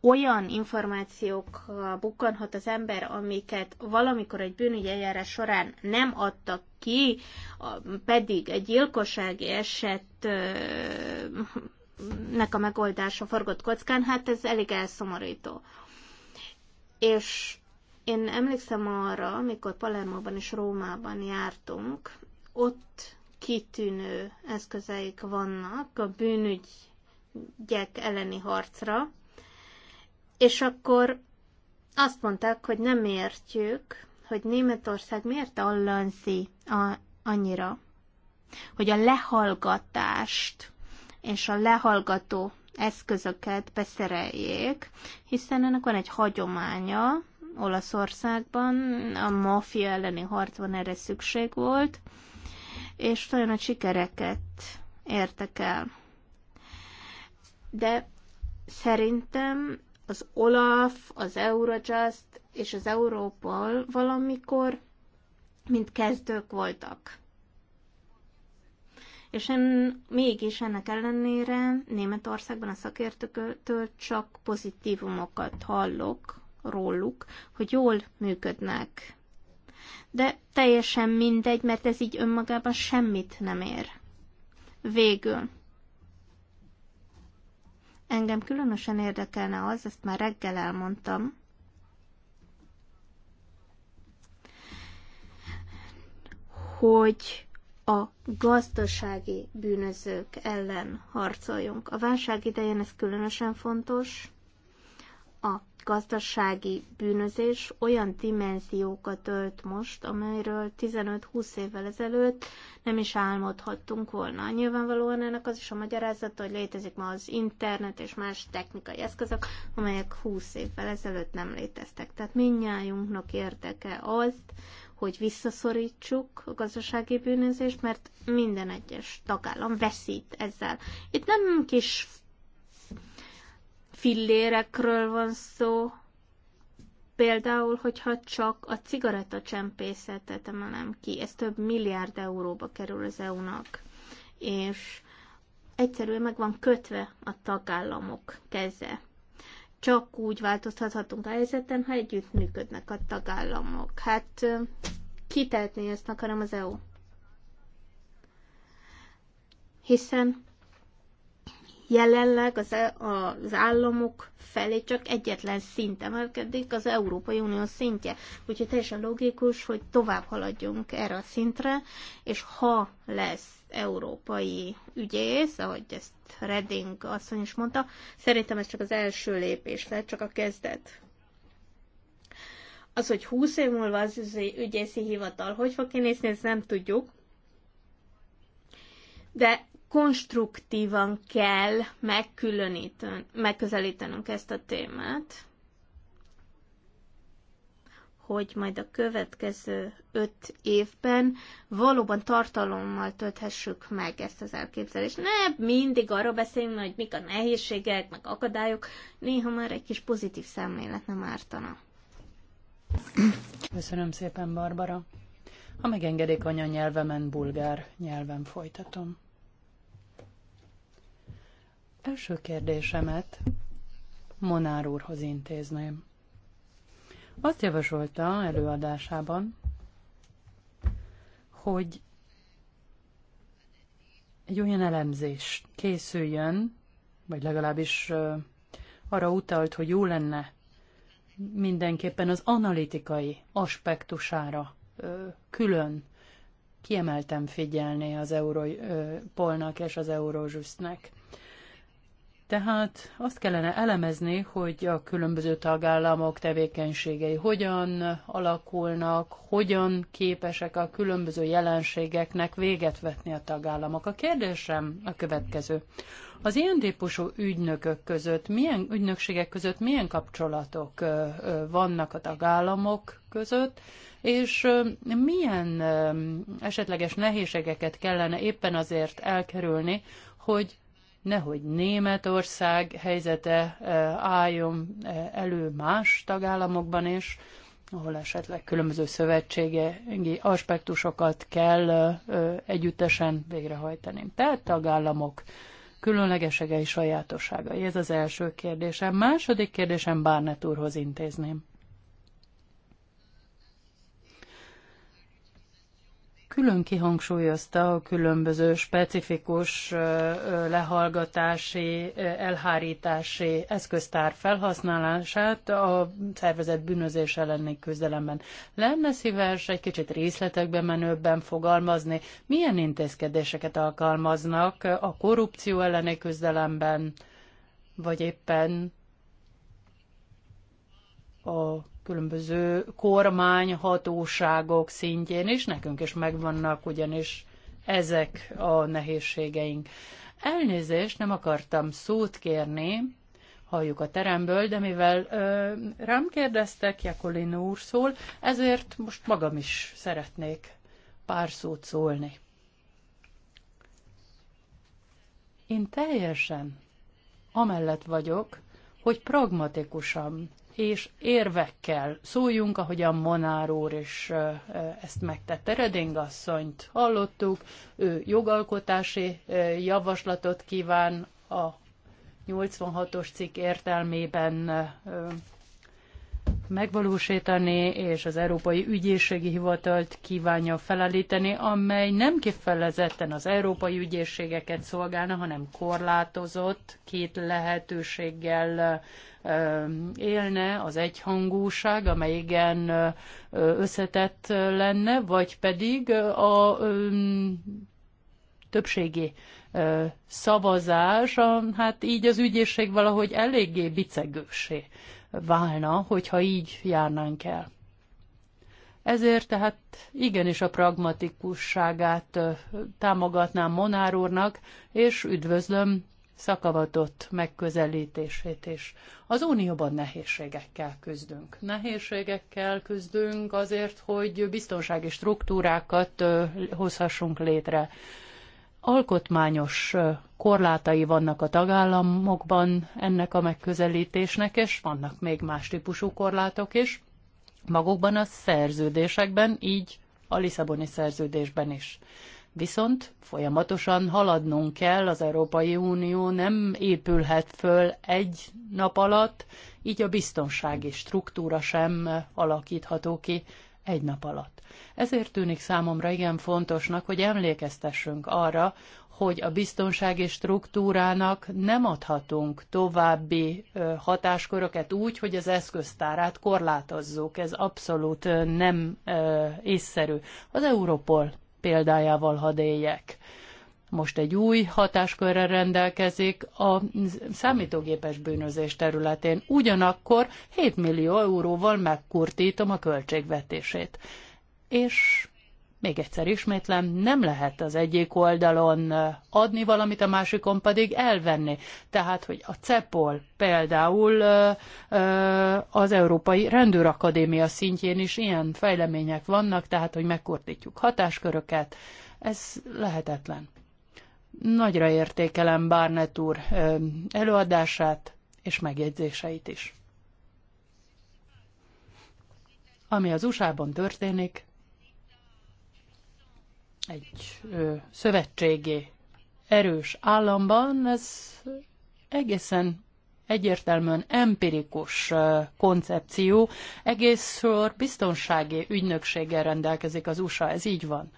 olyan információk bukkanhat az ember, amiket valamikor egy bűnügyi eljárás során nem adtak ki, pedig egy gyilkossági esetnek a megoldása forgott kockán, hát ez elég elszomorító. És én emlékszem arra, amikor Palermóban és Rómában jártunk, ott kitűnő eszközeik vannak a bűnügyek elleni harcra, és akkor azt mondták, hogy nem értjük, hogy Németország miért allanzi a, annyira, hogy a lehallgatást és a lehallgató eszközöket beszereljék, hiszen ennek van egy hagyománya, Olaszországban, a maffia elleni harcban erre szükség volt, és nagyon nagy sikereket értek el. De szerintem az Olaf, az Eurojust és az Európol valamikor mint kezdők voltak. És en, mégis ennek ellenére Németországban a szakértőktől csak pozitívumokat hallok róluk, hogy jól működnek. De teljesen mindegy, mert ez így önmagában semmit nem ér. Végül. Engem különösen érdekelne az, ezt már reggel elmondtam, hogy a gazdasági bűnözők ellen harcoljunk. A válság idején ez különösen fontos, a gazdasági bűnözés olyan dimenziókat ölt most, amelyről 15-20 évvel ezelőtt nem is álmodhattunk volna. Nyilvánvalóan ennek az is a magyarázata, hogy létezik ma az internet és más technikai eszközök, amelyek 20 évvel ezelőtt nem léteztek. Tehát mindnyájunknak érdeke az, hogy visszaszorítsuk a gazdasági bűnözést, mert minden egyes tagállam veszít ezzel. Itt nem kis fillérekről van szó, például, hogyha csak a cigarettacsempészetet emelem ki, ez több milliárd euróba kerül az EU-nak, és egyszerűen meg van kötve a tagállamok keze. Csak úgy változtathatunk a helyzeten, ha együtt működnek a tagállamok. Hát ki tehetné ezt, hanem az EU. Hiszen jelenleg az, e- az államok felé csak egyetlen szint emelkedik, az Európai Unió szintje. Úgyhogy teljesen logikus, hogy tovább haladjunk erre a szintre, és ha lesz európai ügyész, ahogy ezt Redding asszony is mondta, szerintem ez csak az első lépés lehet, csak a kezdet. Az, hogy 20 év múlva az ügyészi hivatal hogy fog kinézni, ezt nem tudjuk, de konstruktívan kell megközelítenünk ezt a témát, hogy majd a következő öt évben valóban tartalommal tölthessük meg ezt az elképzelést. Ne mindig arról beszéljünk, hogy mik a nehézségek, meg akadályok, néha már egy kis pozitív szemlélet nem ártana. Köszönöm szépen, Barbara. Ha megengedik anyanyelvemen, bulgár nyelven folytatom. Első kérdésemet Monár úrhoz intézném. Azt javasolta előadásában, hogy egy olyan elemzés készüljön, vagy legalábbis arra utalt, hogy jó lenne mindenképpen az analitikai aspektusára külön kiemeltem figyelni az Európolnak és az Eurózsusznek. Tehát azt kellene elemezni, hogy a különböző tagállamok tevékenységei hogyan alakulnak, hogyan képesek a különböző jelenségeknek véget vetni a tagállamok. A kérdésem a következő. Az ilyen típusú ügynökök között, milyen ügynökségek között milyen kapcsolatok vannak a tagállamok között, és milyen esetleges nehézségeket kellene éppen azért elkerülni, hogy nehogy Németország helyzete eh, álljon eh, elő más tagállamokban is, ahol esetleg különböző szövetségi aspektusokat kell eh, együttesen végrehajtani. Tehát tagállamok különlegeségei, sajátosságai. Ez az első kérdésem. Második kérdésem Barnett úrhoz intézném. külön kihangsúlyozta a különböző specifikus lehallgatási, elhárítási eszköztár felhasználását a szervezet bűnözés elleni küzdelemben. Lenne szíves egy kicsit részletekben menőbben fogalmazni, milyen intézkedéseket alkalmaznak a korrupció elleni küzdelemben, vagy éppen a különböző kormányhatóságok szintjén is, nekünk is megvannak ugyanis ezek a nehézségeink. Elnézést, nem akartam szót kérni, halljuk a teremből, de mivel ö, rám kérdeztek, Jakolin úr szól, ezért most magam is szeretnék pár szót szólni. Én teljesen amellett vagyok, hogy pragmatikusan és érvekkel szóljunk, ahogy a Monár úr is ezt megtette. Reding asszonyt hallottuk, ő jogalkotási javaslatot kíván a 86-os cikk értelmében megvalósítani, és az Európai Ügyészségi Hivatalt kívánja felállítani, amely nem kifelezetten az európai ügyészségeket szolgálna, hanem korlátozott, két lehetőséggel élne az egyhangúság, amely igen összetett lenne, vagy pedig a többségi szavazás, hát így az ügyészség valahogy eléggé bicegősé válna, hogyha így járnánk el. Ezért tehát igenis a pragmatikusságát támogatnám Monár úrnak, és üdvözlöm szakavatott megközelítését is. Az Unióban nehézségekkel küzdünk. Nehézségekkel küzdünk azért, hogy biztonsági struktúrákat hozhassunk létre alkotmányos korlátai vannak a tagállamokban ennek a megközelítésnek, és vannak még más típusú korlátok is, magukban a szerződésekben, így a Lisszaboni szerződésben is. Viszont folyamatosan haladnunk kell, az Európai Unió nem épülhet föl egy nap alatt, így a biztonsági struktúra sem alakítható ki egy nap alatt. Ezért tűnik számomra igen fontosnak, hogy emlékeztessünk arra, hogy a biztonsági struktúrának nem adhatunk további hatásköröket úgy, hogy az eszköztárát korlátozzuk. Ez abszolút nem észszerű. Az Europol példájával hadd éljek most egy új hatáskörrel rendelkezik a számítógépes bűnözés területén. Ugyanakkor 7 millió euróval megkurtítom a költségvetését. És még egyszer ismétlem, nem lehet az egyik oldalon adni valamit, a másikon pedig elvenni. Tehát, hogy a CEPOL például az Európai Rendőrakadémia szintjén is ilyen fejlemények vannak, tehát, hogy megkortítjuk hatásköröket, ez lehetetlen. Nagyra értékelem Barnett úr előadását és megjegyzéseit is. Ami az USA-ban történik, egy ö, szövetségi erős államban, ez egészen egyértelműen empirikus koncepció, egész sor biztonsági ügynökséggel rendelkezik az USA, ez így van.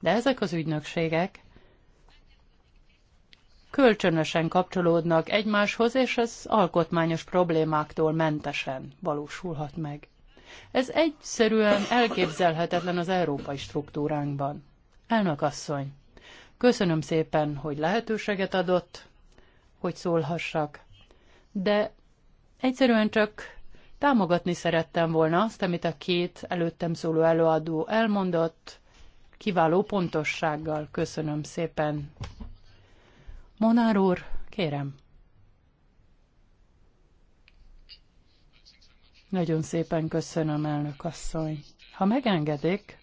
De ezek az ügynökségek kölcsönösen kapcsolódnak egymáshoz, és ez alkotmányos problémáktól mentesen valósulhat meg. Ez egyszerűen elképzelhetetlen az európai struktúránkban. Elnök asszony, köszönöm szépen, hogy lehetőséget adott, hogy szólhassak, de egyszerűen csak támogatni szerettem volna azt, amit a két előttem szóló előadó elmondott, kiváló pontossággal köszönöm szépen Monár úr, kérem. Nagyon szépen köszönöm, elnök asszony. Ha megengedik,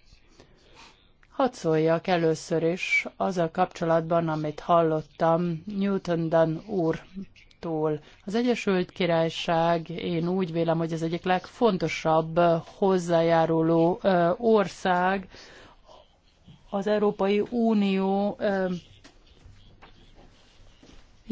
hadd szóljak először is az a kapcsolatban, amit hallottam Newton úr úrtól. Az Egyesült Királyság, én úgy vélem, hogy az egyik legfontosabb hozzájáruló ország az Európai Unió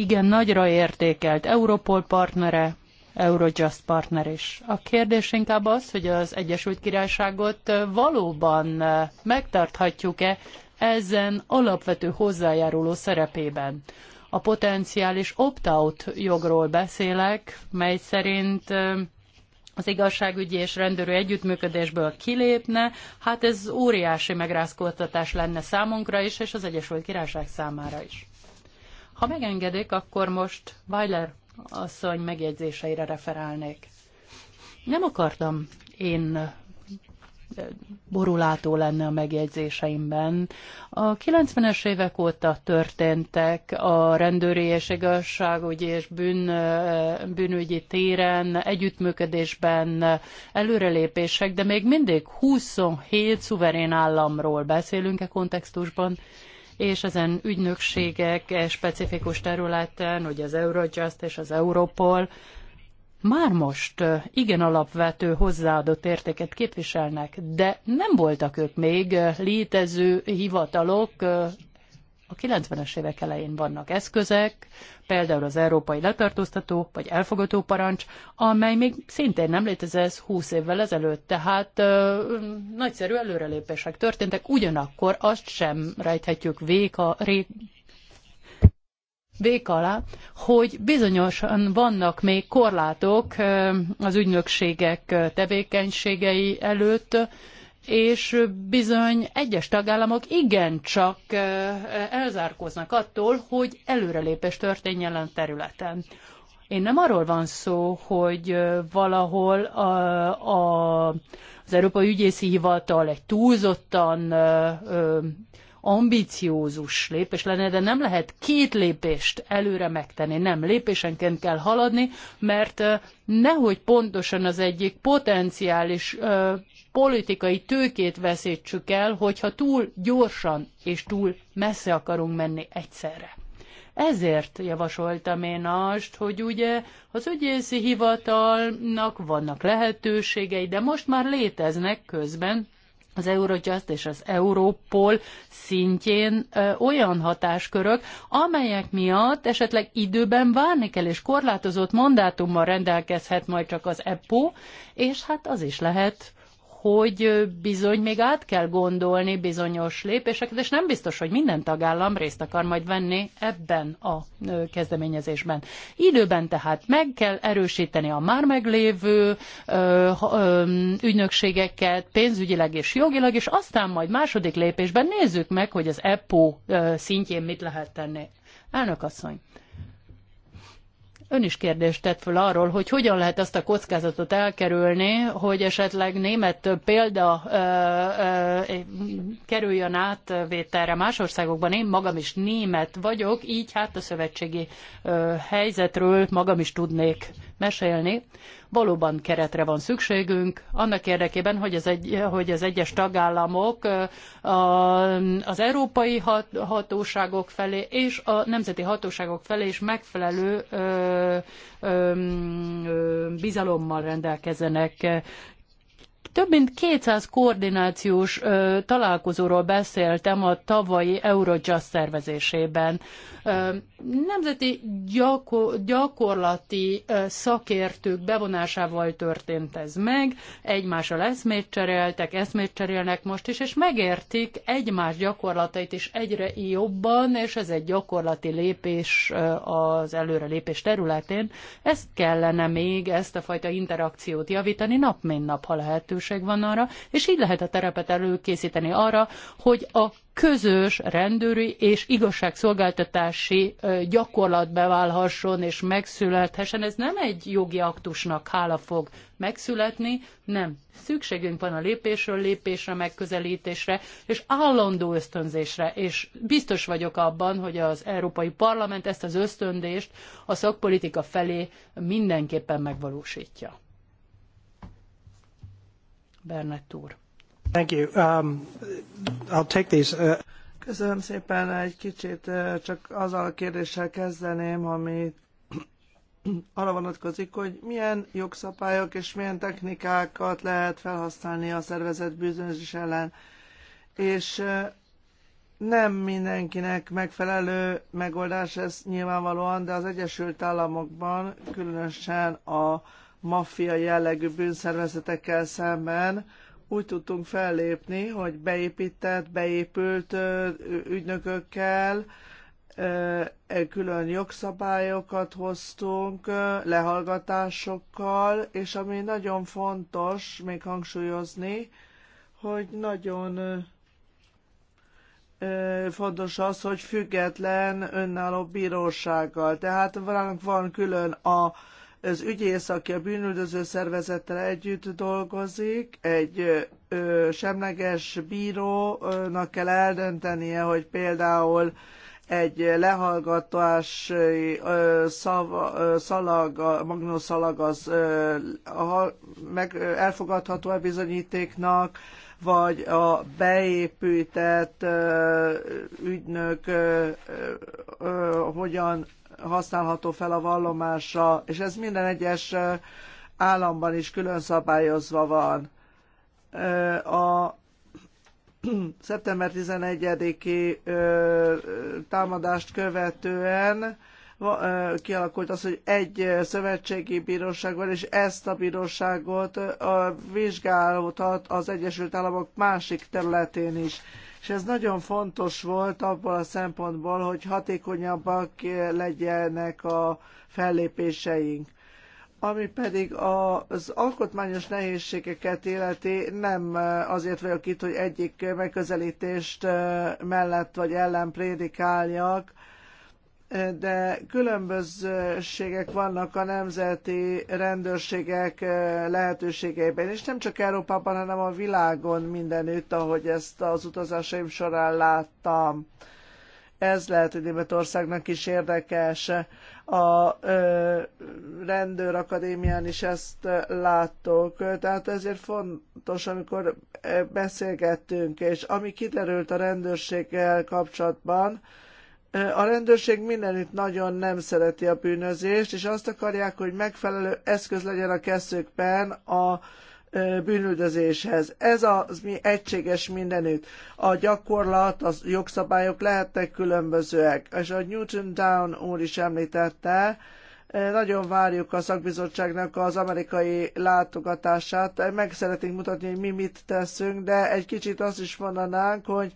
igen nagyra értékelt Europol partnere, Eurojust partner is. A kérdés inkább az, hogy az Egyesült Királyságot valóban megtarthatjuk-e ezen alapvető hozzájáruló szerepében. A potenciális opt-out jogról beszélek, mely szerint az igazságügyi és rendőrű együttműködésből kilépne, hát ez óriási megrázkódtatás lenne számunkra is, és az Egyesült Királyság számára is. Ha megengedik, akkor most Weiler asszony megjegyzéseire referálnék. Nem akartam én borulátó lenne a megjegyzéseimben. A 90-es évek óta történtek a rendőri és igazságügyi és bűn, bűnügyi téren, együttműködésben előrelépések, de még mindig 27 szuverén államról beszélünk e kontextusban, és ezen ügynökségek e specifikus területen, ugye az Eurojust és az Europol, már most e, igen alapvető hozzáadott értéket képviselnek, de nem voltak ők még e, létező hivatalok a 90-es évek elején vannak eszközek, például az európai letartóztató vagy elfogató parancs, amely még szintén nem létezett 20 évvel ezelőtt, tehát ö, nagyszerű előrelépések történtek, ugyanakkor azt sem rejthetjük véka, ré, vék alá, hogy bizonyosan vannak még korlátok az ügynökségek tevékenységei előtt, és bizony egyes tagállamok igencsak elzárkóznak attól, hogy előrelépés történjen a területen. Én nem arról van szó, hogy valahol a, a, az Európai Ügyészi Hivatal egy túlzottan ambiciózus lépés lenne, de nem lehet két lépést előre megtenni, nem lépésenként kell haladni, mert nehogy pontosan az egyik potenciális politikai tőkét veszítsük el, hogyha túl gyorsan és túl messze akarunk menni egyszerre. Ezért javasoltam én azt, hogy ugye az ügyészi hivatalnak vannak lehetőségei, de most már léteznek közben az Eurojust és az Európol szintjén ö, olyan hatáskörök, amelyek miatt esetleg időben várni kell, és korlátozott mandátummal rendelkezhet majd csak az EPO, és hát az is lehet, hogy bizony még át kell gondolni bizonyos lépéseket, és nem biztos, hogy minden tagállam részt akar majd venni ebben a kezdeményezésben. Időben tehát meg kell erősíteni a már meglévő ügynökségeket pénzügyileg és jogilag, és aztán majd második lépésben nézzük meg, hogy az EPO szintjén mit lehet tenni. Elnök asszony, Ön is kérdést tett föl arról, hogy hogyan lehet azt a kockázatot elkerülni, hogy esetleg német példa ö, ö, kerüljön át vételre más országokban. Én magam is német vagyok, így hát a szövetségi ö, helyzetről magam is tudnék mesélni. Valóban keretre van szükségünk, annak érdekében, hogy az, egy, hogy az egyes tagállamok az európai hatóságok felé és a nemzeti hatóságok felé is megfelelő bizalommal rendelkezzenek több mint 200 koordinációs ö, találkozóról beszéltem a tavalyi Eurojust szervezésében. Ö, nemzeti gyakor, gyakorlati ö, szakértők bevonásával történt ez meg, egymással eszmét cseréltek, eszmét cserélnek most is, és megértik egymás gyakorlatait is egyre jobban, és ez egy gyakorlati lépés ö, az előrelépés területén. Ezt kellene még, ezt a fajta interakciót javítani nap mint nap, ha lehet lehetőség van arra, és így lehet a terepet előkészíteni arra, hogy a közös rendőri és igazságszolgáltatási gyakorlat beválhasson és megszülethessen. Ez nem egy jogi aktusnak hála fog megszületni, nem. Szükségünk van a lépésről lépésre, megközelítésre és állandó ösztönzésre, és biztos vagyok abban, hogy az Európai Parlament ezt az ösztöndést a szakpolitika felé mindenképpen megvalósítja. Bernett úr. Thank you. Um, I'll take these. Uh... Köszönöm szépen. Egy kicsit uh, csak azzal a kérdéssel kezdeném, ami arra vonatkozik, hogy milyen jogszabályok és milyen technikákat lehet felhasználni a szervezet bűnözés ellen. És uh, nem mindenkinek megfelelő megoldás ez nyilvánvalóan, de az Egyesült Államokban, különösen a maffia jellegű bűnszervezetekkel szemben úgy tudtunk fellépni, hogy beépített, beépült ügynökökkel, e, külön jogszabályokat hoztunk, lehallgatásokkal, és ami nagyon fontos még hangsúlyozni, hogy nagyon fontos az, hogy független önálló bírósággal. Tehát van, van külön a az ügyész, aki a bűnüldöző szervezettel együtt dolgozik, egy ö, semleges bírónak kell eldöntenie, hogy például egy lehallgatás szalag, a magnószalag az ö, a, meg, elfogadható a bizonyítéknak, vagy a beépített ügynök hogyan használható fel a vallomásra, és ez minden egyes államban is külön szabályozva van. A szeptember 11-i támadást követően kialakult az, hogy egy szövetségi bíróság van, és ezt a bíróságot vizsgálhat az Egyesült Államok másik területén is és ez nagyon fontos volt abból a szempontból, hogy hatékonyabbak legyenek a fellépéseink ami pedig az alkotmányos nehézségeket illeti, nem azért vagyok itt, hogy egyik megközelítést mellett vagy ellen prédikáljak, de különbözőségek vannak a nemzeti rendőrségek eh, lehetőségeiben, és nem csak Európában, hanem a világon mindenütt, ahogy ezt az utazásaim során láttam. Ez lehet, hogy Németországnak is érdekes. A ö, rendőrakadémián is ezt eh, láttok, tehát ezért fontos, amikor eh, beszélgettünk, és ami kiderült a rendőrséggel kapcsolatban, a rendőrség mindenütt nagyon nem szereti a bűnözést, és azt akarják, hogy megfelelő eszköz legyen a keszőkben a bűnüldözéshez. Ez az mi egységes mindenütt. A gyakorlat, a jogszabályok lehetnek különbözőek. És a Newton Down úr is említette, nagyon várjuk a szakbizottságnak az amerikai látogatását. Meg szeretnénk mutatni, hogy mi mit teszünk, de egy kicsit azt is mondanánk, hogy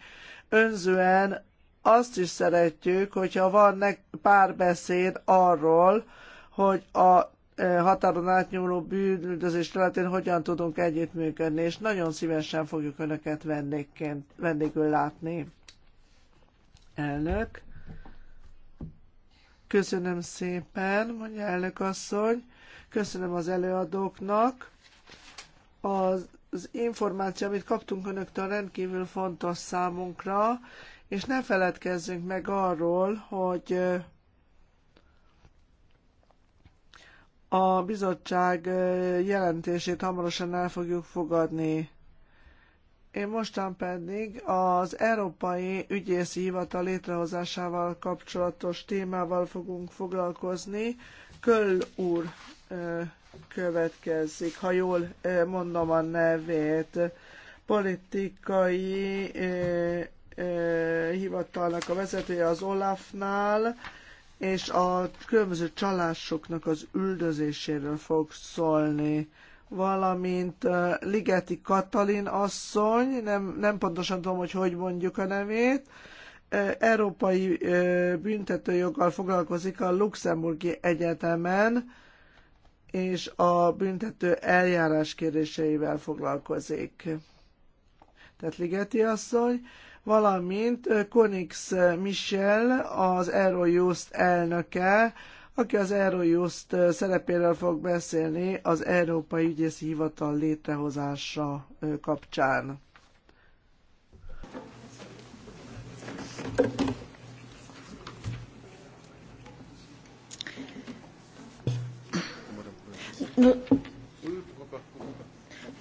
önzően azt is szeretjük, hogyha van párbeszéd arról, hogy a e, határon átnyúló bűnüldözés területén hogyan tudunk együttműködni, és nagyon szívesen fogjuk Önöket vendégül látni. Elnök. Köszönöm szépen, mondja elnök asszony. Köszönöm az előadóknak. Az, az információ, amit kaptunk önöktől, rendkívül fontos számunkra, és ne feledkezzünk meg arról, hogy a bizottság jelentését hamarosan el fogjuk fogadni. Én mostan pedig az Európai Ügyészi Hivatal létrehozásával kapcsolatos témával fogunk foglalkozni. Köll úr következik, ha jól mondom a nevét. Politikai hivatalnak a vezetője az Olafnál, és a különböző csalásoknak az üldözéséről fog szólni, valamint Ligeti Katalin asszony, nem, nem pontosan tudom, hogy hogy mondjuk a nevét, európai büntetőjoggal foglalkozik a Luxemburgi Egyetemen, és a büntető eljárás kérdéseivel foglalkozik. Tehát Ligeti asszony, valamint Konix Michel, az Eurojust elnöke, aki az Eurojust szerepéről fog beszélni az Európai Ügyészi Hivatal létrehozása kapcsán. No.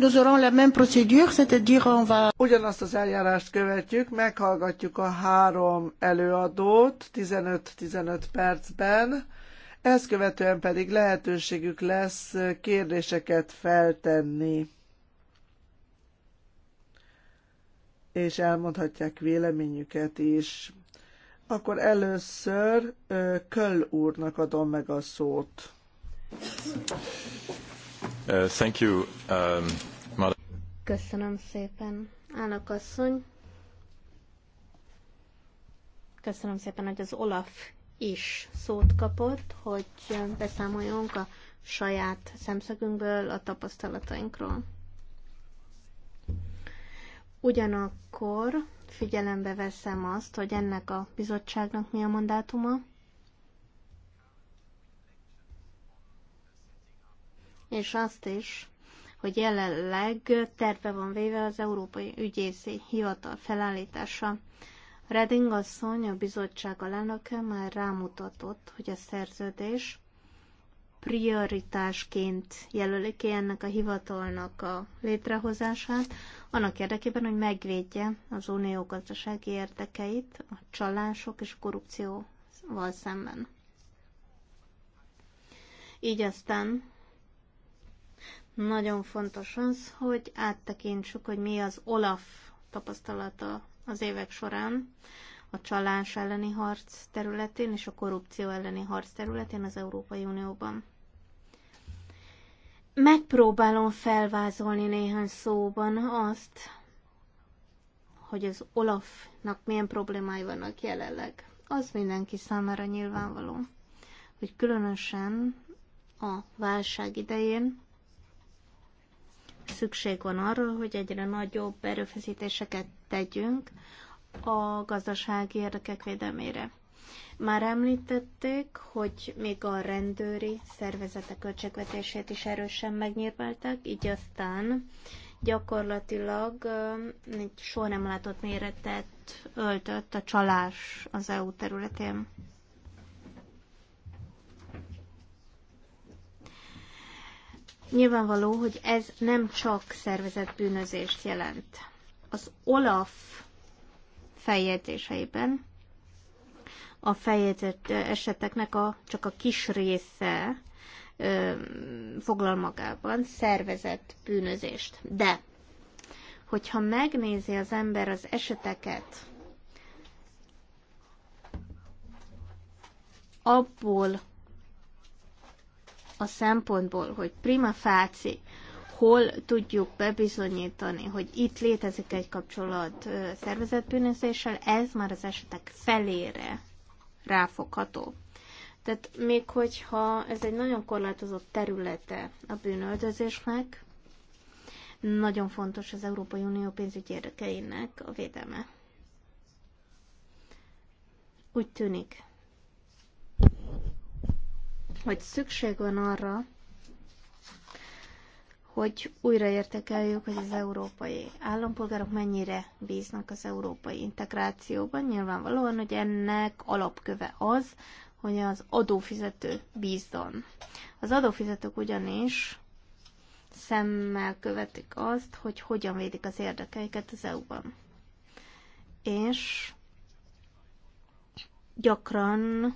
Nous aurons la même procédure, c'est-à-dire on va... Ugyanazt az eljárást követjük, meghallgatjuk a három előadót 15-15 percben, ezt követően pedig lehetőségük lesz kérdéseket feltenni. És elmondhatják véleményüket is. Akkor először Köll úrnak adom meg a szót. Uh, thank you, um, Köszönöm szépen, Állnak Köszönöm szépen, hogy az Olaf is szót kapott, hogy beszámoljunk a saját szemszögünkből, a tapasztalatainkról. Ugyanakkor figyelembe veszem azt, hogy ennek a bizottságnak mi a mandátuma, és azt is, hogy jelenleg terve van véve az Európai Ügyészi Hivatal felállítása. Reding asszony, a bizottság alelnöke már rámutatott, hogy a szerződés prioritásként jelöli ki ennek a hivatalnak a létrehozását, annak érdekében, hogy megvédje az unió gazdasági érdekeit a csalások és korrupcióval szemben. Így aztán nagyon fontos az, hogy áttekintsük, hogy mi az OLAF tapasztalata az évek során a csalás elleni harc területén és a korrupció elleni harc területén az Európai Unióban. Megpróbálom felvázolni néhány szóban azt, hogy az Olafnak milyen problémái vannak jelenleg. Az mindenki számára nyilvánvaló, hogy különösen a válság idején szükség van arra, hogy egyre nagyobb erőfeszítéseket tegyünk a gazdasági érdekek védelmére. Már említették, hogy még a rendőri szervezetek költségvetését is erősen megnyírválták, így aztán gyakorlatilag egy soha nem látott méretet öltött a csalás az EU területén. Nyilvánvaló, hogy ez nem csak szervezett bűnözést jelent. Az OLAF feljegyzéseiben a feljegyzett eseteknek a, csak a kis része ö, foglal magában szervezett bűnözést. De, hogyha megnézi az ember az eseteket, abból a szempontból, hogy prima facie hol tudjuk bebizonyítani, hogy itt létezik egy kapcsolat szervezetbűnözéssel, ez már az esetek felére ráfogható. Tehát még hogyha ez egy nagyon korlátozott területe a bűnöldözésnek, nagyon fontos az Európai Unió pénzügyi érdekeinek a védelme. Úgy tűnik, hogy szükség van arra, hogy újraértékeljük, hogy az európai állampolgárok mennyire bíznak az európai integrációban. Nyilvánvalóan, hogy ennek alapköve az, hogy az adófizető bízdon. Az adófizetők ugyanis szemmel követik azt, hogy hogyan védik az érdekeiket az EU-ban. És gyakran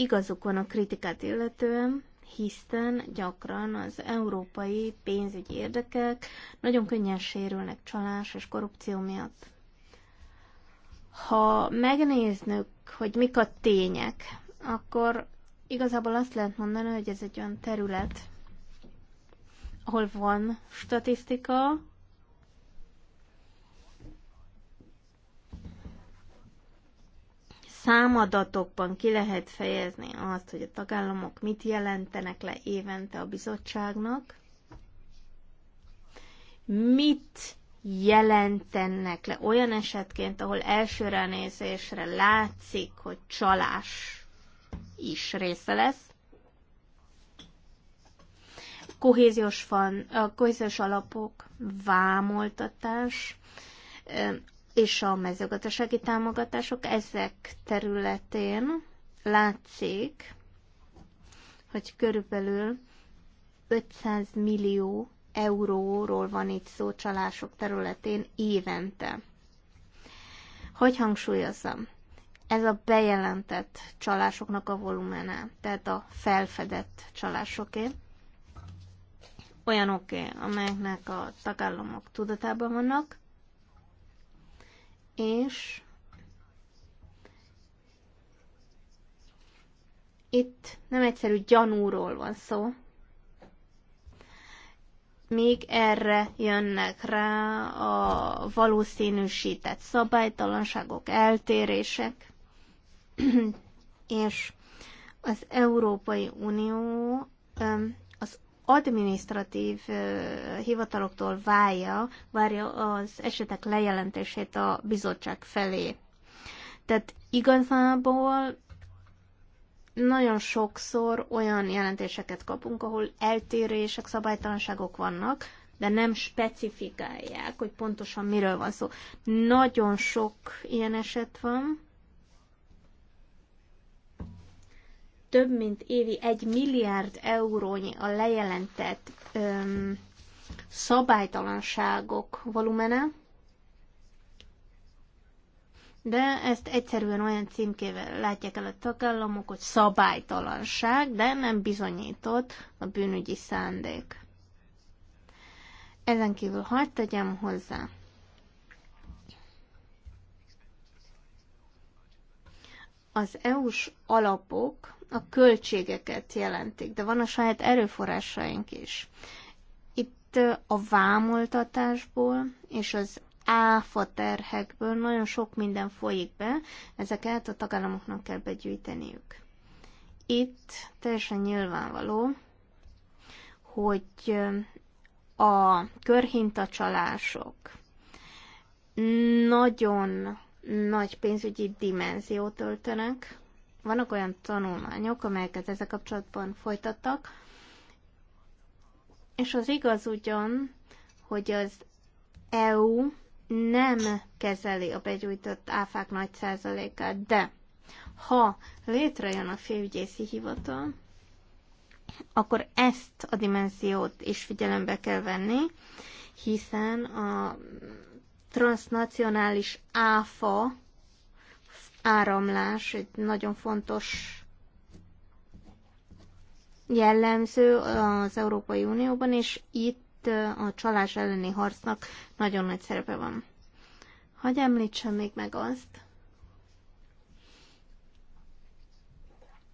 Igazuk van a kritikát illetően, hiszen gyakran az európai pénzügyi érdekek nagyon könnyen sérülnek csalás és korrupció miatt. Ha megnéznük, hogy mik a tények, akkor igazából azt lehet mondani, hogy ez egy olyan terület, ahol van statisztika, számadatokban ki lehet fejezni azt, hogy a tagállamok mit jelentenek le évente a bizottságnak, mit jelentenek le olyan esetként, ahol első ránézésre látszik, hogy csalás is része lesz. Kohéziós, fan, kohéziós alapok, vámoltatás, és a mezőgazdasági támogatások ezek területén látszik, hogy körülbelül 500 millió euróról van itt szó csalások területén évente. Hogy hangsúlyozzam? Ez a bejelentett csalásoknak a volumene, tehát a felfedett csalásoké, olyanoké, amelyeknek a tagállamok tudatában vannak, és itt nem egyszerű gyanúról van szó, még erre jönnek rá a valószínűsített szabálytalanságok, eltérések, és az Európai Unió administratív hivataloktól válja, várja az esetek lejelentését a bizottság felé. Tehát igazából nagyon sokszor olyan jelentéseket kapunk, ahol eltérések, szabálytalanságok vannak, de nem specifikálják, hogy pontosan miről van szó. Nagyon sok ilyen eset van, több mint évi egy milliárd eurónyi a lejelentett öm, szabálytalanságok volumene, de ezt egyszerűen olyan címkével látják el a tagállamok, hogy szabálytalanság, de nem bizonyított a bűnügyi szándék. Ezen kívül hagyd tegyem hozzá. Az EU-s alapok a költségeket jelentik, de van a saját erőforrásaink is. Itt a vámoltatásból és az áfa terhekből nagyon sok minden folyik be, ezeket a tagállamoknak kell begyűjteniük. Itt teljesen nyilvánvaló, hogy a körhintacsalások nagyon nagy pénzügyi dimenziót öltenek, vannak olyan tanulmányok, amelyeket ezzel kapcsolatban folytattak, és az igaz ugyan, hogy az EU nem kezeli a begyújtott áfák nagy százalékát, de ha létrejön a félügyészi hivatal, akkor ezt a dimenziót is figyelembe kell venni, hiszen a transnacionális áfa áramlás egy nagyon fontos jellemző az Európai Unióban, és itt a csalás elleni harcnak nagyon nagy szerepe van. Hogy említsem még meg azt,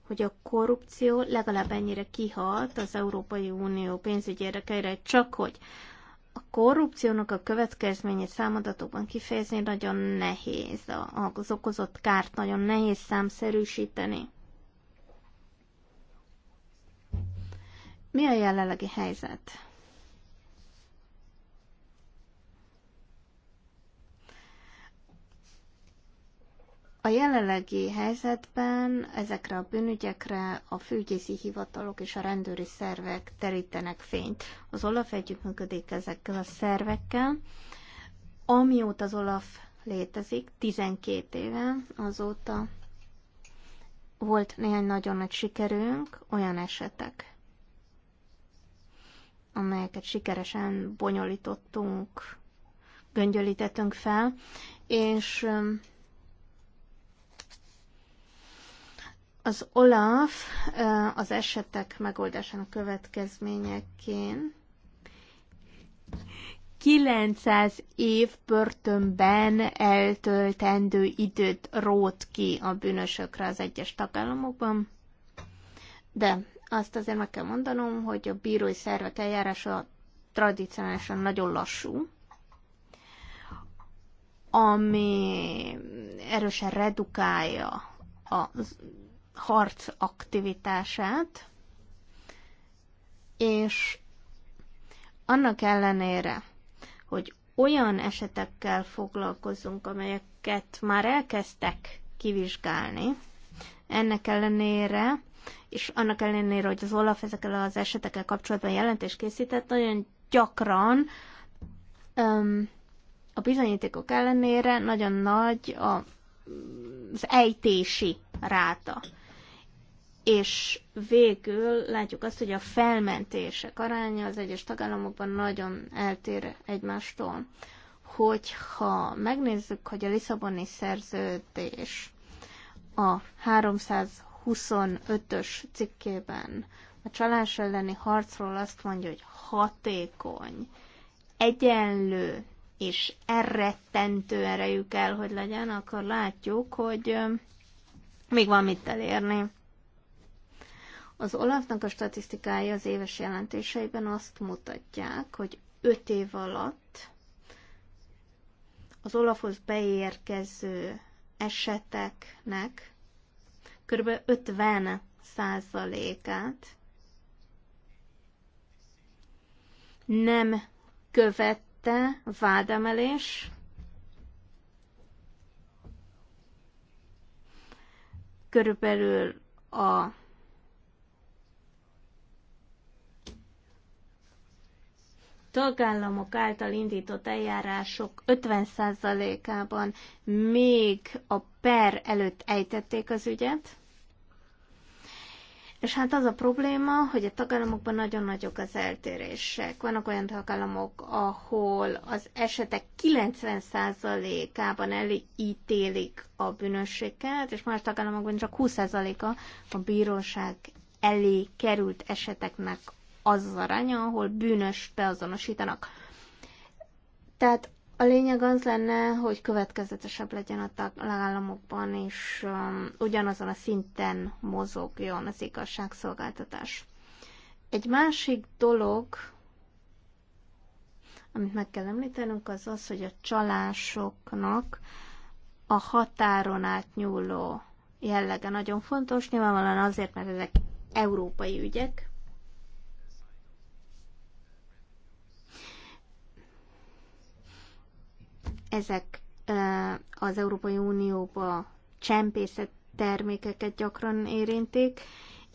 hogy a korrupció legalább ennyire kihalt az Európai Unió pénzügyi érdekeire, csak hogy a korrupciónak a következményét számadatokban kifejezni nagyon nehéz, az okozott kárt nagyon nehéz számszerűsíteni. Mi a jelenlegi helyzet? A jelenlegi helyzetben ezekre a bűnügyekre a főügyészi hivatalok és a rendőri szervek terítenek fényt. Az OLAF együttműködik ezekkel a szervekkel. Amióta az OLAF létezik, 12 éve azóta volt néhány nagyon nagy sikerünk, olyan esetek, amelyeket sikeresen bonyolítottunk, göngyölítettünk fel, és Az OLAF az esetek megoldásának következményeként 900 év börtönben eltöltendő időt rót ki a bűnösökre az egyes tagállamokban, de azt azért meg kell mondanom, hogy a bírói szervek eljárása tradicionálisan nagyon lassú, ami erősen redukálja az harc aktivitását, és annak ellenére, hogy olyan esetekkel foglalkozunk, amelyeket már elkezdtek kivizsgálni, ennek ellenére, és annak ellenére, hogy az Olaf ezekkel az esetekkel kapcsolatban jelentést készített, nagyon gyakran öm, a bizonyítékok ellenére nagyon nagy a, az ejtési ráta és végül látjuk azt, hogy a felmentések aránya az egyes tagállamokban nagyon eltér egymástól. Hogyha megnézzük, hogy a Lisszaboni szerződés a 325-ös cikkében a csalás elleni harcról azt mondja, hogy hatékony, egyenlő és errettentő erejük kell, hogy legyen, akkor látjuk, hogy még van mit elérni. Az Olafnak a statisztikái az éves jelentéseiben azt mutatják, hogy 5 év alatt az Olafhoz beérkező eseteknek kb. 50 százalékát nem követte vádemelés, körülbelül a tagállamok által indított eljárások 50%-ában még a per előtt ejtették az ügyet, és hát az a probléma, hogy a tagállamokban nagyon nagyok az eltérések. Vannak olyan tagállamok, ahol az esetek 90%-ában elítélik a bűnösséget, és más tagállamokban csak 20%-a a bíróság elé került eseteknek az az aránya, ahol bűnös beazonosítanak. Tehát a lényeg az lenne, hogy következetesebb legyen a tagállamokban, és um, ugyanazon a szinten mozogjon az igazságszolgáltatás. Egy másik dolog, amit meg kell említenünk, az az, hogy a csalásoknak a határon átnyúló jellege nagyon fontos, nyilvánvalóan azért, mert ezek európai ügyek, ezek az Európai Unióba csempészet termékeket gyakran érintik,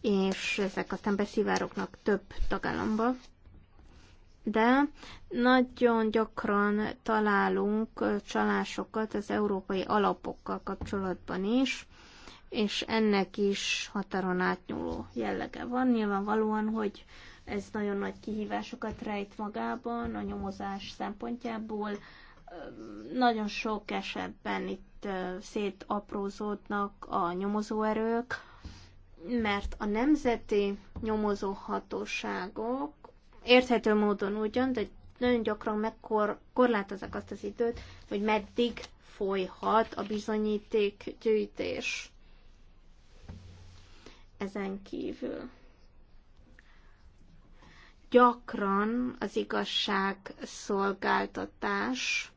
és ezek aztán beszivároknak több tagállamba. De nagyon gyakran találunk csalásokat az európai alapokkal kapcsolatban is, és ennek is határon átnyúló jellege van. Nyilvánvalóan, hogy ez nagyon nagy kihívásokat rejt magában a nyomozás szempontjából, nagyon sok esetben itt szétaprózódnak a nyomozóerők, mert a nemzeti nyomozóhatóságok érthető módon ugyan, de nagyon gyakran megkorlátozzák azt az időt, hogy meddig folyhat a bizonyíték gyűjtés. Ezen kívül gyakran az igazságszolgáltatás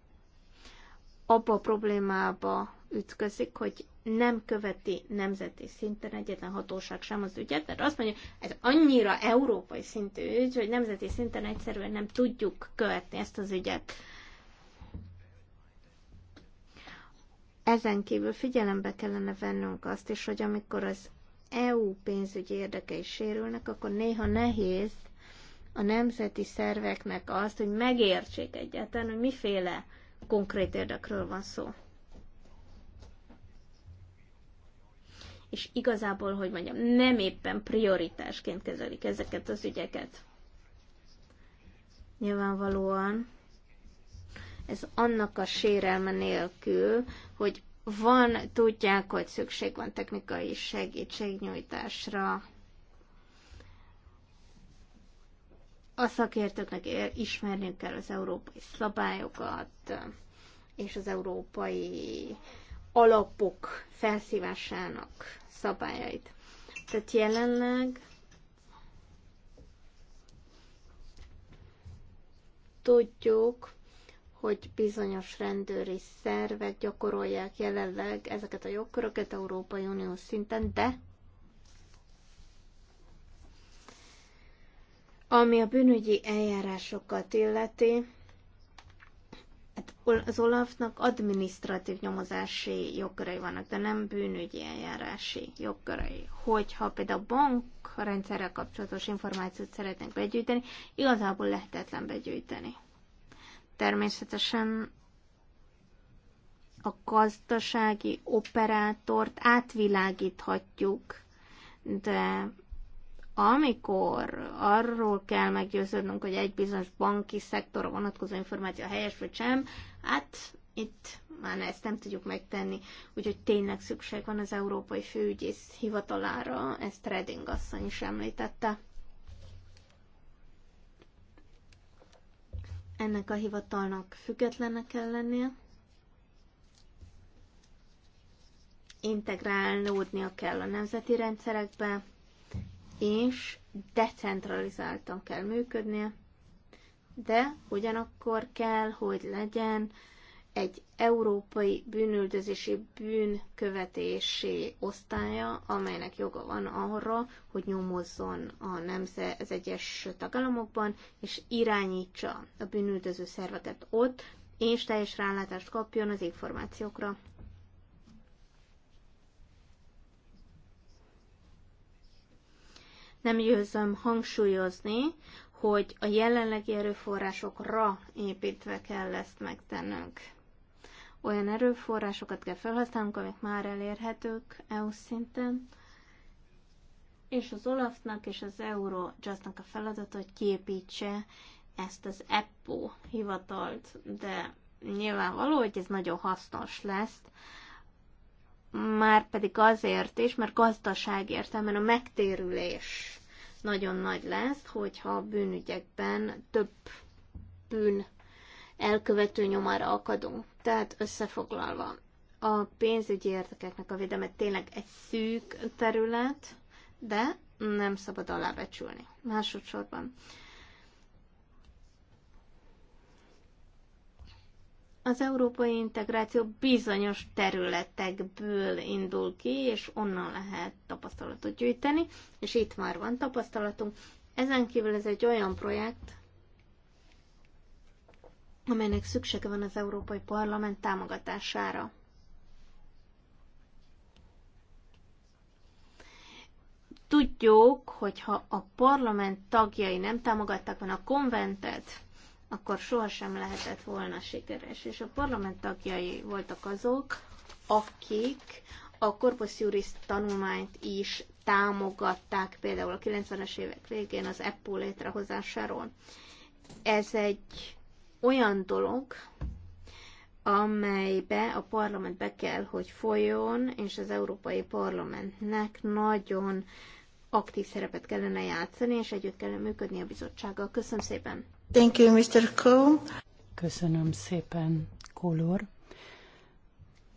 abba a problémába ütközik, hogy nem követi nemzeti szinten egyetlen hatóság sem az ügyet, mert azt mondja, ez annyira európai szintű ügy, hogy nemzeti szinten egyszerűen nem tudjuk követni ezt az ügyet. Ezen kívül figyelembe kellene vennünk azt is, hogy amikor az EU pénzügyi érdekei sérülnek, akkor néha nehéz a nemzeti szerveknek azt, hogy megértsék egyáltalán, hogy miféle konkrét érdekről van szó. És igazából, hogy mondjam, nem éppen prioritásként kezelik ezeket az ügyeket. Nyilvánvalóan ez annak a sérelme nélkül, hogy van, tudják, hogy szükség van technikai segítségnyújtásra, a szakértőknek ismerniük kell az európai szabályokat, és az európai alapok felszívásának szabályait. Tehát jelenleg tudjuk, hogy bizonyos rendőri szervek gyakorolják jelenleg ezeket a jogköröket Európai Unió szinten, de Ami a bűnügyi eljárásokat illeti, hát az Olafnak adminisztratív nyomozási jogkörei vannak, de nem bűnügyi eljárási jogkörei. Hogyha például bankrendszerrel kapcsolatos információt szeretnénk begyűjteni, igazából lehetetlen begyűjteni. Természetesen a gazdasági operátort átvilágíthatjuk, de amikor arról kell meggyőződnünk, hogy egy bizonyos banki szektorra vonatkozó információ helyes vagy sem, hát itt már ezt nem tudjuk megtenni, úgyhogy tényleg szükség van az Európai Főügyész hivatalára, ezt Reding asszony is említette. Ennek a hivatalnak függetlennek kell lennie, integrálódnia kell a nemzeti rendszerekbe, és decentralizáltan kell működnie, de ugyanakkor kell, hogy legyen egy európai bűnüldözési bűnkövetési osztálya, amelynek joga van arra, hogy nyomozzon a nemze az egyes tagállamokban, és irányítsa a bűnüldöző szerveket ott, és teljes rálátást kapjon az információkra, Nem győzöm hangsúlyozni, hogy a jelenlegi erőforrásokra építve kell ezt megtennünk. Olyan erőforrásokat kell felhasználnunk, amik már elérhetők EU szinten, és az Olafnak és az Eurojustnak a feladata, hogy kiépítse ezt az EPPO hivatalt, de nyilvánvaló, hogy ez nagyon hasznos lesz már pedig azért is, mert gazdaság értelmen a megtérülés nagyon nagy lesz, hogyha a bűnügyekben több bűn elkövető nyomára akadunk. Tehát összefoglalva, a pénzügyi érdekeknek a védelme tényleg egy szűk terület, de nem szabad alábecsülni. Másodszorban az európai integráció bizonyos területekből indul ki, és onnan lehet tapasztalatot gyűjteni, és itt már van tapasztalatunk. Ezen kívül ez egy olyan projekt, amelynek szüksége van az Európai Parlament támogatására. Tudjuk, hogy ha a parlament tagjai nem támogattak volna a konventet, akkor sohasem lehetett volna sikeres. És a parlament tagjai voltak azok, akik a Corpus Juris tanulmányt is támogatták, például a 90-es évek végén az EPPO létrehozásáról. Ez egy olyan dolog, amelybe a parlament be kell, hogy folyjon, és az Európai Parlamentnek nagyon aktív szerepet kellene játszani, és együtt kellene működni a bizottsággal. Köszönöm szépen! Thank you, Mr. Cole. Köszönöm szépen, Kolor.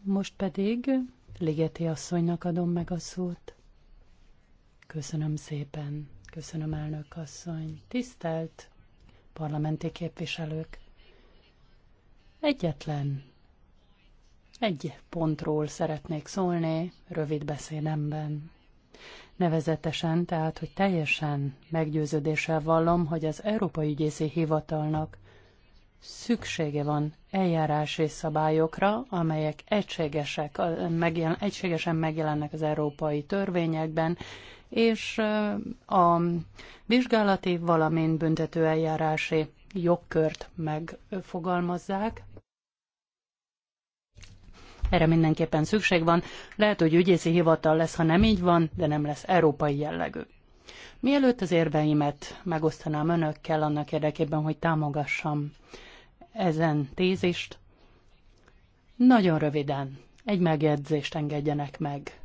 Most pedig Ligeti asszonynak adom meg a szót. Köszönöm szépen. Köszönöm, elnök asszony. Tisztelt parlamenti képviselők. Egyetlen egy pontról szeretnék szólni rövid beszédemben. Nevezetesen, tehát, hogy teljesen meggyőződéssel vallom, hogy az Európai Ügyészi Hivatalnak szüksége van eljárási szabályokra, amelyek egységesek, megjelen, egységesen megjelennek az európai törvényekben, és a vizsgálati, valamint büntető eljárási jogkört megfogalmazzák, erre mindenképpen szükség van. Lehet, hogy ügyészi hivatal lesz, ha nem így van, de nem lesz európai jellegű. Mielőtt az érveimet megosztanám önökkel annak érdekében, hogy támogassam ezen tézist, nagyon röviden egy megjegyzést engedjenek meg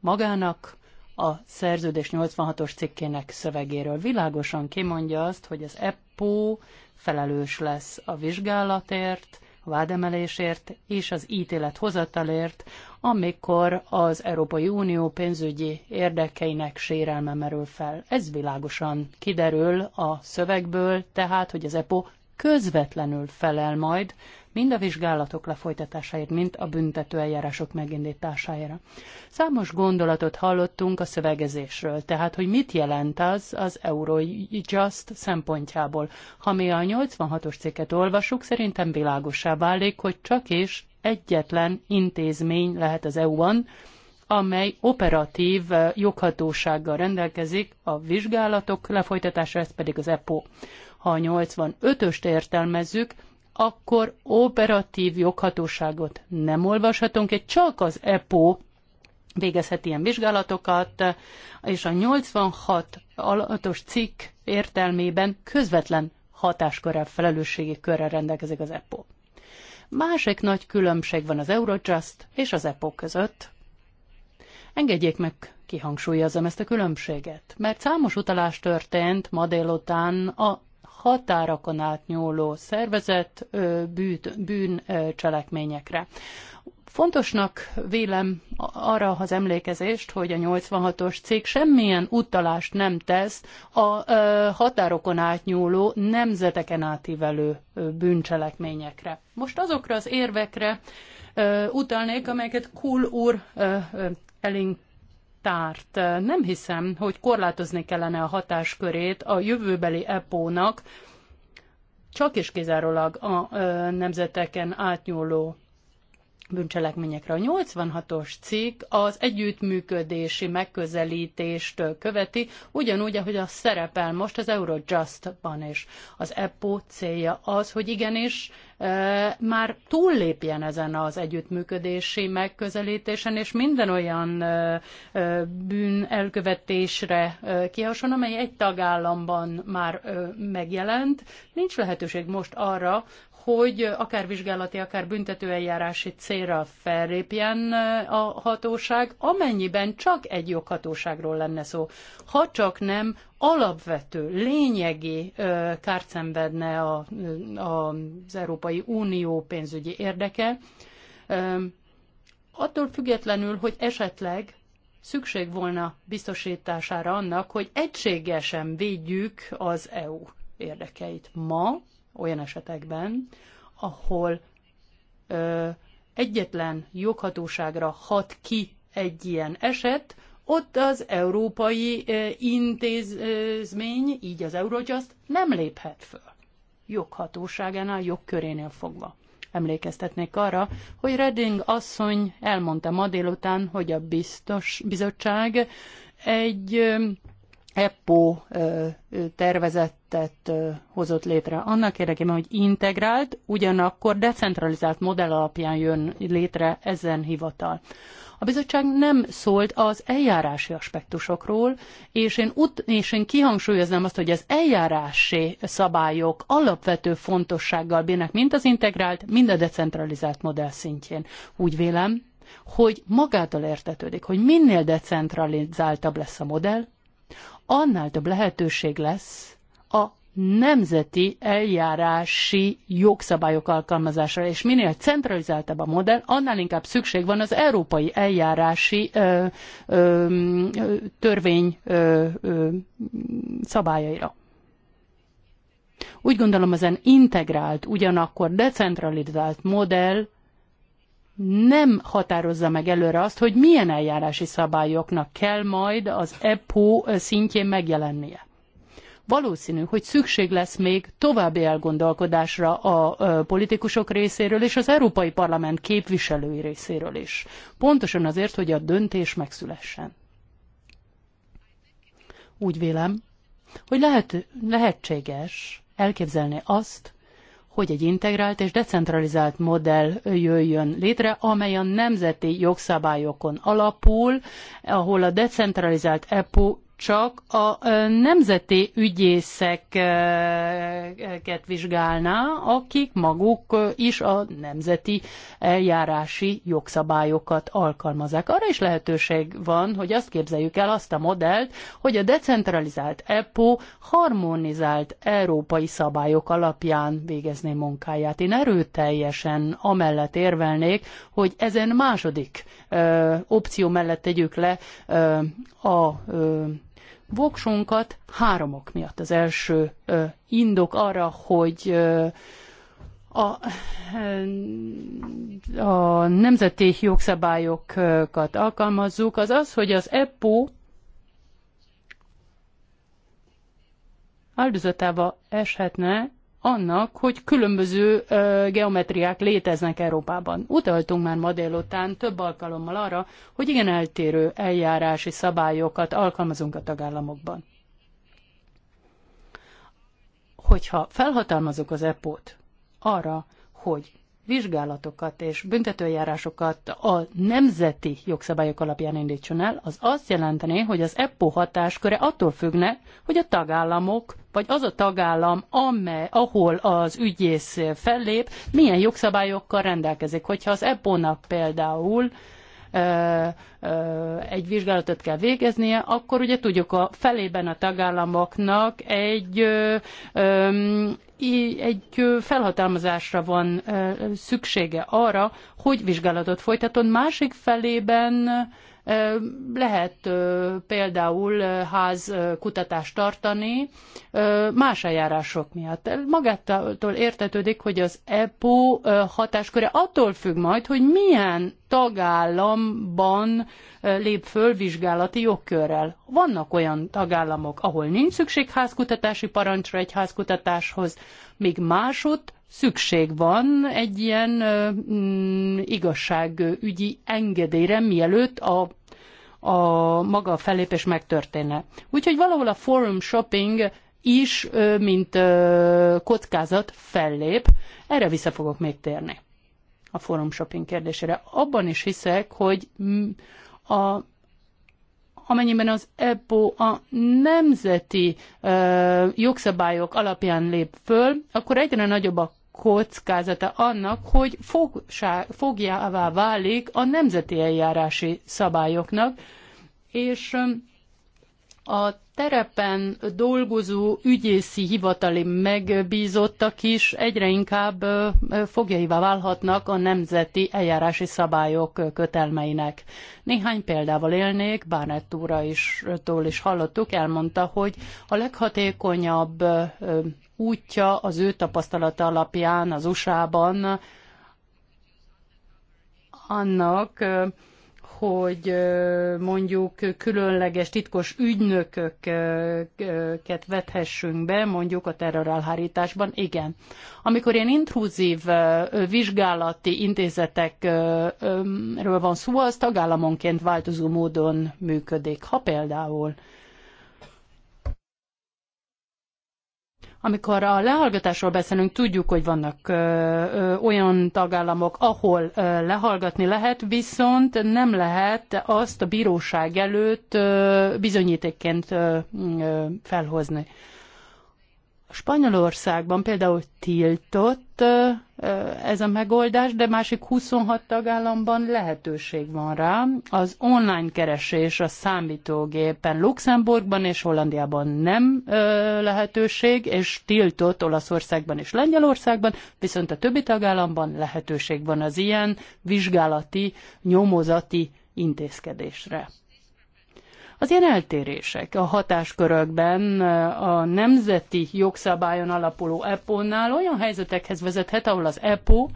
magának, a szerződés 86-os cikkének szövegéről. Világosan kimondja azt, hogy az EPPO felelős lesz a vizsgálatért, vádemelésért és az ítélet hozatalért, amikor az Európai Unió pénzügyi érdekeinek sérelme merül fel. Ez világosan kiderül a szövegből, tehát, hogy az EPO közvetlenül felel majd mind a vizsgálatok lefolytatásáért, mind a büntető eljárások megindítására. Számos gondolatot hallottunk a szövegezésről, tehát hogy mit jelent az az Eurojust szempontjából. Ha mi a 86-os cikket olvasuk, szerintem világosá válik, hogy csak és egyetlen intézmény lehet az EU-ban, amely operatív eh, joghatósággal rendelkezik, a vizsgálatok lefolytatása, ez pedig az EPO. Ha a 85-öst értelmezzük, akkor operatív joghatóságot nem olvashatunk, egy csak az EPO végezhet ilyen vizsgálatokat, és a 86 alatos cikk értelmében közvetlen hatáskörre, felelősségi körrel rendelkezik az EPO. Másik nagy különbség van az Eurojust és az EPO között. Engedjék meg kihangsúlyozom ezt a különbséget, mert számos utalás történt ma délután a határokon átnyúló szervezet bűt, bűncselekményekre. Fontosnak vélem arra az emlékezést, hogy a 86-os cég semmilyen utalást nem tesz a határokon átnyúló, nemzeteken átívelő bűncselekményekre. Most azokra az érvekre utalnék, amelyeket Kul úr elénk tárt. Nem hiszem, hogy korlátozni kellene a hatáskörét a jövőbeli EPO-nak, csak és kizárólag a nemzeteken átnyúló bűncselekményekre. A 86-os cikk az együttműködési megközelítést követi, ugyanúgy, ahogy a szerepel most az Eurojust-ban is. Az EPO célja az, hogy igenis e, már túllépjen ezen az együttműködési megközelítésen, és minden olyan e, e, bűn elkövetésre e, kihason, amely egy tagállamban már e, megjelent. Nincs lehetőség most arra, hogy akár vizsgálati, akár büntetőeljárási célra fellépjen a hatóság, amennyiben csak egy joghatóságról lenne szó. Ha csak nem alapvető, lényegi kárt szenvedne a, az Európai Unió pénzügyi érdeke, attól függetlenül, hogy esetleg szükség volna biztosítására annak, hogy egységesen védjük az EU érdekeit. Ma olyan esetekben, ahol ö, egyetlen joghatóságra hat ki egy ilyen eset, ott az európai ö, intézmény, így az Eurojust nem léphet föl joghatóságánál, jogkörénél fogva. Emlékeztetnék arra, hogy Redding asszony elmondta ma délután, hogy a biztos bizottság egy EPPO tervezettet hozott létre annak érdekében, hogy integrált, ugyanakkor decentralizált modell alapján jön létre ezen hivatal. A bizottság nem szólt az eljárási aspektusokról, és én, ut- és én kihangsúlyoznám azt, hogy az eljárási szabályok alapvető fontossággal bírnak mind az integrált, mind a decentralizált modell szintjén. Úgy vélem, hogy magától értetődik, hogy minél decentralizáltabb lesz a modell, annál több lehetőség lesz a nemzeti eljárási jogszabályok alkalmazására, és minél centralizáltabb a modell, annál inkább szükség van az európai eljárási ö, ö, törvény ö, ö, szabályaira. Úgy gondolom, ezen integrált, ugyanakkor decentralizált modell nem határozza meg előre azt, hogy milyen eljárási szabályoknak kell majd az EPO szintjén megjelennie. Valószínű, hogy szükség lesz még további elgondolkodásra a politikusok részéről és az Európai Parlament képviselői részéről is. Pontosan azért, hogy a döntés megszülessen. Úgy vélem, hogy lehet, lehetséges elképzelni azt, hogy egy integrált és decentralizált modell jöjjön létre, amely a nemzeti jogszabályokon alapul, ahol a decentralizált EPO csak a nemzeti ügyészeket vizsgálná, akik maguk is a nemzeti eljárási jogszabályokat alkalmazzák. Arra is lehetőség van, hogy azt képzeljük el azt a modellt, hogy a decentralizált EPO harmonizált európai szabályok alapján végezné munkáját. Én erőteljesen amellett érvelnék, hogy ezen második ö, opció mellett tegyük le ö, a ö, voksunkat háromok ok miatt. Az első ö, indok arra, hogy ö, a, a nemzeti jogszabályokat alkalmazzuk, az az, hogy az EPO áldozatába eshetne annak, hogy különböző geometriák léteznek Európában. Utaltunk már ma délután több alkalommal arra, hogy igen eltérő eljárási szabályokat alkalmazunk a tagállamokban. Hogyha felhatalmazok az EPO-t arra, hogy vizsgálatokat és büntetőjárásokat a nemzeti jogszabályok alapján indítson el, az azt jelenteni, hogy az EPPO hatásköre attól függne, hogy a tagállamok, vagy az a tagállam, amely, ahol az ügyész fellép, milyen jogszabályokkal rendelkezik. Hogyha az EPPO-nak például egy vizsgálatot kell végeznie, akkor ugye tudjuk a felében a tagállamoknak egy egy felhatalmazásra van szüksége arra, hogy vizsgálatot folytaton. Másik felében lehet például ház kutatást tartani más eljárások miatt. Magától értetődik, hogy az EPO hatásköre attól függ majd, hogy milyen tagállamban lép föl vizsgálati jogkörrel. Vannak olyan tagállamok, ahol nincs szükség házkutatási parancsra egy házkutatáshoz, míg másod szükség van egy ilyen mm, igazságügyi engedélyre, mielőtt a a maga a fellépés megtörténne. Úgyhogy valahol a forum shopping is, mint kockázat fellép. Erre vissza fogok még térni a forum shopping kérdésére. Abban is hiszek, hogy a amennyiben az EPO a nemzeti ö, jogszabályok alapján lép föl, akkor egyre nagyobb a kockázata annak, hogy fogsá, fogjává válik a nemzeti eljárási szabályoknak, és a terepen dolgozó ügyészi hivatali megbízottak is egyre inkább fogjaivá válhatnak a nemzeti eljárási szabályok kötelmeinek. Néhány példával élnék, Barnett úra is, tól is hallottuk, elmondta, hogy a leghatékonyabb útja az ő tapasztalata alapján az USA-ban annak, hogy mondjuk különleges titkos ügynököket vethessünk be, mondjuk a terrorálhárításban, igen. Amikor ilyen intrúzív vizsgálati intézetekről van szó, az tagállamonként változó módon működik. Ha például Amikor a lehallgatásról beszélünk, tudjuk, hogy vannak olyan tagállamok, ahol lehallgatni lehet, viszont nem lehet azt a bíróság előtt bizonyítékként felhozni. Spanyolországban például tiltott ez a megoldás, de másik 26 tagállamban lehetőség van rá. Az online keresés a számítógépen Luxemburgban és Hollandiában nem lehetőség, és tiltott Olaszországban és Lengyelországban, viszont a többi tagállamban lehetőség van az ilyen vizsgálati, nyomozati intézkedésre. Az ilyen eltérések a hatáskörökben a nemzeti jogszabályon alapuló EPO-nál olyan helyzetekhez vezethet, ahol az EPO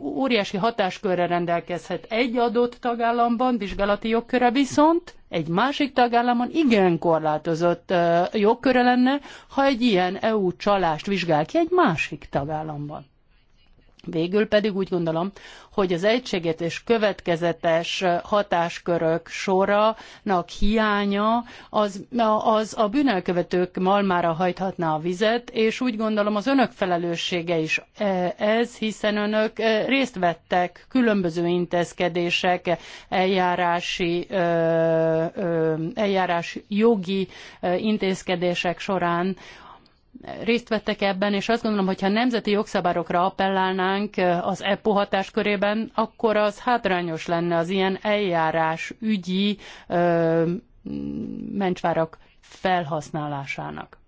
óriási hatáskörre rendelkezhet egy adott tagállamban, vizsgálati jogköre viszont egy másik tagállamon igen korlátozott jogköre lenne, ha egy ilyen EU csalást vizsgál ki egy másik tagállamban. Végül pedig úgy gondolom, hogy az egységet és következetes hatáskörök sorának hiánya az, az a bűnelkövetők malmára hajthatná a vizet, és úgy gondolom az önök felelőssége is e, ez, hiszen önök e, részt vettek különböző intézkedések, eljárási, eljárás jogi intézkedések során részt vettek ebben, és azt gondolom, hogy ha nemzeti jogszabályokra appellálnánk eh, az EPO hatáskörében, akkor az hátrányos lenne az ilyen eljárás ügyi ö, eh, mencsvárak felhasználásának.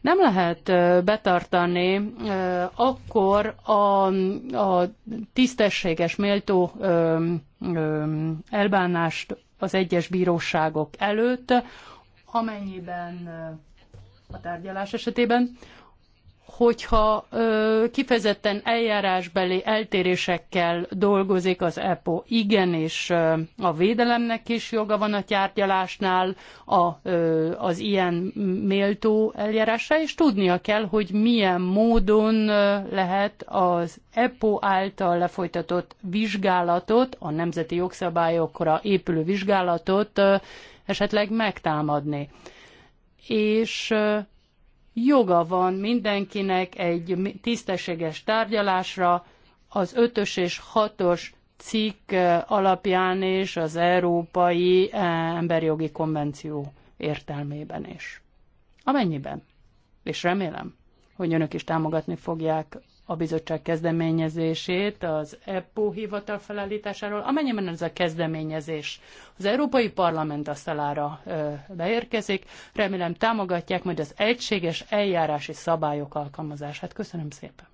nem lehet betartani akkor a, a tisztességes, méltó elbánást az egyes bíróságok előtt, amennyiben a tárgyalás esetében, hogyha ö, kifejezetten eljárásbeli eltérésekkel dolgozik az EPO, igenis ö, a védelemnek is joga van a tárgyalásnál a, ö, az ilyen méltó eljárásra, és tudnia kell, hogy milyen módon lehet az EPO által lefolytatott vizsgálatot, a nemzeti jogszabályokra épülő vizsgálatot ö, esetleg megtámadni. És ö, joga van mindenkinek egy tisztességes tárgyalásra az ötös és hatos cikk eh, alapján és az Európai eh, Emberi Jogi Konvenció értelmében is. Amennyiben, és remélem, hogy önök is támogatni fogják a bizottság kezdeményezését az EPO hivatal felállításáról, amennyiben ez a kezdeményezés az Európai Parlament asztalára ö, beérkezik. Remélem támogatják majd az egységes eljárási szabályok alkalmazását. Köszönöm szépen.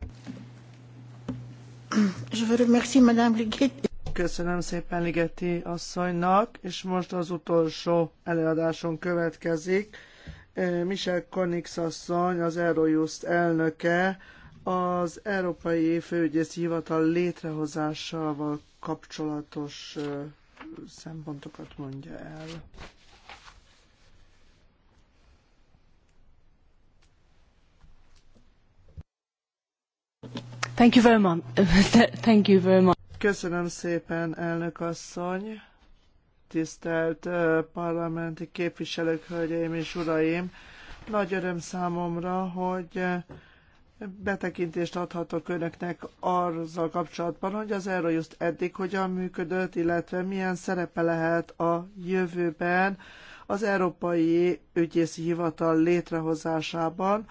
Köszönöm szépen Ligeti asszonynak, és most az utolsó előadáson következik. Michel Konix asszony, az Eurojust elnöke, az Európai Főügyészi Hivatal létrehozásával kapcsolatos szempontokat mondja el. Thank you very much. Thank you very much. Köszönöm szépen, elnök asszony, tisztelt parlamenti képviselők, hölgyeim és uraim. Nagy öröm számomra, hogy betekintést adhatok önöknek azzal kapcsolatban, hogy az Eurojust eddig hogyan működött, illetve milyen szerepe lehet a jövőben az Európai Ügyészi Hivatal létrehozásában,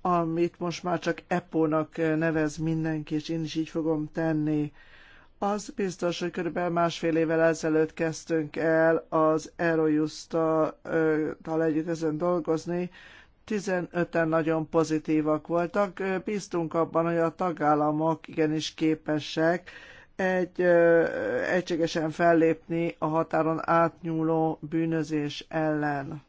amit most már csak EPO-nak nevez mindenki, és én is így fogom tenni. Az biztos, hogy körülbelül másfél évvel ezelőtt kezdtünk el az Eurojust-tal együtt ezen dolgozni, 15-en nagyon pozitívak voltak. Bíztunk abban, hogy a tagállamok igenis képesek egy ö, egységesen fellépni a határon átnyúló bűnözés ellen.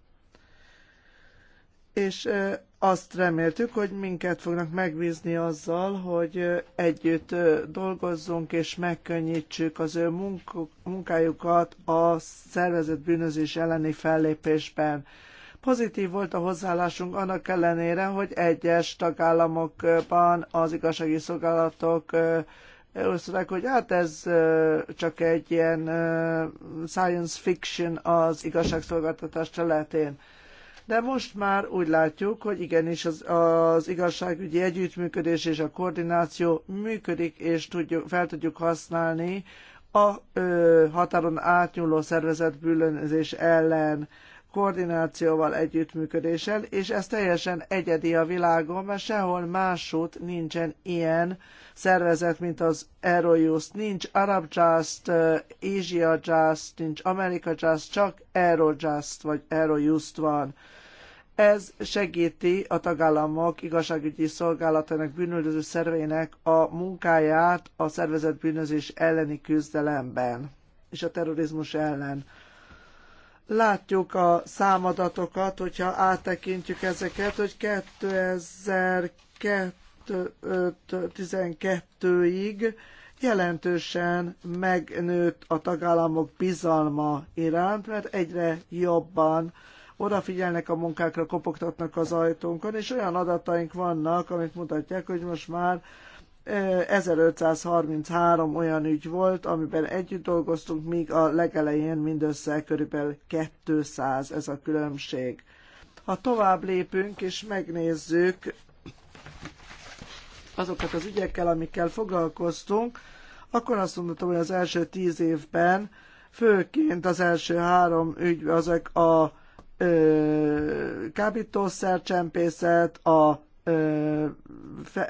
És ö, azt reméltük, hogy minket fognak megbízni azzal, hogy együtt dolgozzunk és megkönnyítsük az ő munkájukat a szervezett bűnözés elleni fellépésben. Pozitív volt a hozzáállásunk annak ellenére, hogy egyes tagállamokban az igazsági szolgálatok előszörek, hogy hát ez csak egy ilyen science fiction az igazságszolgáltatás területén. De most már úgy látjuk, hogy igenis az, az igazságügyi együttműködés és a koordináció működik, és tudjuk, fel tudjuk használni a ö, határon átnyúló szervezet bűnözés ellen koordinációval, együttműködéssel, és ez teljesen egyedi a világon, mert sehol másút nincsen ilyen szervezet, mint az Eurojust. Nincs Arab Just, eh, Asia Just, nincs America Just, csak Eurojust vagy Eurojust van. Ez segíti a tagállamok igazságügyi szolgálatának bűnöldöző szerveinek a munkáját a szervezett bűnözés elleni küzdelemben és a terrorizmus ellen. Látjuk a számadatokat, hogyha áttekintjük ezeket, hogy 2012-ig jelentősen megnőtt a tagállamok bizalma iránt, mert egyre jobban odafigyelnek a munkákra, kopogtatnak az ajtónkon, és olyan adataink vannak, amik mutatják, hogy most már 1533 olyan ügy volt, amiben együtt dolgoztunk, míg a legelején mindössze körülbelül 200 ez a különbség. Ha tovább lépünk és megnézzük azokat az ügyekkel, amikkel foglalkoztunk, akkor azt mondhatom, hogy az első tíz évben főként az első három ügy azok a ö, kábítószercsempészet, a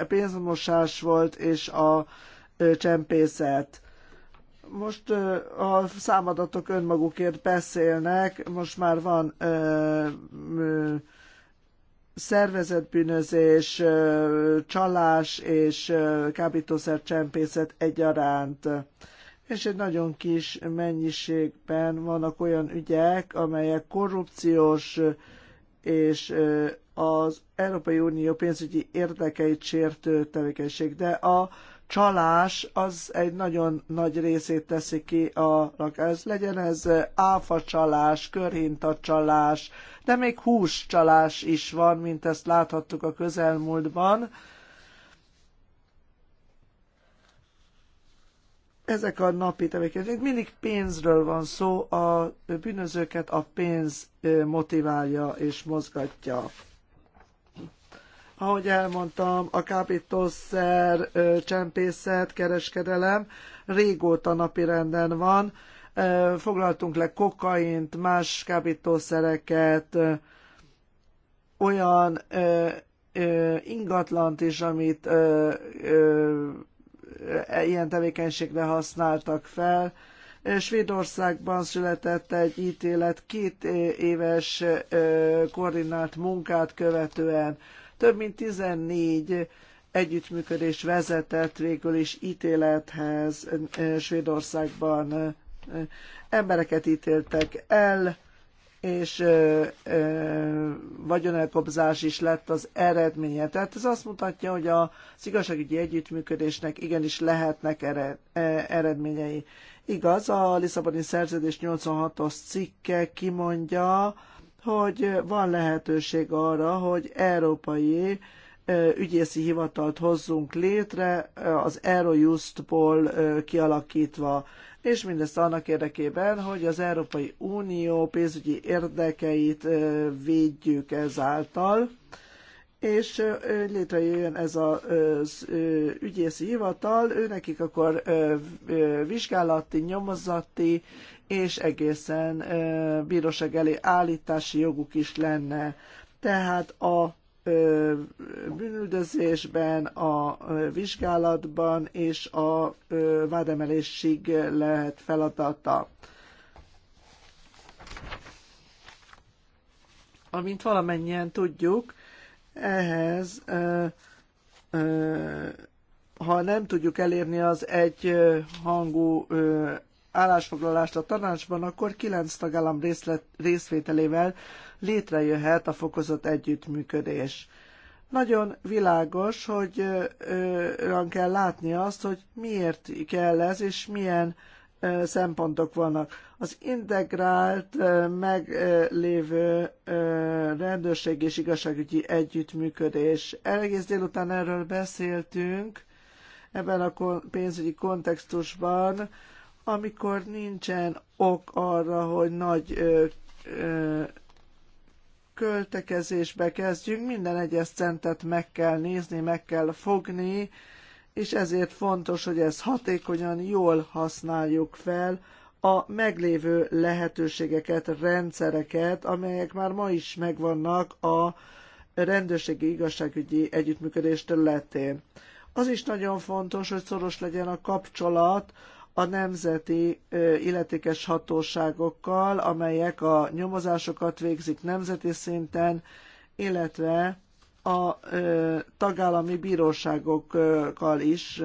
pénzmosás volt, és a csempészet. Most a számadatok önmagukért beszélnek, most már van szervezetbűnözés, csalás és kábítószer csempészet egyaránt. És egy nagyon kis mennyiségben vannak olyan ügyek, amelyek korrupciós és az Európai Unió pénzügyi érdekeit sértő tevékenység, de a csalás az egy nagyon nagy részét teszi ki a lakás. Legyen ez áfa csalás, körhinta csalás, de még hús csalás is van, mint ezt láthattuk a közelmúltban. Ezek a napi tevékenységek. Mindig pénzről van szó, a bűnözőket a pénz motiválja és mozgatja. Ahogy elmondtam, a kábítószer csempészet, kereskedelem régóta renden van. Foglaltunk le kokaint, más kábítószereket, olyan ingatlant is, amit e, ilyen tevékenységre használtak fel. Svédországban született egy ítélet két éves koordinált munkát követően. Több mint 14 együttműködés vezetett végül is ítélethez Svédországban. Embereket ítéltek el, és vagyonelkobzás is lett az eredménye. Tehát ez azt mutatja, hogy az igazságügyi együttműködésnek igenis lehetnek e, eredményei. Igaz, a Lisszaboni Szerződés 86-os cikke kimondja, hogy van lehetőség arra, hogy európai ügyészi hivatalt hozzunk létre az Eurojustból kialakítva, és mindezt annak érdekében, hogy az Európai Unió pénzügyi érdekeit védjük ezáltal, és létrejöjjön ez az ügyészi hivatal, ő nekik akkor vizsgálati, nyomozati és egészen bíróság elé állítási joguk is lenne. Tehát a bűnüldözésben, a vizsgálatban és a vádemelésig lehet feladata. Amint valamennyien tudjuk, ehhez ha nem tudjuk elérni az egy hangú állásfoglalást a tanácsban, akkor kilenc tagállam részlet, részvételével létrejöhet a fokozott együttműködés. Nagyon világos, hogy olyan kell látni azt, hogy miért kell ez, és milyen ö, szempontok vannak. Az integrált, ö, meglévő rendőrség és igazságügyi együttműködés. Egész délután erről beszéltünk, ebben a pénzügyi kontextusban amikor nincsen ok arra, hogy nagy ö, ö, költekezésbe kezdjünk, minden egyes centet meg kell nézni, meg kell fogni, és ezért fontos, hogy ezt hatékonyan jól használjuk fel, a meglévő lehetőségeket, rendszereket, amelyek már ma is megvannak a rendőrségi igazságügyi együttműködés területén. Az is nagyon fontos, hogy szoros legyen a kapcsolat a nemzeti illetékes hatóságokkal, amelyek a nyomozásokat végzik nemzeti szinten, illetve a tagállami bíróságokkal is,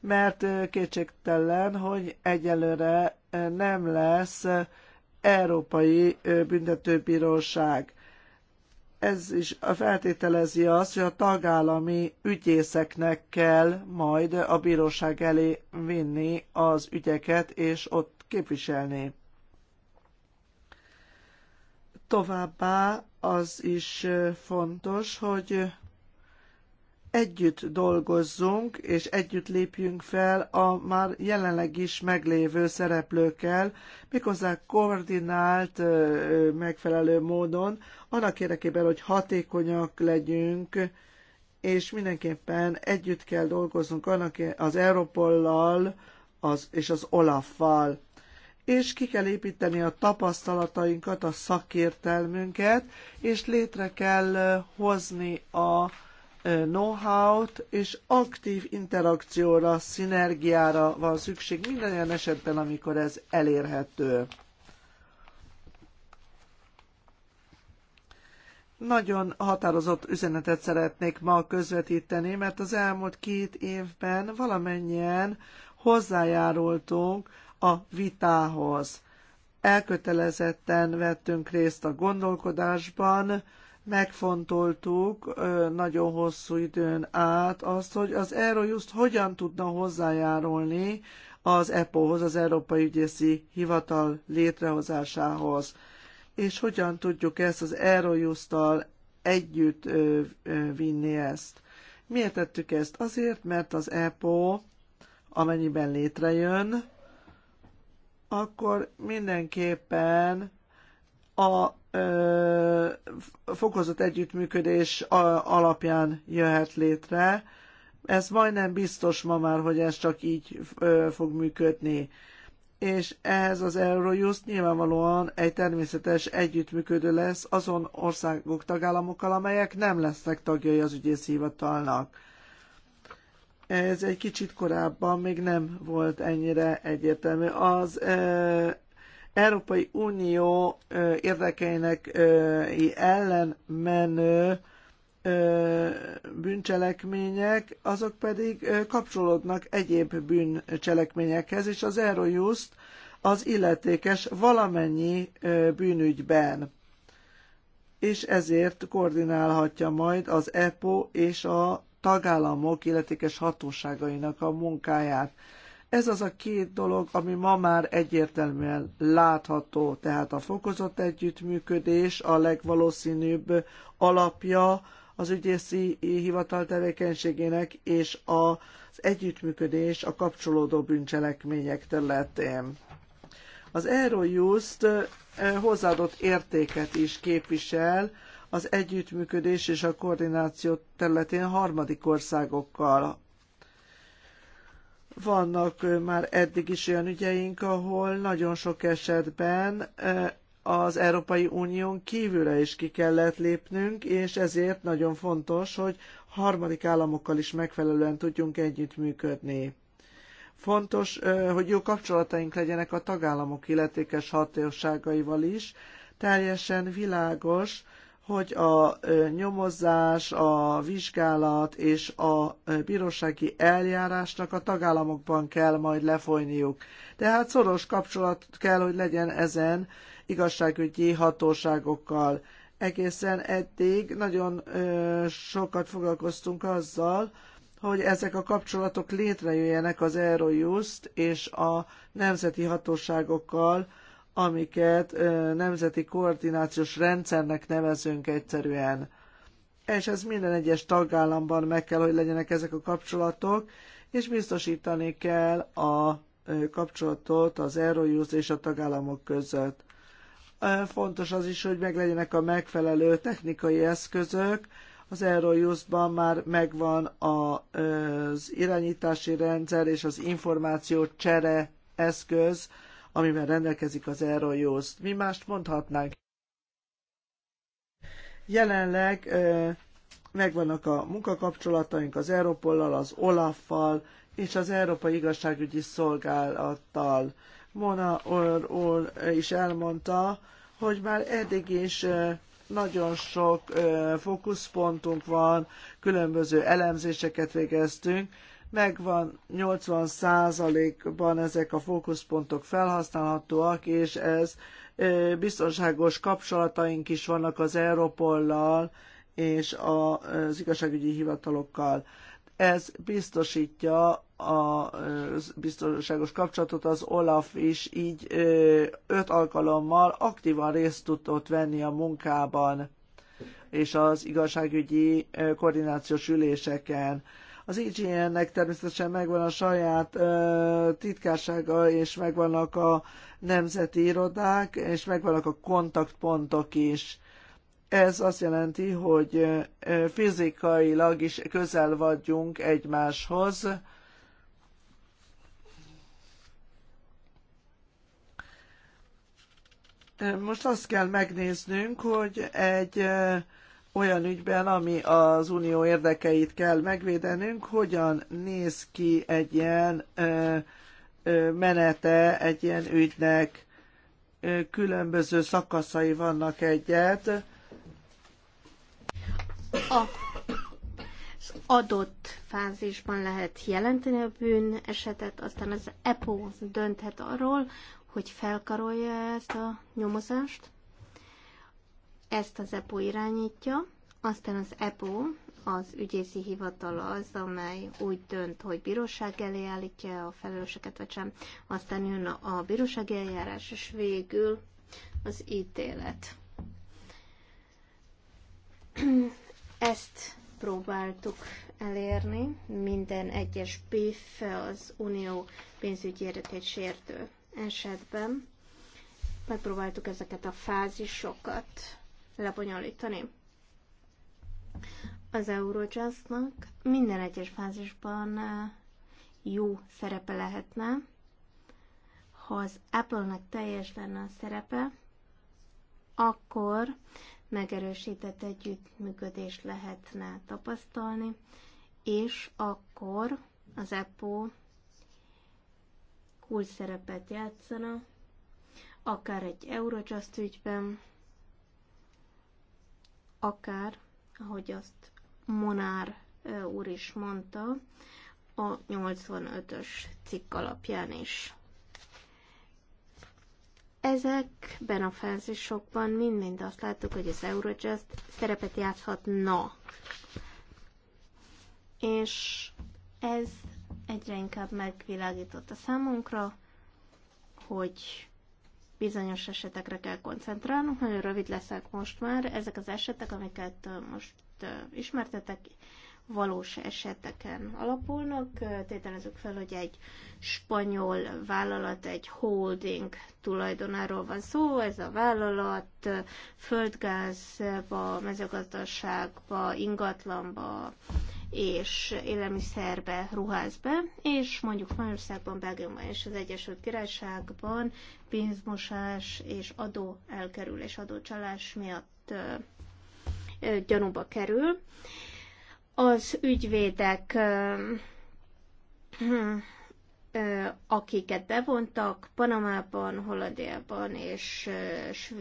mert kétségtelen, hogy egyelőre nem lesz Európai Büntetőbíróság ez is feltételezi azt, hogy a tagállami ügyészeknek kell majd a bíróság elé vinni az ügyeket, és ott képviselni. Továbbá az is fontos, hogy együtt dolgozzunk és együtt lépjünk fel a már jelenleg is meglévő szereplőkkel, méghozzá koordinált, megfelelő módon, annak érdekében, hogy hatékonyak legyünk, és mindenképpen együtt kell dolgoznunk annak az Europollal az, és az Olaffal. És ki kell építeni a tapasztalatainkat, a szakértelmünket, és létre kell hozni a know-how-t, és aktív interakcióra, szinergiára van szükség minden olyan esetben, amikor ez elérhető. Nagyon határozott üzenetet szeretnék ma közvetíteni, mert az elmúlt két évben valamennyien hozzájárultunk a vitához. Elkötelezetten vettünk részt a gondolkodásban, megfontoltuk nagyon hosszú időn át azt, hogy az Eurojust hogyan tudna hozzájárulni az EPO-hoz, az Európai Ügyészi Hivatal létrehozásához, és hogyan tudjuk ezt az Eurojust-tal együtt vinni ezt. Miért tettük ezt? Azért, mert az EPO, amennyiben létrejön, akkor mindenképpen a fokozott együttműködés alapján jöhet létre. Ez majdnem biztos ma már, hogy ez csak így fog működni. És ehhez az Eurojust nyilvánvalóan egy természetes együttműködő lesz azon országok, tagállamokkal, amelyek nem lesznek tagjai az ügyész hivatalnak. Ez egy kicsit korábban még nem volt ennyire egyértelmű. Az Európai Unió érdekeinek ellen menő bűncselekmények, azok pedig kapcsolódnak egyéb bűncselekményekhez, és az Eurojust az illetékes valamennyi bűnügyben. És ezért koordinálhatja majd az EPO és a tagállamok illetékes hatóságainak a munkáját. Ez az a két dolog, ami ma már egyértelműen látható, tehát a fokozott együttműködés a legvalószínűbb alapja az ügyészi hivatal tevékenységének és az együttműködés a kapcsolódó bűncselekmények területén. Az Eurojust eh, hozzáadott értéket is képvisel az együttműködés és a koordináció területén harmadik országokkal, vannak már eddig is olyan ügyeink, ahol nagyon sok esetben az Európai Unión kívülre is ki kellett lépnünk, és ezért nagyon fontos, hogy harmadik államokkal is megfelelően tudjunk együttműködni. Fontos, hogy jó kapcsolataink legyenek a tagállamok illetékes hatóságaival is, teljesen világos, hogy a nyomozás, a vizsgálat és a bírósági eljárásnak a tagállamokban kell majd lefolyniuk. Tehát szoros kapcsolat kell, hogy legyen ezen igazságügyi hatóságokkal. Egészen eddig nagyon sokat foglalkoztunk azzal, hogy ezek a kapcsolatok létrejöjjenek az Eurojust és a nemzeti hatóságokkal, amiket nemzeti koordinációs rendszernek nevezünk egyszerűen. És ez minden egyes tagállamban meg kell, hogy legyenek ezek a kapcsolatok, és biztosítani kell a kapcsolatot az Eurojust és a tagállamok között. Fontos az is, hogy meglegyenek a megfelelő technikai eszközök. Az Eurojustban már megvan az irányítási rendszer és az információ csere eszköz, amivel rendelkezik az Eurojust. Mi mást mondhatnánk? Jelenleg megvannak a munkakapcsolataink az Európollal, az Olaffal és az Európai Igazságügyi Szolgálattal. Mona Orr úr is elmondta, hogy már eddig is nagyon sok fókuszpontunk van, különböző elemzéseket végeztünk, megvan 80%-ban ezek a fókuszpontok felhasználhatóak, és ez biztonságos kapcsolataink is vannak az Europollal és az igazságügyi hivatalokkal. Ez biztosítja a biztonságos kapcsolatot, az Olaf is így öt alkalommal aktívan részt tudott venni a munkában és az igazságügyi koordinációs üléseken az IGN-nek természetesen megvan a saját titkársága, és megvannak a nemzeti irodák, és megvannak a kontaktpontok is. Ez azt jelenti, hogy fizikailag is közel vagyunk egymáshoz, Most azt kell megnéznünk, hogy egy olyan ügyben, ami az unió érdekeit kell megvédenünk, hogyan néz ki egy ilyen ö, ö, menete egy ilyen ügynek, ö, különböző szakaszai vannak egyet. A az adott fázisban lehet jelenteni a bűn esetet, aztán az EPO dönthet arról, hogy felkarolja ezt a nyomozást, ezt az EPO irányítja, aztán az EPO, az ügyészi hivatal az, amely úgy dönt, hogy bíróság elé állítja a felelőseket, vagy sem. Aztán jön a bírósági eljárás, és végül az ítélet. Ezt próbáltuk elérni. Minden egyes PIF az unió pénzügyi érdekét sértő esetben. Megpróbáltuk ezeket a fázisokat lebonyolítani. Az Eurojustnak minden egyes fázisban eh, jó szerepe lehetne, ha az apple nek teljes lenne a szerepe, akkor megerősített együttműködés lehetne tapasztalni, és akkor az Apple kulcs szerepet játszana, akár egy Eurojust ügyben, akár, ahogy azt Monár úr is mondta, a 85-ös cikk alapján is. Ezekben a felzésokban mind-mind azt láttuk, hogy az Eurojust szerepet játszhatna. És ez egyre inkább megvilágította számunkra, hogy bizonyos esetekre kell koncentrálnunk. Nagyon rövid leszek most már. Ezek az esetek, amiket most ismertetek, valós eseteken alapulnak. Tételezzük fel, hogy egy spanyol vállalat, egy holding tulajdonáról van szó. Ez a vállalat földgázba, mezőgazdaságba, ingatlanba, és élelmiszerbe ruház be, és mondjuk Magyarországban, Belgiumban és az Egyesült Királyságban pénzmosás és adó elkerülés, adócsalás miatt ö, ö, gyanúba kerül. Az ügyvédek ö, akiket bevontak, Panamában, Hollandiában és,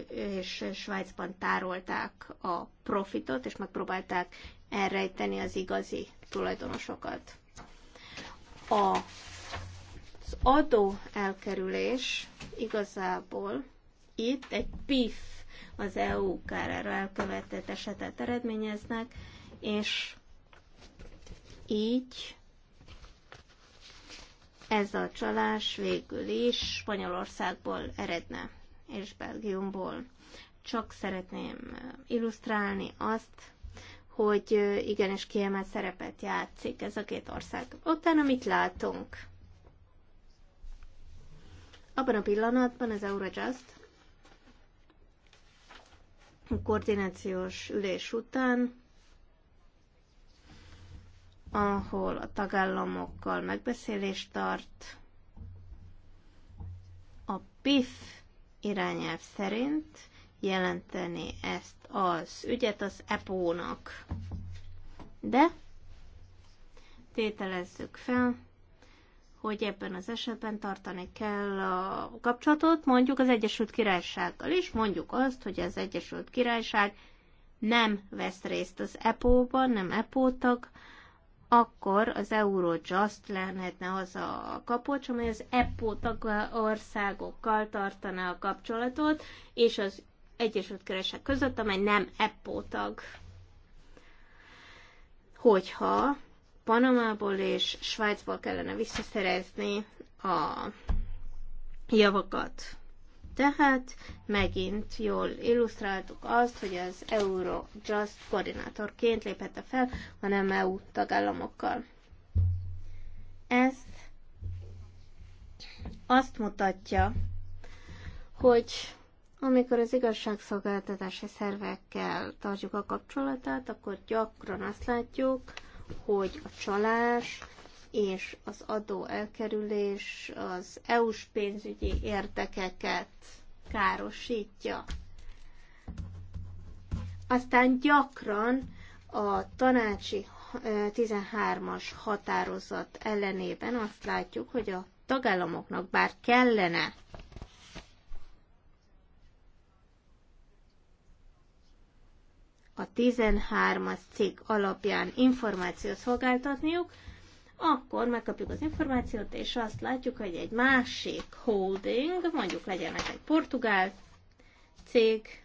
és Svájcban tárolták a profitot, és megpróbálták elrejteni az igazi tulajdonosokat. A, az adó elkerülés igazából itt egy PIF az EU kárára elkövetett esetet eredményeznek, és így ez a csalás végül is Spanyolországból eredne, és Belgiumból. Csak szeretném eh, illusztrálni azt, hogy eh, igenis kiemelt szerepet játszik ez a két ország. Ottán, amit látunk? Abban a pillanatban az Eurojust koordinációs ülés után ahol a tagállamokkal megbeszélést tart. A PIF irányelv szerint jelenteni ezt az ügyet az EPO-nak. De tételezzük fel, hogy ebben az esetben tartani kell a kapcsolatot mondjuk az Egyesült Királysággal is, mondjuk azt, hogy az Egyesült Királyság nem vesz részt az EPO-ban, nem EPO tag, akkor az Eurojust lehetne az a kapocs, amely az EPO országokkal tartaná a kapcsolatot, és az Egyesült Keresek között, amely nem EPO tag. Hogyha Panamából és Svájcból kellene visszaszerezni a javakat, tehát megint jól illusztráltuk azt, hogy az Eurojust koordinátorként léphette fel a nem EU tagállamokkal. Ez azt mutatja, hogy amikor az igazságszolgáltatási szervekkel tartjuk a kapcsolatát, akkor gyakran azt látjuk, hogy a csalás, és az adó elkerülés az EU-s pénzügyi érdekeket károsítja. Aztán gyakran a tanácsi 13-as eh, határozat ellenében azt látjuk, hogy a tagállamoknak bár kellene a 13-as cikk alapján információt szolgáltatniuk, akkor megkapjuk az információt, és azt látjuk, hogy egy másik holding, mondjuk legyen egy portugál cég,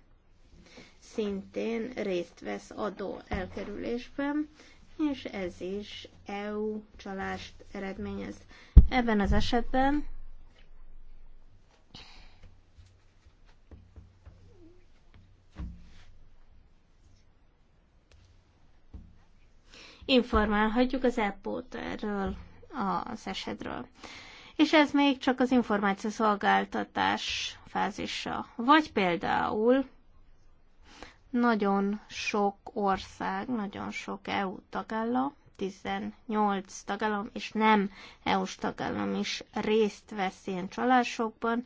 szintén részt vesz adó elkerülésben, és ez is EU csalást eredményez. Ebben az esetben informálhatjuk az EPO-t erről az esetről. És ez még csak az szolgáltatás fázisa. Vagy például nagyon sok ország, nagyon sok EU tagállam, 18 tagállam és nem EU-s tagállam is részt vesz ilyen csalásokban,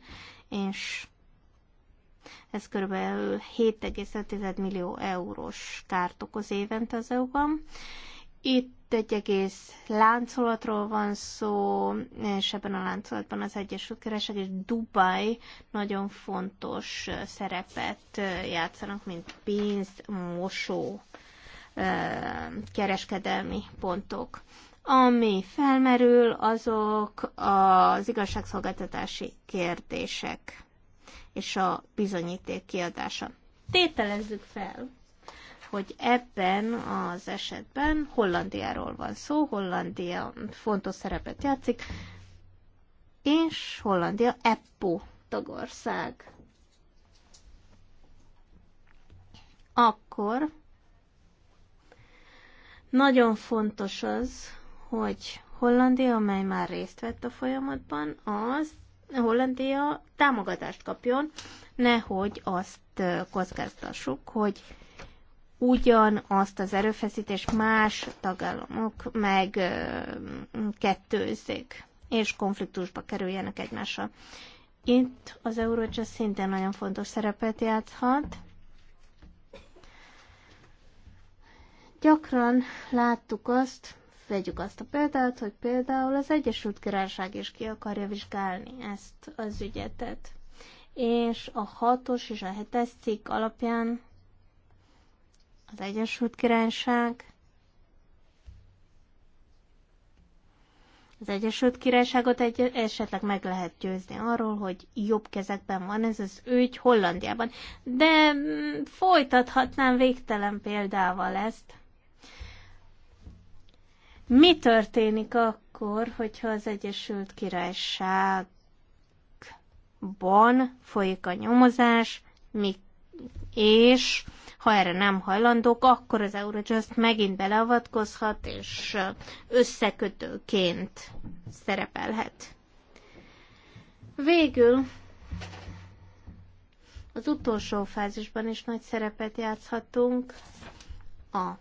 és ez kb. 7,5 millió eurós kárt okoz évente az EU-ban, itt egy egész láncolatról van szó, és ebben a láncolatban az Egyesült Királyság és Dubaj nagyon fontos szerepet játszanak, mint pénzmosó kereskedelmi pontok. Ami felmerül, azok az igazságszolgáltatási kérdések és a bizonyíték kiadása. Tételezzük fel, hogy ebben az esetben Hollandiáról van szó, Hollandia fontos szerepet játszik, és Hollandia EPPO tagország. Akkor nagyon fontos az, hogy Hollandia, amely már részt vett a folyamatban, az Hollandia támogatást kapjon, nehogy azt kockáztassuk, hogy ugyanazt az erőfeszítést más tagállamok meg kettőzzék, és konfliktusba kerüljenek egymással. Itt az Eurojust szintén nagyon fontos szerepet játszhat. Gyakran láttuk azt, vegyük azt a példát, hogy például az Egyesült Királyság is ki akarja vizsgálni ezt az ügyetet. És a hatos és a hetes cikk alapján az Egyesült Királyság, az Egyesült Királyságot egy, esetleg meg lehet győzni arról, hogy jobb kezekben van ez az ügy Hollandiában. De mm, folytathatnám végtelen példával ezt. Mi történik akkor, hogyha az Egyesült Királyságban folyik a nyomozás, mi, és ha erre nem hajlandók, akkor az Eurojust megint beleavatkozhat, és összekötőként szerepelhet. Végül az utolsó fázisban is nagy szerepet játszhatunk. A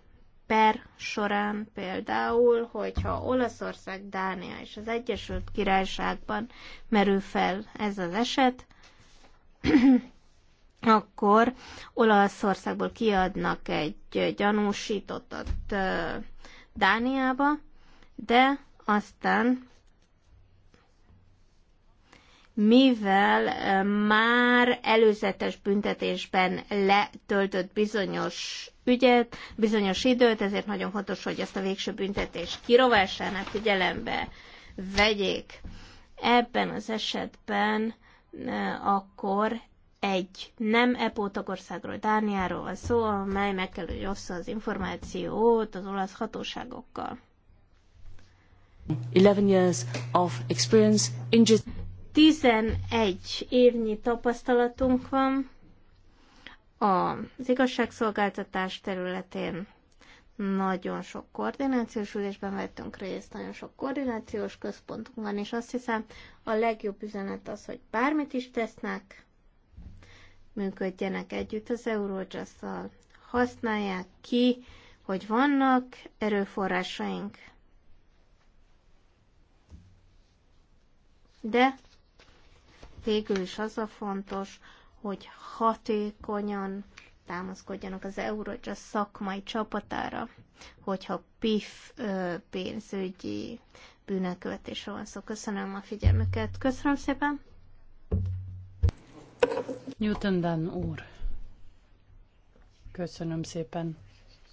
per során például, hogyha Olaszország, Dánia és az Egyesült Királyságban merül fel ez az eset, akkor Olaszországból kiadnak egy gyanúsítottat Dániába, de aztán mivel már előzetes büntetésben letöltött bizonyos ügyet, bizonyos időt, ezért nagyon fontos, hogy ezt a végső büntetés kirovásának figyelembe vegyék. Ebben az esetben akkor egy nem EPO tagországról, Dániáról van szó, amely meg kell, hogy ossza az információt az olasz hatóságokkal. 11 years of experience in 11 évnyi tapasztalatunk van az igazságszolgáltatás területén. Nagyon sok koordinációs ülésben vettünk részt, nagyon sok koordinációs központunk van, és azt hiszem a legjobb üzenet az, hogy bármit is tesznek, működjenek együtt az eurojust -szal. Használják ki, hogy vannak erőforrásaink. De végül is az a fontos, hogy hatékonyan támaszkodjanak az Eurojust szakmai csapatára, hogyha PIF pénzügyi bűnelkövetésre van szó. Köszönöm a figyelmüket. Köszönöm szépen! Newton Dan úr. Köszönöm szépen.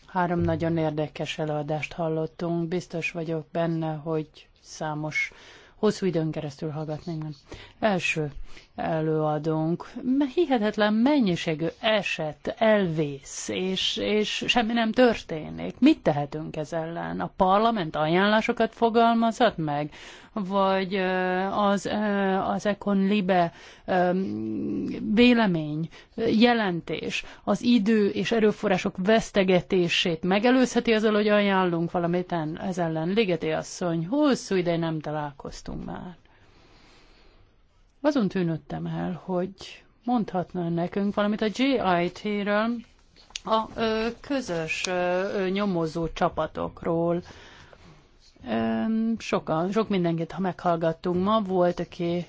Három nagyon érdekes előadást hallottunk. Biztos vagyok benne, hogy számos hosszú időn keresztül hallgatnék. Nem. Első előadónk hihetetlen mennyiségű eset elvész, és, és semmi nem történik. Mit tehetünk ez ellen? A parlament ajánlásokat fogalmazhat meg? vagy az, az Econ Libe vélemény, jelentés, az idő és erőforrások vesztegetését megelőzheti azzal, hogy ajánlunk valamit ez ellen. Ligeti asszony, hosszú ideje nem találkoztunk már. Azon tűnöttem, el, hogy mondhatna nekünk valamit a GIT-ről, a közös nyomozó csapatokról sokan, sok mindenkit ha meghallgattunk ma, volt, aki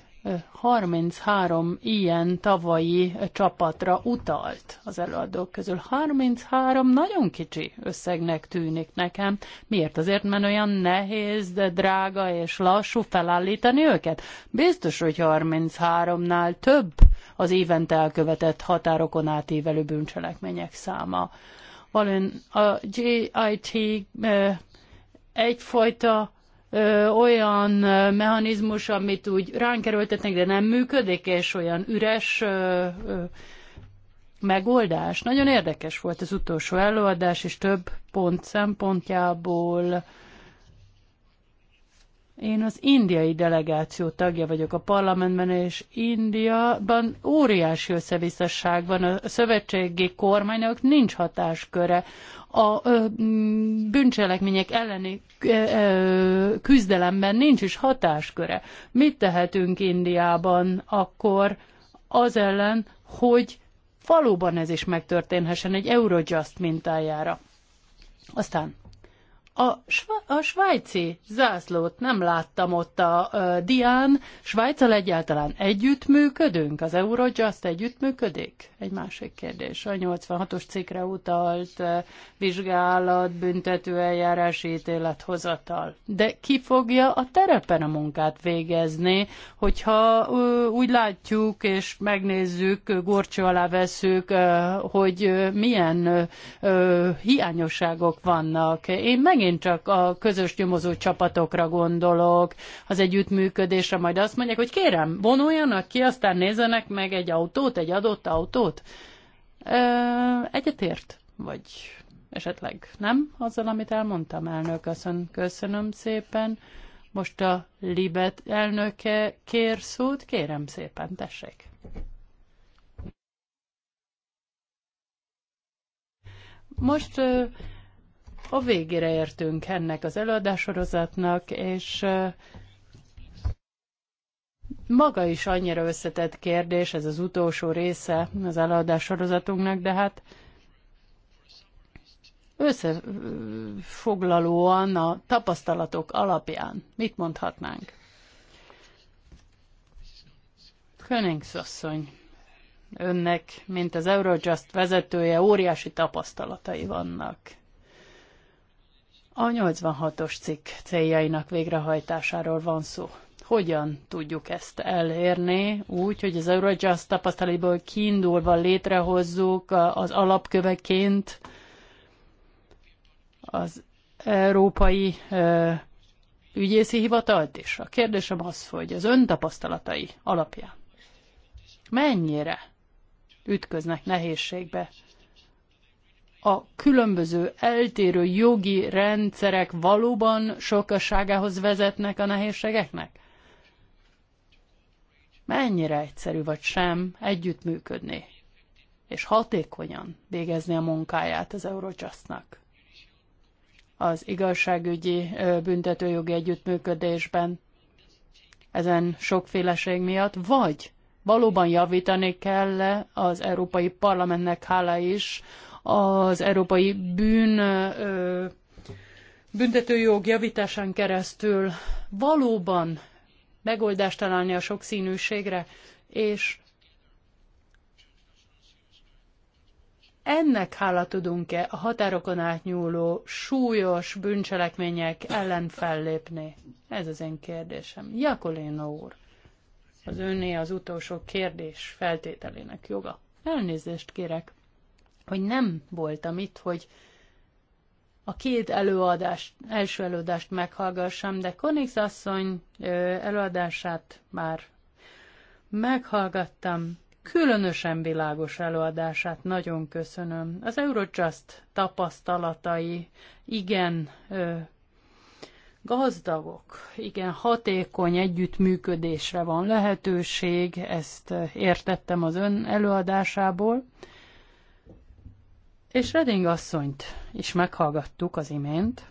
33 ilyen tavalyi csapatra utalt az előadók közül. 33 nagyon kicsi összegnek tűnik nekem. Miért? Azért, mert olyan nehéz, de drága és lassú felállítani őket. Biztos, hogy 33-nál több az évente elkövetett határokon átívelő bűncselekmények száma. Valóan a GIT egyfajta ö, olyan mechanizmus, amit úgy ránk erőltetnek, de nem működik, és olyan üres ö, ö, megoldás. Nagyon érdekes volt az utolsó előadás, és több pont szempontjából. Én az indiai delegáció tagja vagyok a parlamentben, és Indiaban óriási összevisszasság van. A szövetségi kormánynak nincs hatásköre a bűncselekmények elleni küzdelemben nincs is hatásköre. Mit tehetünk Indiában akkor az ellen, hogy valóban ez is megtörténhessen egy Eurojust mintájára? Aztán a, sv- a svájci zászlót nem láttam ott a a dián. Svájccal egyáltalán együttműködünk? Az Eurojust együttműködik? Egy másik kérdés. A 86-os cikkre utalt vizsgálat, büntetőeljárás, ítélethozatal. De ki fogja a terepen a munkát végezni, hogyha ö, úgy látjuk és megnézzük, gorcsó alá veszük, ö, hogy ö, milyen ö, hiányosságok vannak. Én megint én csak a közös nyomozó csapatokra gondolok, az együttműködésre, majd azt mondják, hogy kérem, vonuljanak ki, aztán nézzenek meg egy autót, egy adott autót. Egyetért? Vagy esetleg nem azzal, amit elmondtam, elnök? Köszön, köszönöm szépen. Most a Libet elnöke kér szót, kérem szépen, tessék. Most a végére értünk ennek az előadásorozatnak, és maga is annyira összetett kérdés, ez az utolsó része az előadásorozatunknak, de hát összefoglalóan a tapasztalatok alapján mit mondhatnánk? Könings asszony, önnek, mint az Eurojust vezetője, óriási tapasztalatai vannak. A 86-os cikk céljainak végrehajtásáról van szó. Hogyan tudjuk ezt elérni úgy, hogy az Eurojust tapasztalatból kiindulva létrehozzuk az alapköveként az Európai Ügyészi Hivatalt is? A kérdésem az, hogy az ön tapasztalatai alapján mennyire ütköznek nehézségbe a különböző eltérő jogi rendszerek valóban sokasságához vezetnek a nehézségeknek? Mennyire egyszerű vagy sem együttműködni, és hatékonyan végezni a munkáját az Eurojustnak? Az igazságügyi büntetőjogi együttműködésben ezen sokféleség miatt, vagy valóban javítani kell az Európai Parlamentnek hála is az európai bűn büntetőjog javításán keresztül valóban megoldást találni a sokszínűségre, és ennek hála tudunk-e a határokon átnyúló súlyos bűncselekmények ellen fellépni? Ez az én kérdésem. Jakolino úr, az önné az utolsó kérdés feltételének joga. Elnézést kérek hogy nem voltam itt, hogy a két előadást, első előadást meghallgassam, de Konix asszony előadását már meghallgattam, különösen világos előadását nagyon köszönöm. Az Eurojust tapasztalatai igen ö, gazdagok, igen hatékony együttműködésre van lehetőség, ezt értettem az ön előadásából, és Reding asszonyt is meghallgattuk az imént.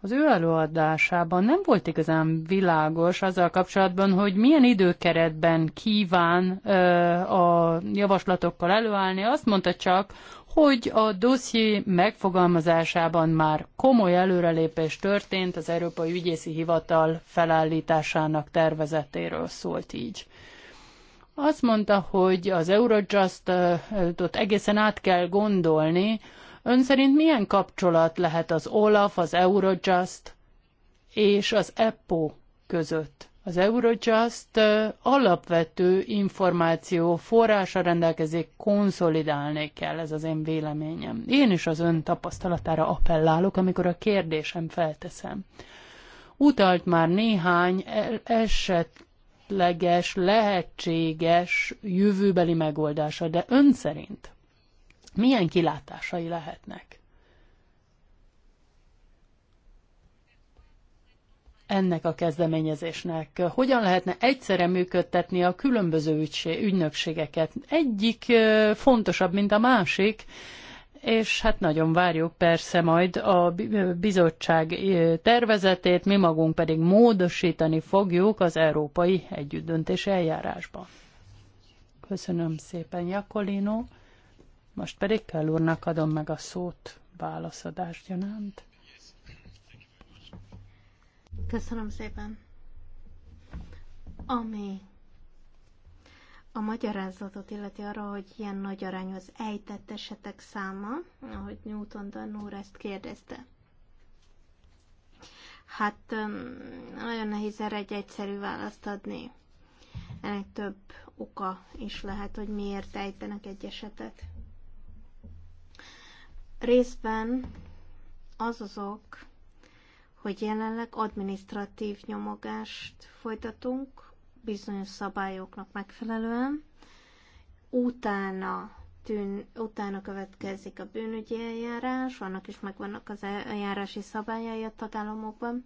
Az ő előadásában nem volt igazán világos azzal kapcsolatban, hogy milyen időkeretben kíván ö, a javaslatokkal előállni. Azt mondta csak, hogy a dosszié megfogalmazásában már komoly előrelépés történt, az Európai Ügyészi Hivatal felállításának tervezetéről szólt így. Azt mondta, hogy az Eurojust-ot egészen át kell gondolni. Ön szerint milyen kapcsolat lehet az OLAF, az Eurojust és az EPPO között? Az Eurojust alapvető információ forrása rendelkezik, konszolidálni kell, ez az én véleményem. Én is az ön tapasztalatára appellálok, amikor a kérdésem felteszem. Utalt már néhány eset esetleges, lehetséges jövőbeli megoldása, de ön szerint milyen kilátásai lehetnek? ennek a kezdeményezésnek? Hogyan lehetne egyszerre működtetni a különböző ügynökségeket? Egyik fontosabb, mint a másik, és hát nagyon várjuk persze majd a bizottság tervezetét, mi magunk pedig módosítani fogjuk az európai együttdöntési eljárásban. Köszönöm szépen, Jakolino. Most pedig Kell úrnak adom meg a szót válaszadás gyanánt. Köszönöm szépen. Ami a magyarázatot illeti arra, hogy ilyen nagy arány az ejtett esetek száma, ahogy Newton Danúr ezt kérdezte. Hát nagyon nehéz erre egy egyszerű választ adni. Ennek több oka is lehet, hogy miért ejtenek egy esetet. Részben az az ok, hogy jelenleg administratív nyomogást folytatunk, bizonyos szabályoknak megfelelően, utána, tűn, utána következik a bűnügyi eljárás, annak is megvannak az eljárási szabályai a tagállamokban,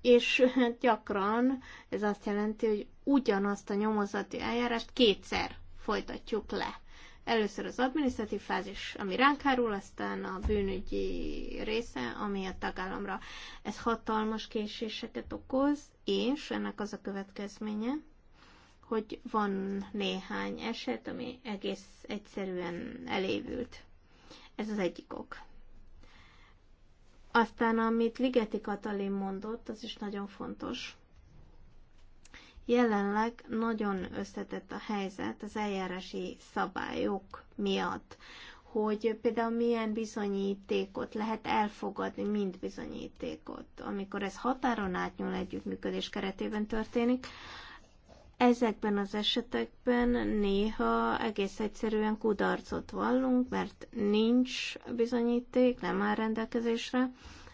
és gyakran ez azt jelenti, hogy ugyanazt a nyomozati eljárást kétszer folytatjuk le. Először az adminisztratív fázis, ami ránk hárul, aztán a bűnügyi része, ami a tagállamra. Ez hatalmas késéseket okoz, és ennek az a következménye, hogy van néhány eset, ami egész egyszerűen elévült. Ez az egyik ok. Aztán, amit Ligeti Katalin mondott, az is nagyon fontos. Jelenleg nagyon összetett a helyzet az eljárási szabályok miatt, hogy például milyen bizonyítékot lehet elfogadni, mint bizonyítékot. Amikor ez határon átnyúl együttműködés keretében történik, Ezekben az esetekben néha egész egyszerűen kudarcot vallunk, mert nincs bizonyíték, nem áll rendelkezésre,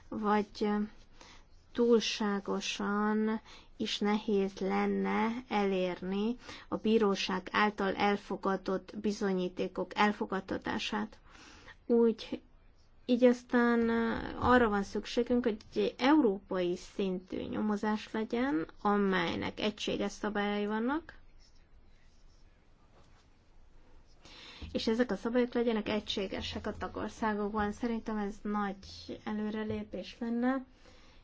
vagy túlságosan is nehéz lenne elérni a bíróság által elfogadott bizonyítékok elfogadtatását. Úgy így aztán arra van szükségünk, hogy egy európai szintű nyomozás legyen, amelynek egységes szabályai vannak, és ezek a szabályok legyenek egységesek a tagországokban. Szerintem ez nagy előrelépés lenne,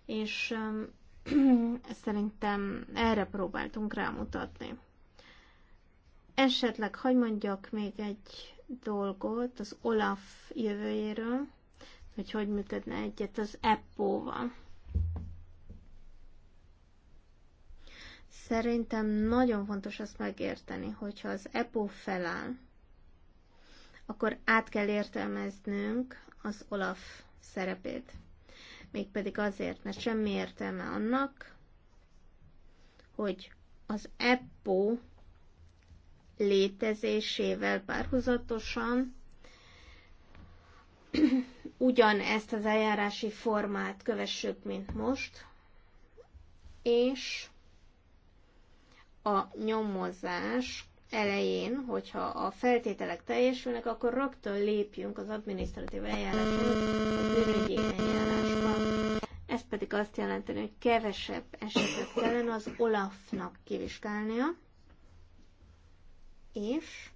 és Szerintem erre próbáltunk rámutatni. Esetleg hagy mondjak még egy dolgot az Olaf jövőjéről, hogy hogy működne egyet az Eppóval. Szerintem nagyon fontos azt megérteni, hogyha az EPO feláll, akkor át kell értelmeznünk az Olaf szerepét mégpedig azért, mert semmi értelme annak, hogy az EPPO létezésével párhuzatosan ugyanezt az eljárási formát kövessük, mint most, és a nyomozás elején, hogyha a feltételek teljesülnek, akkor rögtön lépjünk az adminisztratív eljáráshoz, a bűnügyi eljáráshoz. Ez pedig azt jelenti, hogy kevesebb esetet kellene az Olafnak kivizsgálnia, és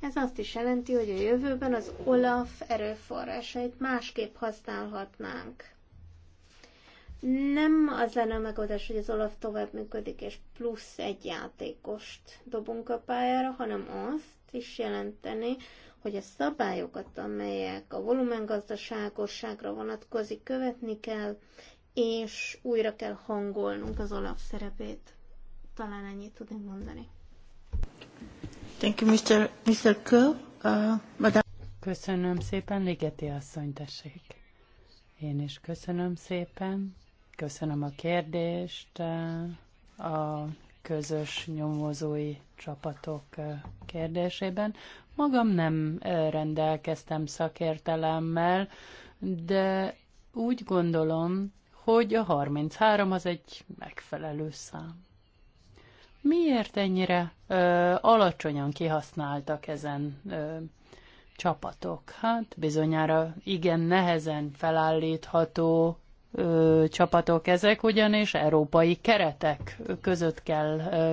ez azt is jelenti, hogy a jövőben az Olaf erőforrásait másképp használhatnánk. Nem az lenne a megoldás, hogy az Olaf tovább működik, és plusz egy játékost dobunk a pályára, hanem azt is jelenteni, hogy a szabályokat, amelyek a volumengazdaságosságra vonatkozik, követni kell, és újra kell hangolnunk az olaf szerepét. Talán ennyit tudnék mondani. Thank you, Mr. Mr. Kö. Uh, madame. Köszönöm szépen, Ligeti asszony, tessék. Én is köszönöm szépen. Köszönöm a kérdést. Uh, a közös nyomozói csapatok uh, kérdésében. Magam nem rendelkeztem szakértelemmel, de úgy gondolom, hogy a 33 az egy megfelelő szám. Miért ennyire ö, alacsonyan kihasználtak ezen ö, csapatok? Hát bizonyára igen nehezen felállítható ö, csapatok ezek, ugyanis európai keretek között kell ö,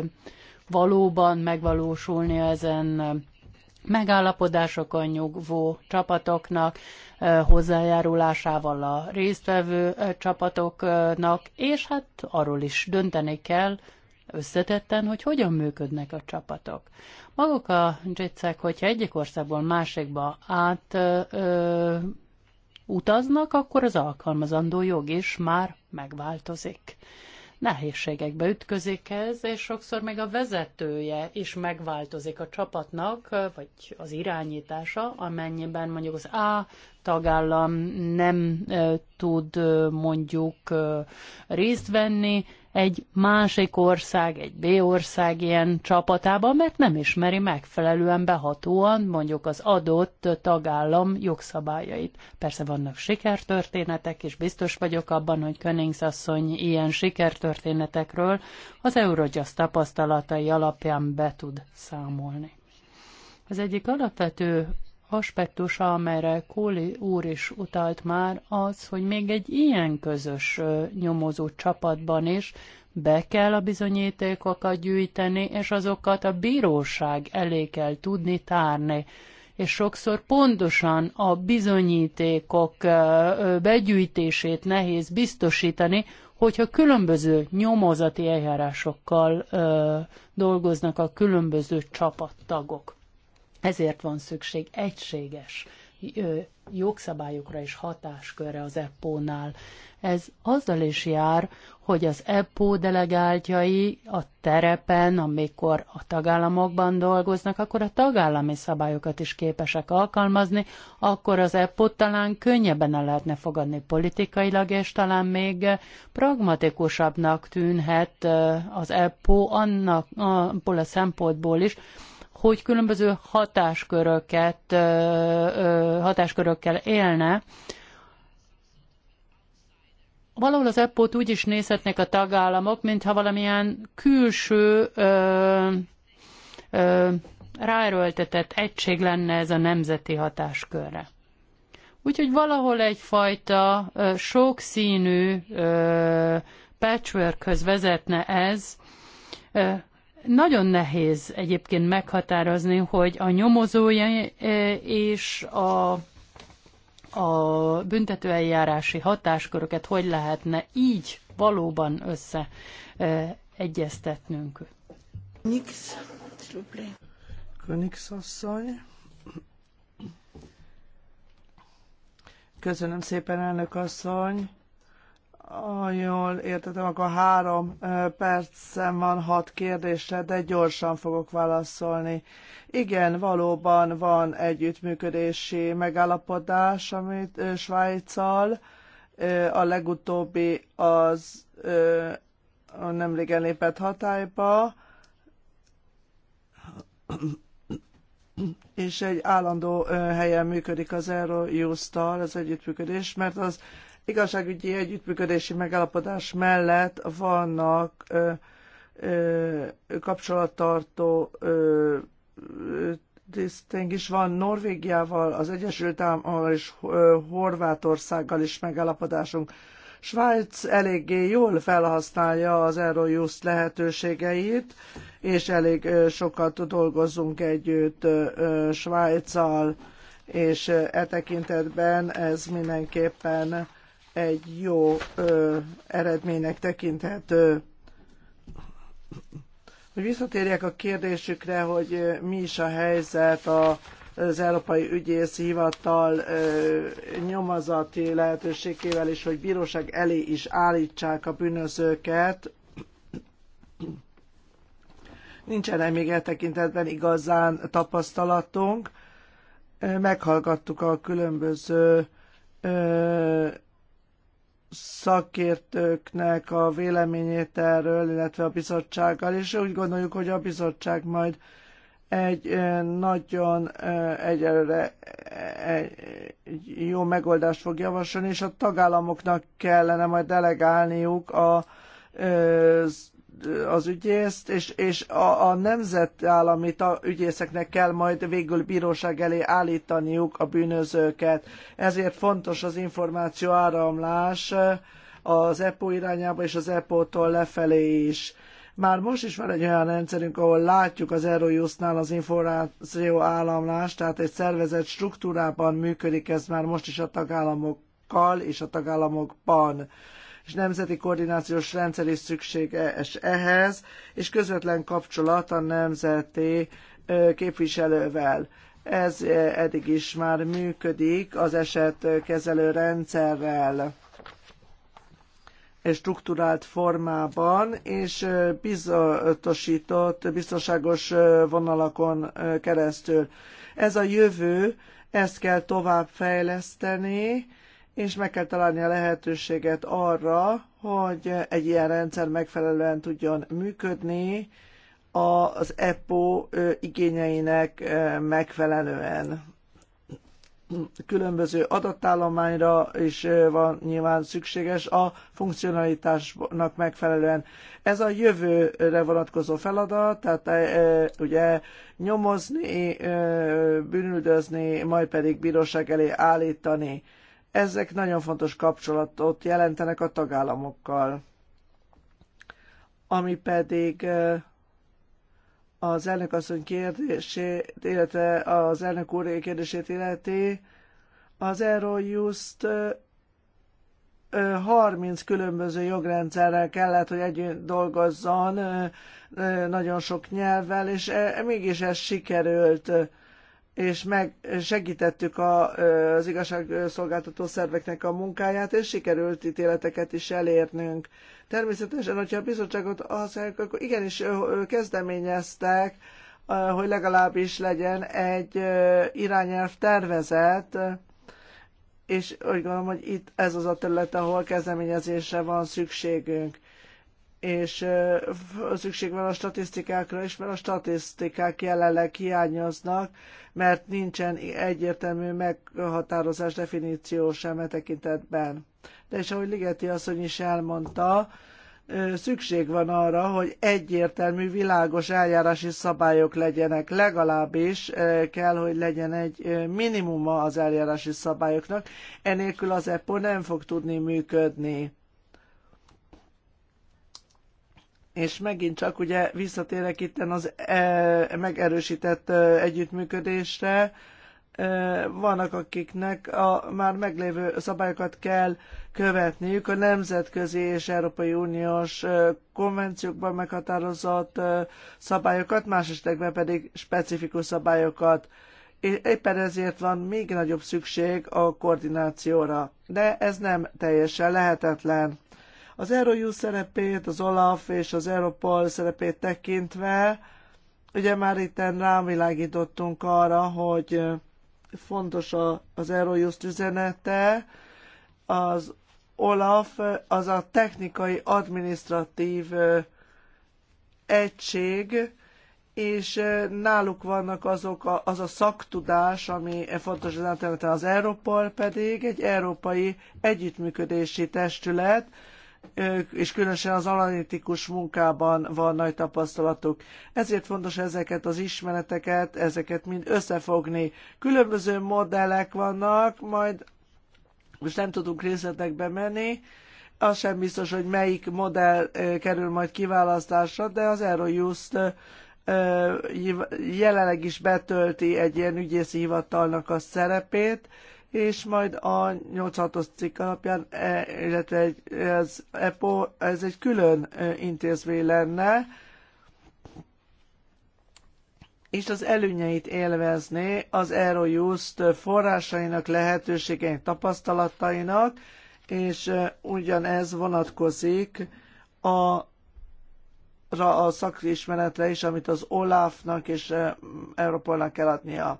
valóban megvalósulni ezen megállapodásokon nyugvó csapatoknak, hozzájárulásával a résztvevő csapatoknak, és hát arról is dönteni kell, összetetten, hogy hogyan működnek a csapatok. Maguk a dzsicek, hogyha egyik országból másikba át ö, utaznak, akkor az alkalmazandó jog is már megváltozik nehézségekbe ütközik ez, és sokszor még a vezetője is megváltozik a csapatnak, vagy az irányítása, amennyiben mondjuk az A tagállam nem tud mondjuk részt venni egy másik ország, egy B ország ilyen csapatában, mert nem ismeri megfelelően behatóan mondjuk az adott tagállam jogszabályait. Persze vannak sikertörténetek, és biztos vagyok abban, hogy Könings asszony ilyen sikertörténetekről az Eurojust tapasztalatai alapján be tud számolni. Az egyik alapvető aspektusa, amelyre Kóli úr is utalt már, az, hogy még egy ilyen közös nyomozó csapatban is be kell a bizonyítékokat gyűjteni, és azokat a bíróság elé kell tudni tárni. És sokszor pontosan a bizonyítékok begyűjtését nehéz biztosítani, hogyha különböző nyomozati eljárásokkal dolgoznak a különböző csapattagok. Ezért van szükség egységes jogszabályokra és hatáskörre az epo nál Ez azzal is jár, hogy az EPO delegáltjai a terepen, amikor a tagállamokban dolgoznak, akkor a tagállami szabályokat is képesek alkalmazni, akkor az EPO talán könnyebben el lehetne fogadni politikailag, és talán még pragmatikusabbnak tűnhet az EPO annak, abból a szempontból is, hogy különböző hatásköröket, hatáskörökkel élne, valahol az epo t úgy is nézhetnek a tagállamok, mintha valamilyen külső ö, ö, ráerőltetett egység lenne ez a nemzeti hatáskörre. Úgyhogy valahol egyfajta ö, sokszínű ö, patchworkhöz vezetne ez, ö, nagyon nehéz egyébként meghatározni, hogy a nyomozója e, és a a büntetőeljárási hatásköröket hogy lehetne így valóban összeegyeztetnünk. egyeztetnünk. asszony. Köszönöm szépen, elnök asszony. Ah, jól értettem, akkor három percem van hat kérdésre, de gyorsan fogok válaszolni. Igen, valóban van együttműködési megállapodás, amit Svájccal a legutóbbi az nemrégen lépett hatályba, és egy állandó helyen működik az Eurojust-tal az együttműködés, mert az igazságügyi együttműködési megállapodás mellett vannak ö, ö, kapcsolattartó ö, tiszténk is van Norvégiával, az Egyesült Államokkal és Horvátországgal is megállapodásunk. Svájc eléggé jól felhasználja az Eurojust lehetőségeit, és elég sokat dolgozunk együtt Svájccal, és e tekintetben ez mindenképpen egy jó ö, eredménynek tekinthető. Hogy visszatérjek a kérdésükre, hogy mi is a helyzet a, az Európai Ügyész Hivatal ö, nyomozati lehetőségével is, hogy bíróság elé is állítsák a bűnözőket. Nincsen még e tekintetben igazán tapasztalatunk. Meghallgattuk a különböző ö, szakértőknek a véleményét erről, illetve a bizottsággal, és úgy gondoljuk, hogy a bizottság majd egy nagyon egyelőre egy jó megoldást fog javasolni, és a tagállamoknak kellene majd delegálniuk a az az ügyészt, és, és a, a nemzetállami ügyészeknek kell majd végül bíróság elé állítaniuk a bűnözőket. Ezért fontos az információ áramlás eh, az EPO irányába és az EPO-tól lefelé is. Már most is van egy olyan rendszerünk, ahol látjuk az Eurojustnál az információ államlást, tehát egy szervezett struktúrában működik ez már most is a tagállamokkal és a tagállamokban és nemzeti koordinációs rendszer is szükséges ehhez, és közvetlen kapcsolat a nemzeti képviselővel. Ez eddig is már működik az esetkezelő rendszerrel és strukturált formában és biztosított, biztonságos vonalakon keresztül. Ez a jövő, ezt kell továbbfejleszteni, és meg kell találni a lehetőséget arra, hogy egy ilyen rendszer megfelelően tudjon működni az EPO igényeinek megfelelően. Különböző adatállományra is van nyilván szükséges a funkcionalitásnak megfelelően. Ez a jövőre vonatkozó feladat, tehát ugye nyomozni, bűnüldözni, majd pedig bíróság elé állítani ezek nagyon fontos kapcsolatot jelentenek a tagállamokkal. Ami pedig az elnök asszony kérdését, illetve az elnök úr kérdését illeti, az Eurojust 30 különböző jogrendszerrel kellett, hogy együtt dolgozzon, nagyon sok nyelvvel, és e, mégis ez sikerült és meg segítettük a, az igazságszolgáltató szerveknek a munkáját, és sikerült ítéleteket is elérnünk. Természetesen, hogyha a bizottságot használjuk, akkor igenis kezdeményeztek, hogy legalábbis legyen egy irányelv tervezet, és úgy gondolom, hogy itt ez az a terület, ahol kezdeményezésre van szükségünk és szükség van a statisztikákra is, mert a statisztikák jelenleg hiányoznak, mert nincsen egyértelmű meghatározás definíció sem e tekintetben. De és ahogy Ligeti asszony is elmondta, szükség van arra, hogy egyértelmű, világos eljárási szabályok legyenek. Legalábbis kell, hogy legyen egy minimuma az eljárási szabályoknak, enélkül az EPO nem fog tudni működni és megint csak ugye visszatérek itt az e, megerősített e, együttműködésre, e, vannak akiknek a már meglévő szabályokat kell követniük a nemzetközi és Európai Uniós e, konvenciókban meghatározott e, szabályokat, más esetekben pedig specifikus szabályokat. És éppen ezért van még nagyobb szükség a koordinációra. De ez nem teljesen lehetetlen az Eurojust szerepét, az Olaf és az Europol szerepét tekintve, ugye már itt rávilágítottunk arra, hogy fontos az Eurojust üzenete, az Olaf az a technikai adminisztratív egység, és náluk vannak azok a, az a szaktudás, ami e fontos az területen. Az Europol pedig egy európai együttműködési testület, és különösen az analitikus munkában van nagy tapasztalatuk. Ezért fontos ezeket az ismereteket, ezeket mind összefogni. Különböző modellek vannak, majd most nem tudunk részletekbe menni, az sem biztos, hogy melyik modell kerül majd kiválasztásra, de az Eurojust jelenleg is betölti egy ilyen ügyészi hivatalnak a szerepét, és majd a 86-os cikk alapján, e, illetve egy, ez, EPO, ez egy külön e, intézmény lenne, és az előnyeit élvezné az Eurojust forrásainak, lehetőségeinek, tapasztalatainak, és e, ugyanez vonatkozik a a szakismeretre is, amit az Olafnak és Európolnak kell adnia.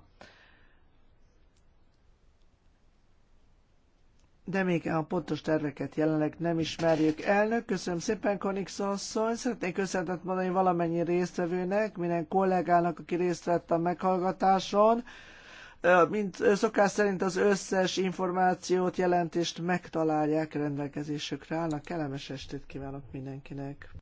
de még a pontos terveket jelenleg nem ismerjük. Elnök, köszönöm szépen, Konix asszony. Szeretnék köszönetet mondani valamennyi résztvevőnek, minden kollégának, aki részt vett a meghallgatáson. Mint szokás szerint az összes információt, jelentést megtalálják rendelkezésükre állnak. Kellemes estét kívánok mindenkinek!